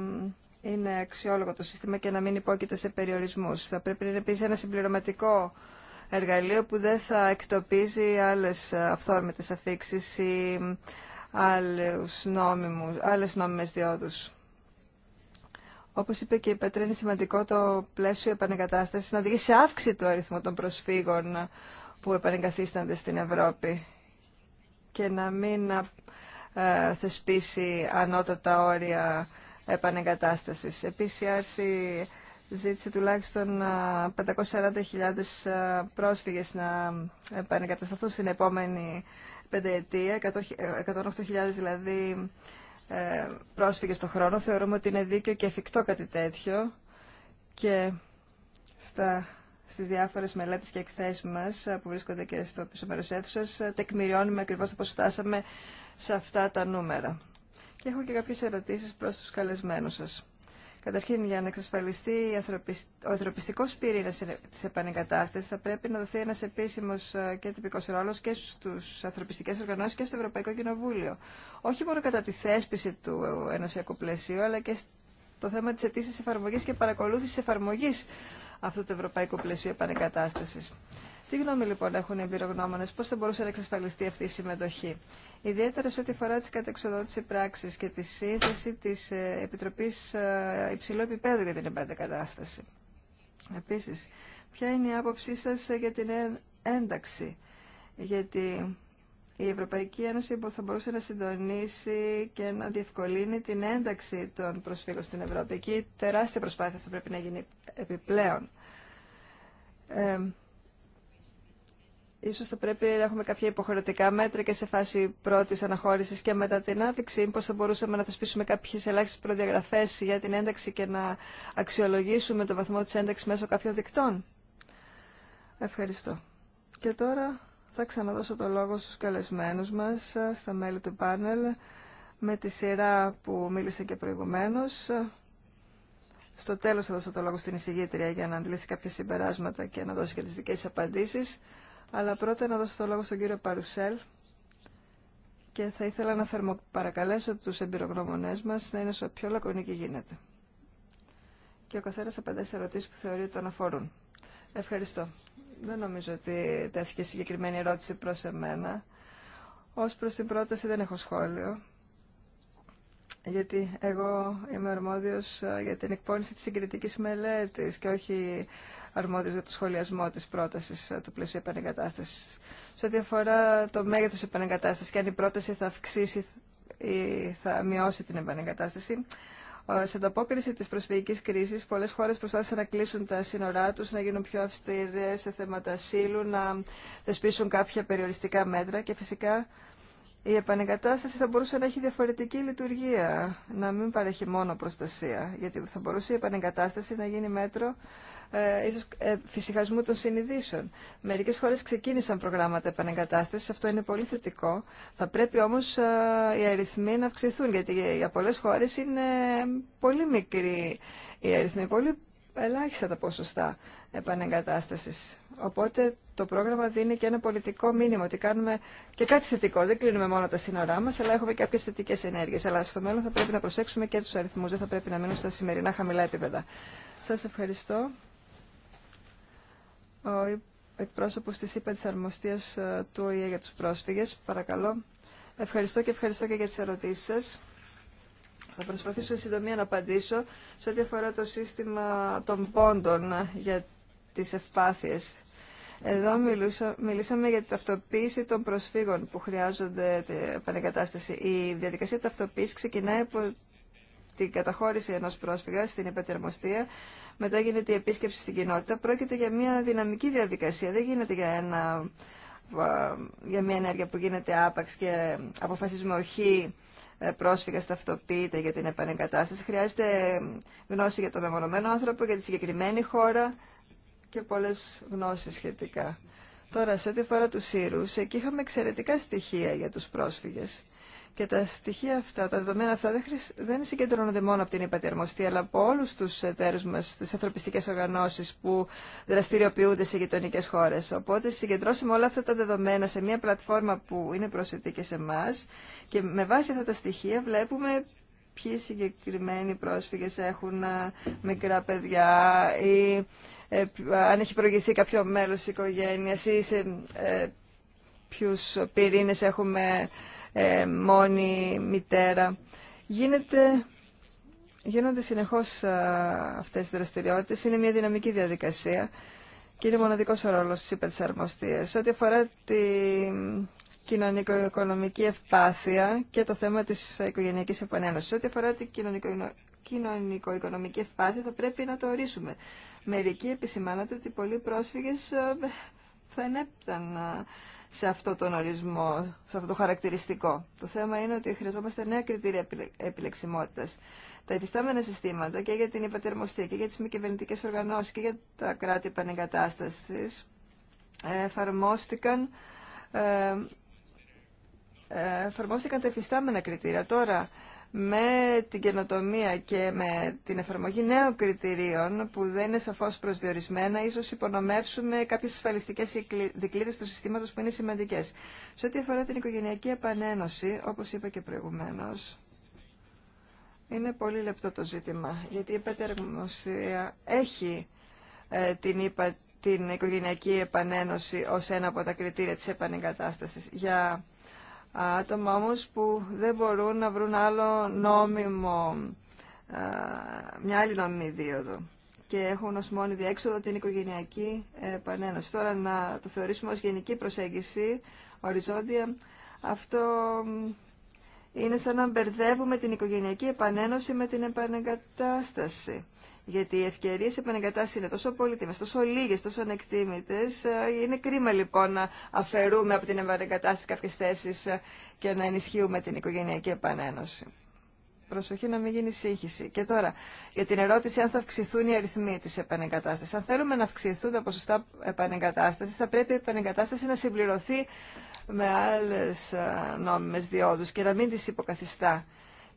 είναι αξιόλογο το σύστημα και να μην υπόκειται σε περιορισμού. Θα πρέπει να είναι επίση ένα συμπληρωματικό εργαλείο που δεν θα εκτοπίζει άλλε αυθόρμητε αφήξει ή άλλε άλλες όπως είπε και η Πέτρα, είναι σημαντικό το πλαίσιο επανεγκατάστασης να οδηγεί σε αύξηση του αριθμού των προσφύγων που επανεγκαθίστανται στην Ευρώπη και να μην ε, θεσπίσει ανώτατα όρια επανεγκατάστασης. Επίσης, η Άρση ζήτησε τουλάχιστον 540.000 ε, ε, πρόσφυγες να επανεγκατασταθούν στην επόμενη πενταετία, 108.000 ε, δηλαδή ε, πρόσφυγες στον χρόνο. Θεωρούμε ότι είναι δίκαιο και εφικτό κάτι τέτοιο και στα, στις διάφορες μελέτες και εκθέσεις μας ε, που βρίσκονται και στο πίσω μέρος αίθουσας ε, τεκμηριώνουμε ακριβώς το πώς φτάσαμε σε αυτά τα νούμερα. Και έχω και κάποιες ερωτήσεις προς τους καλεσμένους σας. Καταρχήν, για να εξασφαλιστεί ο ανθρωπιστικό πυρήνα τη επανεγκατάσταση, θα πρέπει να δοθεί ένα επίσημο ε, και τυπικό ρόλο και στου ανθρωπιστικέ οργανώσει και στο Ευρωπαϊκό Κοινοβούλιο. Όχι μόνο κατά τη θέσπιση του ενωσιακού πλαισίου, αλλά και το θέμα τη αιτήσια εφαρμογή και παρακολούθηση εφαρμογή αυτού του ευρωπαϊκού πλαισίου επανεγκατάσταση. Τι γνώμη λοιπόν έχουν οι εμπειρογνώμονε, πώ θα μπορούσε να εξασφαλιστεί αυτή η συμμετοχή, ιδιαίτερα σε ό,τι αφορά τι κατεξοδότηση πράξη και τη σύνθεση τη ε, Επιτροπή ε, Υψηλού Επιπέδου για την Κατάσταση. Επίση, ποια είναι η άποψή σα ε, για την ένταξη, γιατί η Ευρωπαϊκή Ένωση θα μπορούσε να συντονίσει και να διευκολύνει την ένταξη των προσφύγων στην Ευρώπη. Εκεί τεράστια προσπάθεια θα πρέπει να γίνει επιπλέον ίσως θα πρέπει να έχουμε κάποια υποχρεωτικά μέτρα και σε φάση πρώτης αναχώρησης και μετά την άφηξη. πώς θα μπορούσαμε να θεσπίσουμε κάποιες ελάχιστες προδιαγραφές για την ένταξη και να αξιολογήσουμε το βαθμό της ένταξης μέσω κάποιων δικτών. Ευχαριστώ. Και τώρα θα ξαναδώσω το λόγο στους καλεσμένους μας, στα μέλη του πάνελ, με τη σειρά που μίλησε και προηγουμένως. Στο τέλος θα δώσω το λόγο στην εισηγήτρια για να αντλήσει κάποια συμπεράσματα και να δώσει και τις δικές της αλλά πρώτα να δώσω το λόγο στον κύριο Παρουσέλ και θα ήθελα να θερμοπαρακαλέσω τους εμπειρογνώμονές μας να είναι στο πιο λακωνική γίνεται. Και ο καθένας απαντάει σε ερωτήσεις που θεωρεί ότι τον αφορούν. Ευχαριστώ. Δεν νομίζω ότι τέθηκε συγκεκριμένη ερώτηση προς εμένα. Ως προς την πρόταση δεν έχω σχόλιο, γιατί εγώ είμαι ορμόδιος ε, για την εκπόνηση της συγκριτικής μελέτης και όχι αρμόδιος για το σχολιασμό της πρότασης ε, του πλαίσιου επανεγκατάστασης. Σε ό,τι αφορά το μέγεθος της επανεγκατάστασης και αν η πρόταση θα αυξήσει ή θα μειώσει την επανεγκατάσταση, σε ανταπόκριση τη προσφυγική κρίση, πολλέ χώρε προσπάθησαν να κλείσουν τα σύνορά του, να γίνουν πιο αυστηρέ σε θέματα ασύλου, να θεσπίσουν κάποια περιοριστικά μέτρα και φυσικά η επανεγκατάσταση θα μπορούσε να έχει διαφορετική λειτουργία, να μην παρέχει μόνο προστασία. Γιατί θα μπορούσε η επανεγκατάσταση να γίνει μέτρο ε, ίσως ε, φυσικασμού των συνειδήσεων. Μερικές χώρες ξεκίνησαν προγράμματα επανεγκατάστασης, αυτό είναι πολύ θετικό. Θα πρέπει όμως ε, οι αριθμοί να αυξηθούν, γιατί για πολλές χώρες είναι πολύ μικροί οι αριθμοί, πολύ ελάχιστα τα ποσοστά επανεγκατάστασης. Οπότε το πρόγραμμα δίνει και ένα πολιτικό μήνυμα ότι κάνουμε και κάτι θετικό. Δεν κλείνουμε μόνο τα σύνορά μα, αλλά έχουμε και κάποιε θετικέ ενέργειε. Αλλά στο μέλλον θα πρέπει να προσέξουμε και του αριθμού. δεν θα πρέπει να μείνουν στα σημερινά χαμηλά επίπεδα. Σα ευχαριστώ ο εκπρόσωπος της ΥΠΑ της Αρμοστίας ε, του ΟΗΕ για τους πρόσφυγες. Παρακαλώ. Ευχαριστώ και ευχαριστώ και για τις ερωτήσεις σας. Θα προσπαθήσω συντομία να απαντήσω σε ό,τι αφορά το σύστημα των πόντων ε, για τις ευπάθειες. Εδώ μιλούσα, μιλήσαμε για την ταυτοποίηση των προσφύγων που χρειάζονται την επανεκατάσταση. Η διαδικασία ταυτοποίησης ξεκινάει από την καταχώρηση ενός πρόσφυγα στην υπετερμοστία, μετά γίνεται η επίσκεψη στην κοινότητα. Πρόκειται για μια δυναμική διαδικασία, δεν γίνεται για ένα για μια ενέργεια που γίνεται άπαξ και αποφασίζουμε όχι ε, πρόσφυγα ταυτοποιείται για την επανεγκατάσταση. Χρειάζεται γνώση για τον μεμονωμένο άνθρωπο, για τη συγκεκριμένη χώρα και πολλές γνώσεις σχετικά. Τώρα, σε ό,τι αφορά του Σύρους, εκεί είχαμε εξαιρετικά στοιχεία για τους πρόσφυγες. Και τα στοιχεία αυτά, τα δεδομένα αυτά δεν, συγκεντρώνονται μόνο από την υπατερμοστή, αλλά από όλου του εταίρου μα, τι ανθρωπιστικέ οργανώσει που δραστηριοποιούνται σε γειτονικέ χώρε. Οπότε συγκεντρώσαμε όλα αυτά τα δεδομένα σε μια πλατφόρμα που είναι προσιτή και σε εμά και με βάση αυτά τα στοιχεία βλέπουμε ποιοι συγκεκριμένοι πρόσφυγες έχουν μικρά παιδιά ή ε, αν έχει προηγηθεί κάποιο μέλος της οικογένειας ή σε ε, ποιους πυρήνες έχουμε ε, μόνη μητέρα. Γίνεται, γίνονται συνεχώς αυτέ ε, αυτές οι δραστηριότητες. Είναι μια δυναμική διαδικασία και είναι μοναδικός ο ρόλος της υπερσαρμοστίας. Ό,τι αφορά τη κοινωνικο-οικονομική ευπάθεια και το θέμα της οικογενειακής επανένωσης. Ό,τι αφορά την κοινωνικο-οικονομική ευπάθεια θα πρέπει να το ορίσουμε. Μερικοί επισημάνατε ότι πολλοί πρόσφυγες ε, θα ενέπταν ε, σε αυτό τον ορισμό, σε αυτό το χαρακτηριστικό. Το θέμα είναι ότι χρειαζόμαστε νέα κριτήρια επιλεξιμότητα. Τα υφιστάμενα συστήματα και για την υπατερμοστία και για τι μη κυβερνητικέ οργανώσει και για τα κράτη επανεγκατάσταση ε, εφαρμόστηκαν. Ε, ε, εφαρμόστηκαν τα υφιστάμενα κριτήρια. Τώρα με την καινοτομία και με την εφαρμογή νέων κριτηρίων που δεν είναι σαφώς προσδιορισμένα, ίσως υπονομεύσουμε κάποιες ασφαλιστικές δικλείδες του συστήματος που είναι σημαντικές. Σε ό,τι αφορά την οικογενειακή επανένωση, όπως είπα και προηγουμένως, είναι πολύ λεπτό το ζήτημα, γιατί η επέτερμοσία έχει ε, την την οικογενειακή επανένωση ως ένα από τα κριτήρια της επανεγκατάστασης. Για άτομα όμως που δεν μπορούν να βρουν άλλο νόμιμο, μια άλλη νόμιμη δίωδο και έχουν ως μόνη διέξοδο την οικογενειακή πανένωση. Τώρα να το θεωρήσουμε ως γενική προσέγγιση, οριζόντια, αυτό είναι σαν να μπερδεύουμε την οικογενειακή επανένωση με την επανεγκατάσταση. Γιατί οι ευκαιρίε επανεγκατάσταση είναι τόσο πολύτιμε, τόσο λίγε, τόσο ανεκτήμητε. Ε, είναι κρίμα λοιπόν να αφαιρούμε από την επανεγκατάσταση κάποιε θέσει και να ενισχύουμε την οικογενειακή επανένωση προσοχή να μην γίνει σύγχυση. Και τώρα, για την ερώτηση αν θα αυξηθούν οι αριθμοί τη επανεγκατάσταση. Αν θέλουμε να αυξηθούν τα ποσοστά επανεγκατάσταση, θα πρέπει η επανεγκατάσταση να συμπληρωθεί με άλλε νόμιμε διόδου και να μην τι υποκαθιστά.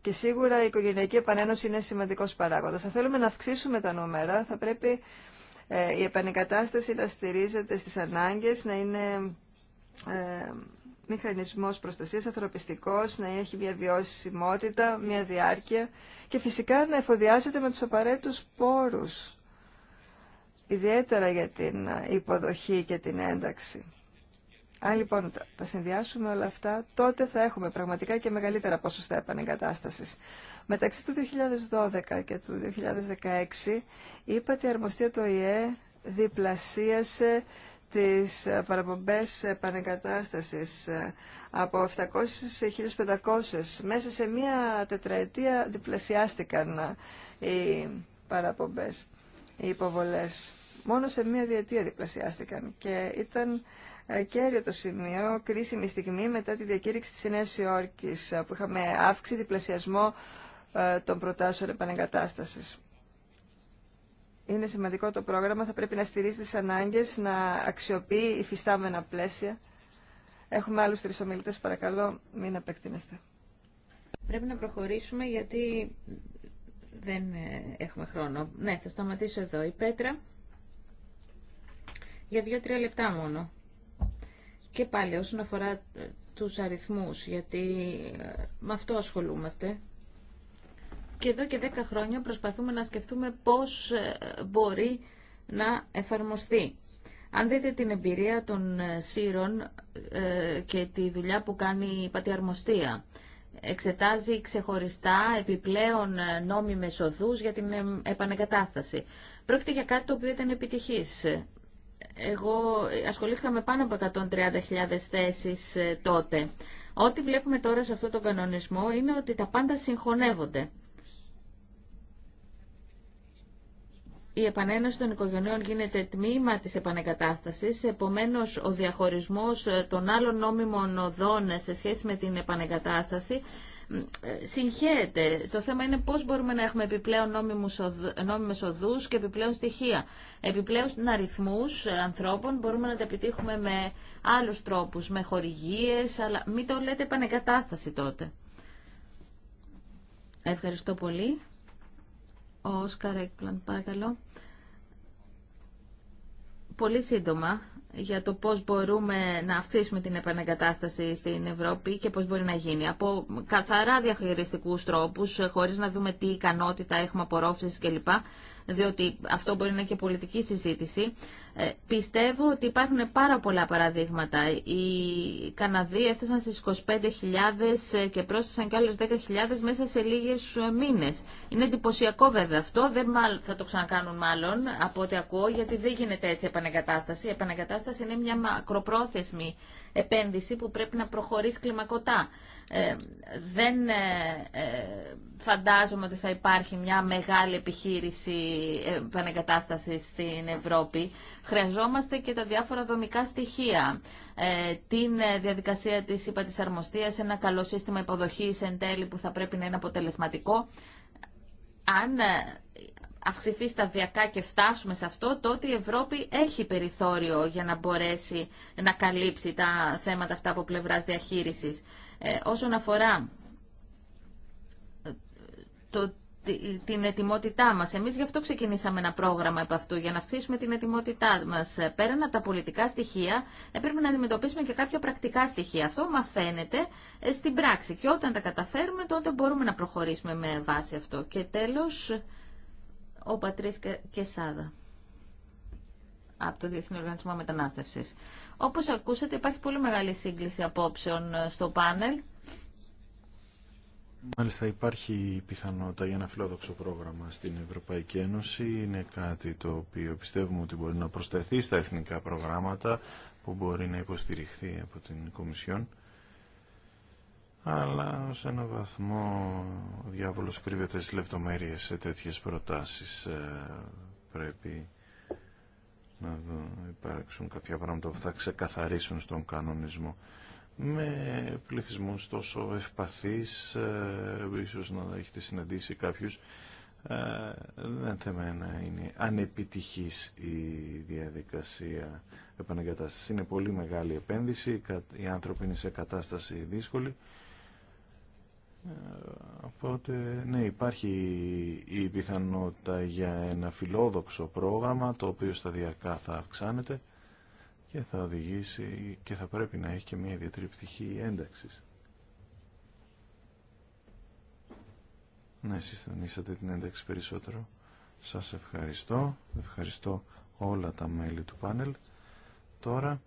Και σίγουρα η οικογενειακή επανένωση είναι σημαντικό παράγοντα. Αν θέλουμε να αυξήσουμε τα νούμερα, θα πρέπει ε, η επανεγκατάσταση να στηρίζεται στι ανάγκε, να είναι ε, μηχανισμός προστασίας ανθρωπιστικός, να έχει μια βιώσιμότητα, μια διάρκεια και φυσικά να εφοδιάζεται με τους απαραίτητους πόρους, ιδιαίτερα για την υποδοχή και την ένταξη. Αν λοιπόν τα συνδυάσουμε όλα αυτά, τότε θα έχουμε πραγματικά και μεγαλύτερα ποσοστά επανεγκατάστασης. Μεταξύ του 2012 και του 2016, η αρμοστία του ΟΗΕ διπλασίασε τις ε, παραπομπές επανεγκατάστασης ε, από 700 σε 1500. Μέσα σε μία τετραετία διπλασιάστηκαν ε, οι παραπομπές, οι υποβολές. Μόνο σε μία διετία διπλασιάστηκαν και ήταν κέριο το σημείο, κρίσιμη στιγμή μετά τη διακήρυξη της Νέας Υόρκης που είχαμε αύξηση διπλασιασμό των προτάσεων επανεγκατάστασης είναι σημαντικό το πρόγραμμα, θα πρέπει να στηρίζει τις ανάγκες, να αξιοποιεί υφιστάμενα πλαίσια. Έχουμε άλλους τρει ομιλητέ παρακαλώ, μην απεκτείνεστε. Πρέπει να προχωρήσουμε γιατί δεν ε, έχουμε χρόνο. Ναι, θα σταματήσω εδώ. Η Πέτρα για δύο-τρία λεπτά μόνο. Και πάλι όσον αφορά ε, τους αριθμούς, γιατί ε, με αυτό ασχολούμαστε και εδώ και 10 χρόνια προσπαθούμε να σκεφτούμε πώς ε, μπορεί να εφαρμοστεί. Αν δείτε την εμπειρία των ε, σύρων ε, και τη δουλειά που κάνει η πατιαρμοστία, εξετάζει ξεχωριστά επιπλέον νόμιμες οδούς για την επανεκατάσταση. Πρόκειται για κάτι το οποίο ήταν επιτυχής. Εγώ ασχολήθηκα με πάνω από 130.000 θέσεις τότε. Ό,τι βλέπουμε τώρα σε αυτό τον κανονισμό είναι ότι τα πάντα συγχωνεύονται. η επανένωση των οικογενειών γίνεται τμήμα της επανεγκατάστασης, επομένως ο διαχωρισμός ε, των άλλων νόμιμων οδών σε σχέση με την επανεγκατάσταση ε, Συγχαίεται. Το θέμα είναι πώς μπορούμε να έχουμε επιπλέον νόμιμους νόμιμες οδούς και επιπλέον στοιχεία. Επιπλέον αριθμούς ε, ανθρώπων μπορούμε να τα επιτύχουμε με άλλους τρόπους, με χορηγίες, αλλά μην το λέτε επανεγκατάσταση τότε. Ευχαριστώ πολύ. Ο Όσκαρ Έκπλαν, παρακαλώ. Πολύ σύντομα για το πώς μπορούμε να αυξήσουμε την επανεγκατάσταση στην Ευρώπη και πώς μπορεί να γίνει. Από καθαρά διαχειριστικούς τρόπους, χωρίς να δούμε τι ικανότητα έχουμε απορρόφησης κλπ διότι αυτό μπορεί να είναι και πολιτική συζήτηση. Ε, πιστεύω ότι υπάρχουν πάρα πολλά παραδείγματα. Οι Καναδοί έφτασαν στις 25.000 και πρόσθεσαν κι άλλες 10.000 μέσα σε λίγες ε, μήνες. Είναι εντυπωσιακό βέβαια αυτό, δεν θα το ξανακάνουν μάλλον από ό,τι ακούω, γιατί δεν γίνεται έτσι επανεγκατάσταση. Η επανεγκατάσταση είναι μια μακροπρόθεσμη επένδυση που πρέπει να προχωρήσει κλιμακωτά. Ε, δεν ε, ε, φαντάζομαι ότι θα υπάρχει μια μεγάλη επιχείρηση επανεγκατάσταση στην Ευρώπη. Χρειαζόμαστε και τα διάφορα δομικά στοιχεία. την διαδικασία της είπα ένα καλό σύστημα υποδοχής εν τέλει που θα πρέπει να είναι αποτελεσματικό. Αν αυξηθεί σταδιακά και φτάσουμε σε αυτό, τότε η Ευρώπη έχει περιθώριο για να μπορέσει να καλύψει τα θέματα αυτά από πλευράς διαχείρισης. Ε, όσον αφορά ε, το, την ετοιμότητά μας. Εμείς γι' αυτό ξεκινήσαμε ένα πρόγραμμα από αυτού, για να αυξήσουμε την ετοιμότητά μας. Ε, πέραν από τα πολιτικά στοιχεία, έπρεπε να αντιμετωπίσουμε και κάποια πρακτικά στοιχεία. Αυτό μαθαίνεται στην πράξη και όταν τα καταφέρουμε, τότε μπορούμε να προχωρήσουμε με βάση αυτό. Και τέλος, ο Πατρίς Κεσάδα από το Διεθνή Οργανισμό Μετανάστευσης. Όπως ακούσατε υπάρχει πολύ μεγάλη σύγκληση απόψεων ε, στο πάνελ. Μάλιστα υπάρχει πιθανότητα για ένα φιλόδοξο πρόγραμμα στην Ευρωπαϊκή Ένωση. Είναι κάτι το οποίο πιστεύουμε ότι μπορεί να προσθεθεί στα εθνικά προγράμματα που μπορεί να υποστηριχθεί από την Κομισιόν. Αλλά σε ένα βαθμό ο διάβολος κρύβεται στις λεπτομέρειες σε τέτοιες προτάσεις ε, πρέπει να υπάρξουν κάποια πράγματα που θα ξεκαθαρίσουν στον κανονισμό με πληθυσμούς τόσο ευπαθείς, ε, ίσως να έχετε συναντήσει κάποιους, ε, δεν θέμα να είναι ανεπιτυχής η διαδικασία επαναγκατάστασης. Είναι πολύ μεγάλη επένδυση, οι άνθρωποι είναι σε κατάσταση δύσκολη ε, οπότε, ναι, υπάρχει η πιθανότητα για ένα φιλόδοξο πρόγραμμα το οποίο σταδιακά θα αυξάνεται και θα οδηγήσει και θα πρέπει να έχει και μια ιδιαίτερη πτυχή ένταξης. Ναι, εσείς την ένταξη περισσότερο. Σας ευχαριστώ. Ευχαριστώ όλα τα μέλη του πάνελ. Τώρα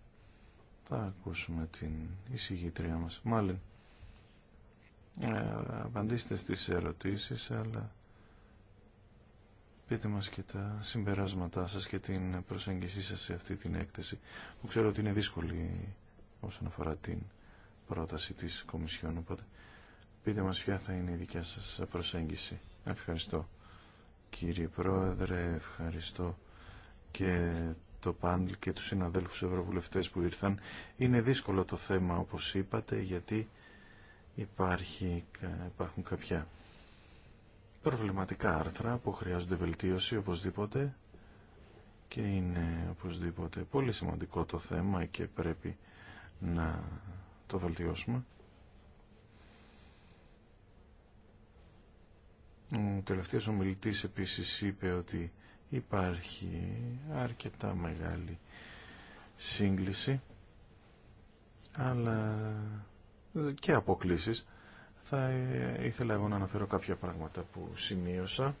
θα ακούσουμε την εισηγήτριά μας. Μάλλον. Ε, απαντήστε στις ερωτήσεις, αλλά πείτε μας και τα συμπεράσματά σας και την προσέγγισή σας σε αυτή την έκθεση, που ξέρω ότι είναι δύσκολη όσον αφορά την πρόταση της Κομισιόν, οπότε πείτε μας ποια θα είναι η δικιά σας προσέγγιση. Ευχαριστώ. Κύριε Πρόεδρε, ευχαριστώ και το πάνελ και τους συναδέλφους ευρωβουλευτές που ήρθαν. Είναι δύσκολο το θέμα, όπως είπατε, γιατί υπάρχει, υπάρχουν κάποια προβληματικά άρθρα που χρειάζονται βελτίωση οπωσδήποτε και είναι οπωσδήποτε πολύ σημαντικό το θέμα και πρέπει να το βελτιώσουμε. Ο τελευταίος ομιλητής επίσης είπε ότι υπάρχει αρκετά μεγάλη σύγκληση αλλά και αποκλήσεις. Θα ήθελα εγώ να αναφέρω κάποια πράγματα που σημείωσα.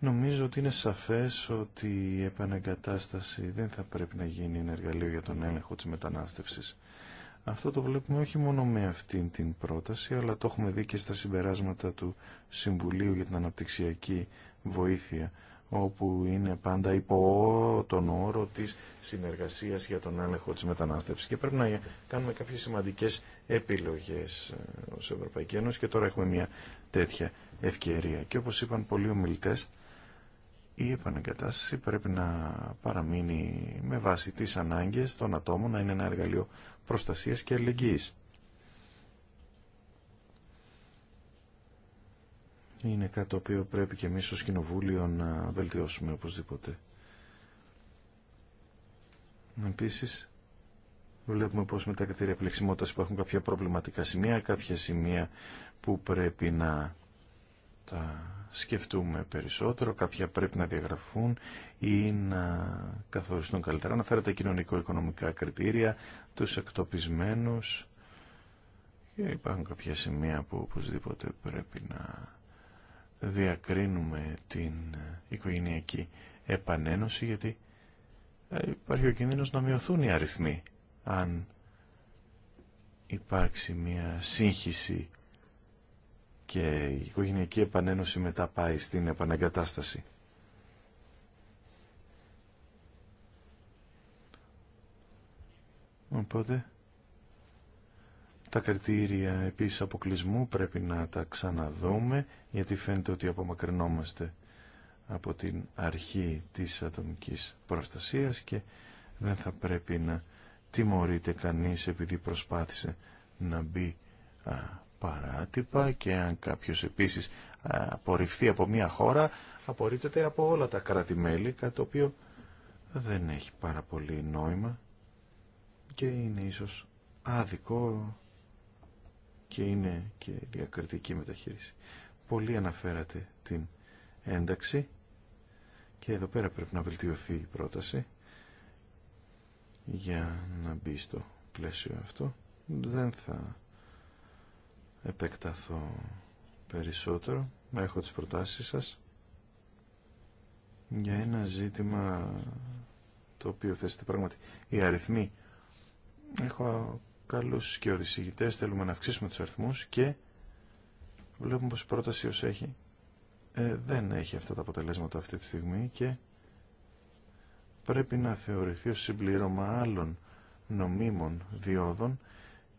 Νομίζω ότι είναι σαφές ότι η επαναγκατάσταση δεν θα πρέπει να γίνει ένα εργαλείο για τον έλεγχο της μετανάστευσης. Αυτό το βλέπουμε όχι μόνο με αυτήν την πρόταση, αλλά το έχουμε δει και στα συμπεράσματα του Συμβουλίου για την Αναπτυξιακή Βοήθεια όπου είναι πάντα υπό τον όρο της συνεργασίας για τον έλεγχο της μετανάστευσης. Και πρέπει να κάνουμε κάποιες σημαντικές επιλογές ως Ευρωπαϊκή Ένωση και τώρα έχουμε μια τέτοια ευκαιρία. Και όπως είπαν πολλοί ομιλητές, η επαναγκατάσταση πρέπει να παραμείνει με βάση τις ανάγκες των ατόμων να είναι ένα εργαλείο προστασίας και αλληλεγγύης. είναι κάτι το οποίο πρέπει και εμείς ως Κοινοβούλιο να βελτιώσουμε οπωσδήποτε. Επίσης, βλέπουμε πως με τα κριτήρια πλεξιμότητας υπάρχουν κάποια προβληματικά σημεία, κάποια σημεία που πρέπει να τα σκεφτούμε περισσότερο, κάποια πρέπει να διαγραφούν ή να καθοριστούν καλύτερα. να κοινωνικο-οικονομικά κριτήρια, τους εκτοπισμένους και υπάρχουν κάποια σημεία που οπωσδήποτε πρέπει να διακρίνουμε την οικογενειακή επανένωση γιατί ε, υπάρχει ο κίνδυνος να μειωθούν οι αριθμοί αν υπάρξει μια σύγχυση και η οικογενειακή επανένωση μετά πάει στην επαναγκατάσταση. Οπότε τα κριτήρια επίσης αποκλεισμού πρέπει να τα ξαναδούμε γιατί φαίνεται ότι απομακρυνόμαστε από την αρχή της ατομικής προστασίας και δεν θα πρέπει να τιμωρείται κανείς επειδή προσπάθησε να μπει παράτυπα και αν κάποιος επίσης απορριφθεί από μια χώρα απορρίπτεται από όλα τα κράτη-μέλη κάτι το οποίο δεν έχει πάρα πολύ νόημα και είναι ίσως άδικο και είναι και διακριτική μεταχείριση. Πολύ αναφέρατε την ένταξη και εδώ πέρα πρέπει να βελτιωθεί η πρόταση για να μπει στο πλαίσιο αυτό. Δεν θα επεκταθώ περισσότερο. Έχω τις προτάσεις σας για ένα ζήτημα το οποίο θέσετε πράγματι. Η αριθμοί έχω καλούς και οδησηγητές, θέλουμε να αυξήσουμε τους αριθμούς και βλέπουμε πως η πρόταση ως έχει ε, δεν έχει αυτά τα αποτελέσματα αυτή τη στιγμή και πρέπει να θεωρηθεί ως συμπλήρωμα άλλων νομίμων διόδων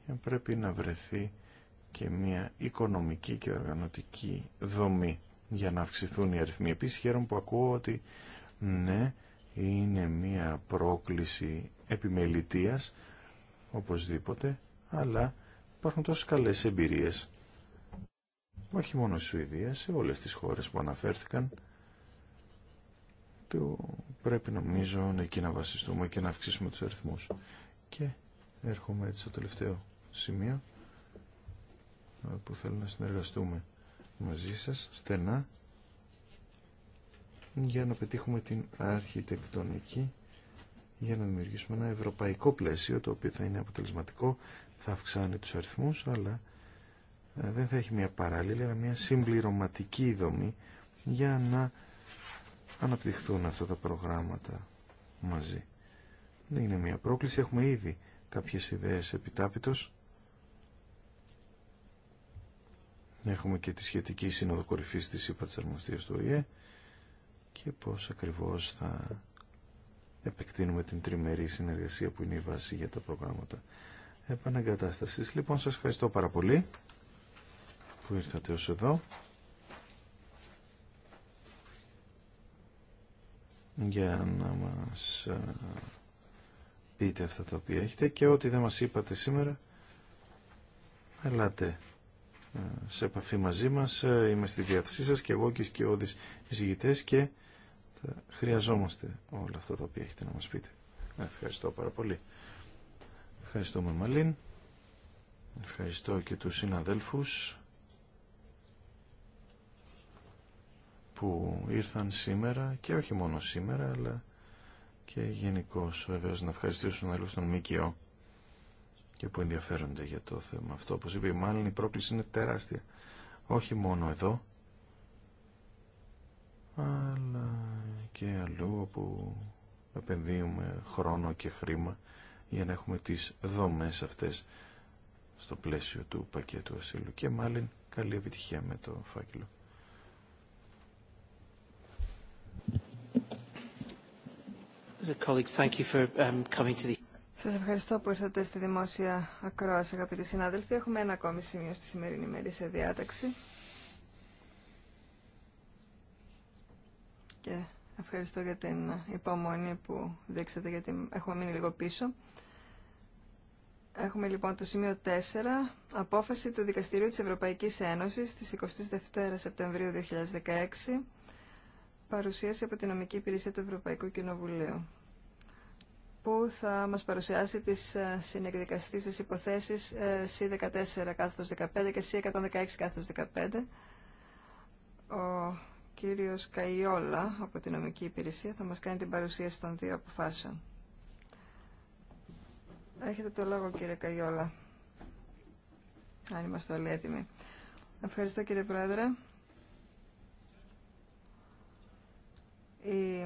και πρέπει να βρεθεί και μια οικονομική και οργανωτική δομή για να αυξηθούν οι αριθμοί. Επίσης χαίρομαι που ακούω ότι ναι, είναι μια πρόκληση επιμελητίας οπωσδήποτε, αλλά υπάρχουν τόσες καλές εμπειρίες. Όχι μόνο στη Σουηδία, σε όλες τις χώρες που αναφέρθηκαν, Το πρέπει νομίζω να εκεί να βασιστούμε και να αυξήσουμε τους αριθμούς. Και έρχομαι έτσι στο τελευταίο σημείο που θέλω να συνεργαστούμε μαζί σας στενά για να πετύχουμε την αρχιτεκτονική για να δημιουργήσουμε ένα ευρωπαϊκό πλαίσιο το οποίο θα είναι αποτελεσματικό, θα αυξάνει τους αριθμούς, αλλά ε, δεν θα έχει μια παράλληλη, αλλά μια συμπληρωματική δομή για να αναπτυχθούν αυτά τα προγράμματα μαζί. Δεν είναι μια πρόκληση, έχουμε ήδη κάποιες ιδέες επιτάπητος. Έχουμε και τη σχετική σύνοδο κορυφής της ΥΠΑ της του ΟΗΕ και πώς ακριβώς θα επεκτείνουμε την τριμερή συνεργασία που είναι η βάση για τα προγράμματα επαναγκατάστασης. Λοιπόν, σας ευχαριστώ πάρα πολύ που ήρθατε ως εδώ. για να μας ε, πείτε αυτά τα οποία έχετε και ό,τι δεν μας είπατε σήμερα ελάτε ε, σε επαφή μαζί μας ε, είμαι στη διάθεσή σας και εγώ και οι σκιώδεις εισηγητές και θα χρειαζόμαστε όλα αυτά τα οποία έχετε να μας πείτε. Ευχαριστώ πάρα πολύ. Ευχαριστούμε Μαλίν. Ευχαριστώ και τους συναδέλφους που ήρθαν σήμερα και όχι μόνο σήμερα αλλά και γενικώ βεβαίω να ευχαριστήσουν αλλού τον ΜΚΟ και που ενδιαφέρονται για το θέμα αυτό. Όπως είπε η Μάλλον η πρόκληση είναι τεράστια. Όχι μόνο εδώ αλλά και αλλού όπου επενδύουμε χρόνο και χρήμα για να έχουμε τις δομές αυτές στο πλαίσιο του πακέτου ασύλου και μάλλον καλή επιτυχία με το φάκελο. Um, Σας ευχαριστώ που ήρθατε στη δημόσια ακρόαση, αγαπητοί συνάδελφοι. Έχουμε ένα ακόμη σημείο στη σημερινή μέρη σε διάταξη. και ευχαριστώ για την υπομονή που δείξατε γιατί έχουμε μείνει λίγο πίσω. Έχουμε λοιπόν το σημείο 4, απόφαση του Δικαστηρίου της Ευρωπαϊκής Ένωσης της 22 Σεπτεμβρίου 2016, παρουσίαση από την Νομική Υπηρεσία του Ευρωπαϊκού Κοινοβουλίου, που θα μας παρουσιάσει τις ε, συνεκδικαστήσεις υποθέσεις ε, C14 15 και C116 15. Ο κύριος Καϊόλα από την νομική υπηρεσία θα μας κάνει την παρουσίαση των δύο αποφάσεων. Έχετε το λόγο κύριε Καϊόλα, αν είμαστε όλοι έτοιμοι. Ευχαριστώ κύριε Πρόεδρε. Η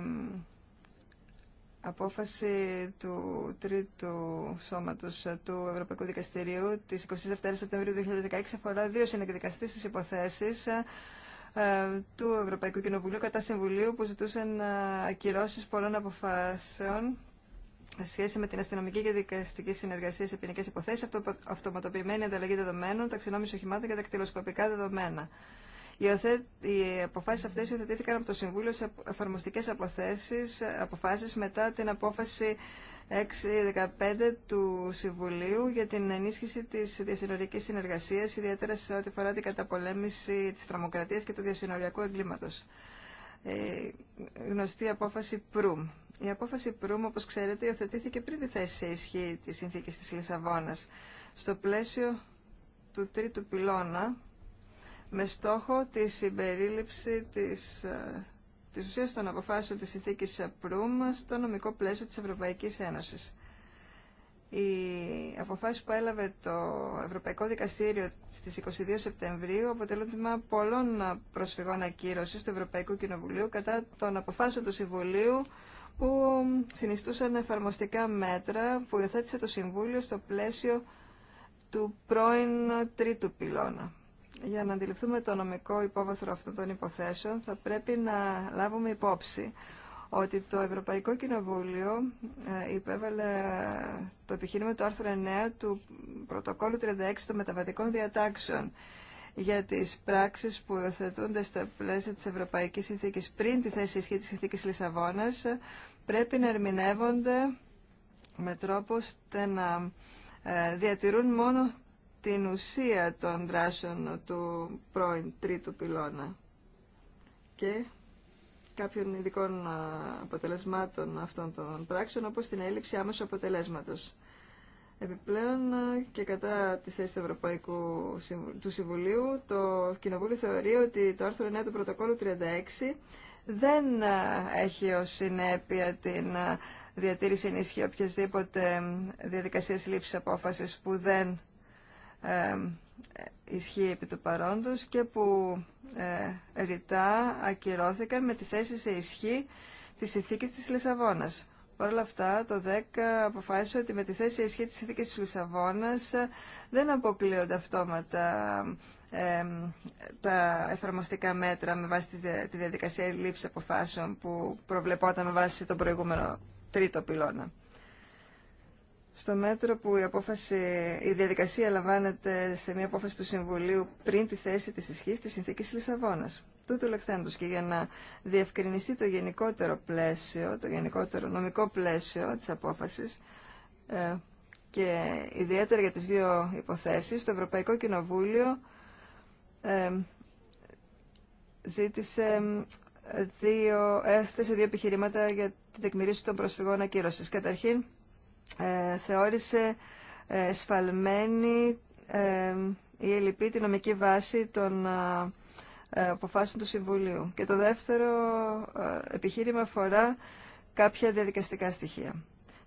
απόφαση του τρίτου σώματος του Ευρωπαϊκού Δικαστηρίου της 27 Σεπτεμβρίου 2016 αφορά δύο συνεκδικαστήσεις υποθέσεις ε, του Ευρωπαϊκού Κοινοβουλίου κατά Συμβουλίου που ζητούσαν ε, ακυρώσει πολλών αποφάσεων σε σχέση με την αστυνομική και δικαστική συνεργασία σε ποινικέ υποθέσει, αυτοματοποιημένη ανταλλαγή δεδομένων, ταξινόμηση οχημάτων και δακτυλοσκοπικά δεδομένα. Οι, οι αποφάσει αυτέ υιοθετήθηκαν από το Συμβούλιο σε εφαρμοστικέ ε, αποφάσει μετά την απόφαση 615 του Συμβουλίου για την ενίσχυση της διασυνοριακής συνεργασίας, ιδιαίτερα σε ό,τι αφορά την καταπολέμηση της τρομοκρατίας και του διασυνοριακού εγκλήματος. Ε, γνωστή απόφαση ΠΡΟΥΜ. Η απόφαση ΠΡΟΥΜ, όπως ξέρετε, υιοθετήθηκε πριν τη θέση σε ισχύ της συνθήκης της Λισαβόνας, στο πλαίσιο του τρίτου πυλώνα, με στόχο τη συμπερίληψη της ε, τη ουσία των αποφάσεων τη συνθήκη Απρούμ στο νομικό πλαίσιο τη Ευρωπαϊκή Ένωση. Η αποφάση που έλαβε το Ευρωπαϊκό Δικαστήριο στις 22 Σεπτεμβρίου αποτελούν πολλών προσφυγών ακύρωση του Ευρωπαϊκού Κοινοβουλίου κατά των αποφάσεων του Συμβουλίου που συνιστούσαν εφαρμοστικά μέτρα που υιοθέτησε το Συμβούλιο στο πλαίσιο του πρώην τρίτου πυλώνα για να αντιληφθούμε το νομικό υπόβαθρο αυτών των υποθέσεων θα πρέπει να λάβουμε υπόψη ότι το Ευρωπαϊκό Κοινοβούλιο ε, υπέβαλε ε, το επιχείρημα του άρθρου 9 του πρωτοκόλλου 36 των μεταβατικών διατάξεων για τις πράξεις που υιοθετούνται στα πλαίσια της Ευρωπαϊκής Συνθήκης πριν τη θέση ισχύ της Συνθήκης Λισαβόνας ε, πρέπει να ερμηνεύονται με τρόπο ώστε να διατηρούν μόνο την ουσία των δράσεων του πρώην τρίτου πυλώνα και κάποιων ειδικών αποτελεσμάτων αυτών των πράξεων, όπως την έλλειψη άμεσου αποτελέσματος. Επιπλέον και κατά τη θέση του Ευρωπαϊκού του Συμβουλίου, το Κοινοβούλιο θεωρεί ότι το άρθρο 9 του Πρωτοκόλου 36 δεν έχει ως συνέπεια την διατήρηση ενίσχυα οποιασδήποτε διαδικασίας λήψης απόφασης που δεν ε, ισχύει επί του παρόντος και που ε, ρητά ακυρώθηκαν με τη θέση σε ισχύ της ηθίκης της Λισαβόνας. Παρ' όλα αυτά, το ΔΕΚ αποφάσισε ότι με τη θέση σε ισχύ της ηθίκης της Λισαβόνας ε, δεν αποκλείονται αυτόματα τα εφαρμοστικά μέτρα με βάση τη διαδικασία λήψη αποφάσεων που προβλεπόταν με βάση τον προηγούμενο τρίτο πυλώνα στο μέτρο που η, απόφαση, η διαδικασία λαμβάνεται σε μια απόφαση του Συμβουλίου πριν τη θέση της ισχύς της Συνθήκης Λισαβόνας. Τούτου λεχθέντος και για να διευκρινιστεί το γενικότερο πλαίσιο, το γενικότερο νομικό πλαίσιο της απόφασης ε, και ιδιαίτερα για τις δύο υποθέσεις, το Ευρωπαϊκό Κοινοβούλιο ε, ζήτησε ε, δύο, έθεσε δύο επιχειρήματα για την τεκμηρίωση των προσφυγών ακύρωσης. Καταρχήν, ε, θεώρησε ε, εσφαλμένη ε, η ελληπή τη νομική βάση των αποφάσεων του Συμβουλίου. Και το δεύτερο επιχείρημα αφορά κάποια διαδικαστικά στοιχεία.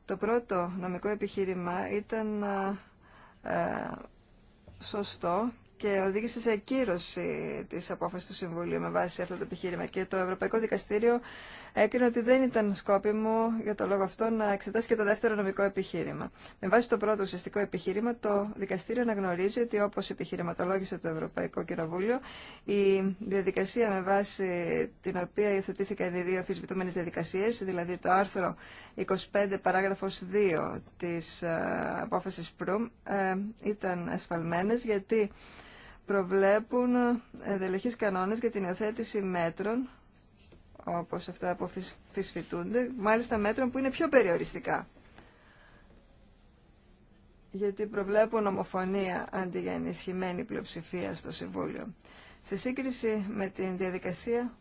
Το πρώτο νομικό επιχείρημα ήταν σωστό και οδήγησε σε ακύρωση τη απόφαση του Συμβουλίου με βάση αυτό το επιχείρημα και το Ευρωπαϊκό Δικαστήριο έκρινε ότι δεν ήταν σκόπιμο για το λόγο αυτό να εξετάσει και το δεύτερο νομικό επιχείρημα. Με βάση το πρώτο ουσιαστικό επιχείρημα το Δικαστήριο αναγνωρίζει ότι όπω επιχειρηματολόγησε το Ευρωπαϊκό Κοινοβούλιο η διαδικασία με βάση την οποία υιοθετήθηκαν οι δύο αφισβητούμενε διαδικασίε, δηλαδή το άρθρο 25 παράγραφο 2 τη ε, απόφαση ΠΡΟΥΜ ε, ήταν ασφαλμένε γιατί προβλέπουν εντελεχείς κανόνες για την υιοθέτηση μέτρων, όπως αυτά που μάλιστα μέτρων που είναι πιο περιοριστικά. Γιατί προβλέπουν ομοφωνία αντί για ενισχυμένη πλειοψηφία στο Συμβούλιο. Σε σύγκριση με την διαδικασία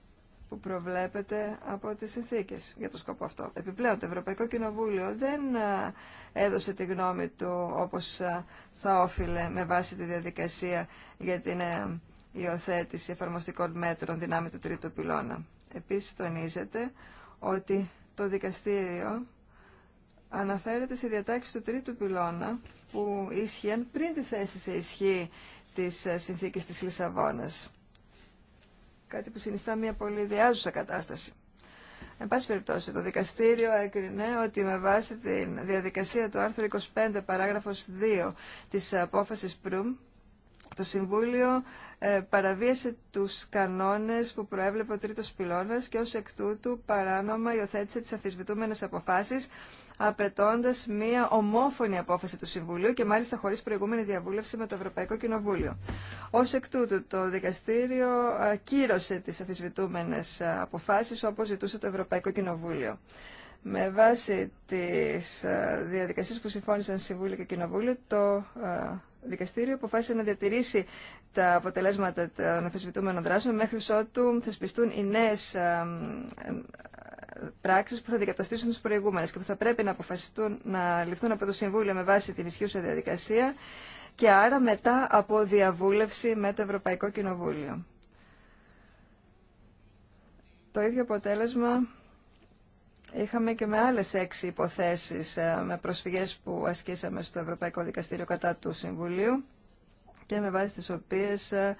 που προβλέπεται από τις συνθήκες για το σκοπό αυτό. Επιπλέον, το Ευρωπαϊκό Κοινοβούλιο δεν ε, έδωσε τη γνώμη του όπως ε, θα όφιλε με βάση τη διαδικασία για την ε, υιοθέτηση εφαρμοστικών μέτρων δυνάμει του τρίτου πυλώνα. Επίσης τονίζεται ότι το δικαστήριο αναφέρεται σε διατάξεις του τρίτου πυλώνα που ίσχυαν πριν τη θέση σε ισχύ της συνθήκης της Λισαβόνας κάτι που συνιστά μια πολύ διάζουσα κατάσταση. Εν πάση περιπτώσει, το δικαστήριο έκρινε ότι με βάση τη διαδικασία του άρθρου 25 παράγραφος 2 της απόφασης ΠΡΟΥΜ, το Συμβούλιο ε, παραβίασε τους κανόνες που προέβλεπε ο τρίτος πυλώνας και ως εκ τούτου παράνομα υιοθέτησε τις αφισβητούμενες αποφάσεις απαιτώντα μία ομόφωνη απόφαση του Συμβουλίου και μάλιστα χωρί προηγούμενη διαβούλευση με το Ευρωπαϊκό Κοινοβούλιο. Ω εκ τούτου, το δικαστήριο ε, κύρωσε τι αφισβητούμενε ε, αποφάσει όπω ζητούσε το Ευρωπαϊκό Κοινοβούλιο. Με βάση τις ε, διαδικασίες που συμφώνησαν Συμβούλιο και Κοινοβούλιο, το δικαστήριο αποφάσισε να διατηρήσει τα αποτελέσματα των αφισβητούμενων δράσεων μέχρι ότου θεσπιστούν οι νέε πράξεις που θα αντικαταστήσουν τις προηγούμενες και που θα πρέπει να αποφασιστούν να ληφθούν από το Συμβούλιο με βάση την ισχύουσα διαδικασία και άρα μετά από διαβούλευση με το Ευρωπαϊκό Κοινοβούλιο. Το ίδιο αποτέλεσμα είχαμε και με άλλες έξι υποθέσεις, ε, με προσφυγές που ασκήσαμε στο Ευρωπαϊκό Δικαστήριο κατά του Συμβουλίου και με βάση τις οποίες ε,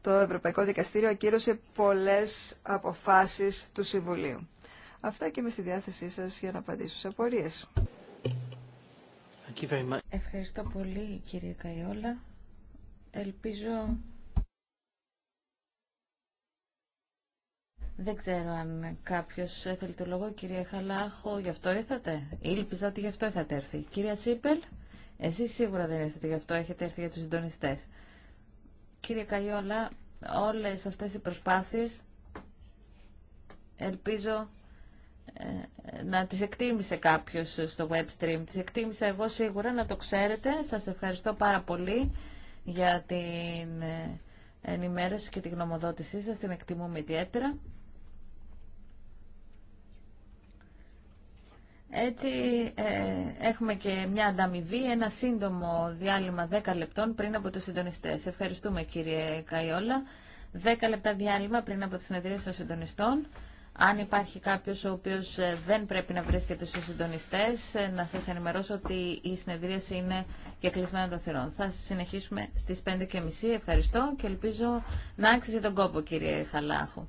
το Ευρωπαϊκό Δικαστήριο ακύρωσε πολλές αποφάσεις του Συμβουλίου. Αυτά και είμαι στη διάθεσή σας για να απαντήσω σε απορίες. Ευχαριστώ πολύ κύριε Καϊόλα. Ελπίζω... Δεν ξέρω αν κάποιος έθελε το λόγο. Κύριε Χαλάχο, γι' αυτό ήρθατε. Ήλπιζα ότι γι' αυτό είχατε έρθει. Κυρία Σίπελ, εσείς σίγουρα δεν ήρθατε γι' αυτό. Έχετε έρθει για τους συντονιστές. Κύριε Καϊόλα, όλες αυτές οι προσπάθειες ελπίζω να τις εκτίμησε κάποιος στο web stream. Τις εκτίμησα εγώ σίγουρα, να το ξέρετε. Σας ευχαριστώ πάρα πολύ για την ε, ενημέρωση και τη γνωμοδότησή σας. Την εκτιμούμε ιδιαίτερα. Έτσι ε, έχουμε και μια ανταμοιβή, ένα σύντομο διάλειμμα 10 λεπτών πριν από τους συντονιστές. Ευχαριστούμε κύριε Καϊόλα. 10 λεπτά διάλειμμα πριν από τη συνεδρία των συντονιστών. Αν υπάρχει κάποιος ο οποίος ε, δεν πρέπει να βρίσκεται στους συντονιστές, ε, να σας ενημερώσω ότι η συνεδρίαση είναι και κλεισμένα των θερών. Θα συνεχίσουμε στις 5.30. Ευχαριστώ και ελπίζω να άξιζε τον κόπο, κύριε Χαλάχου.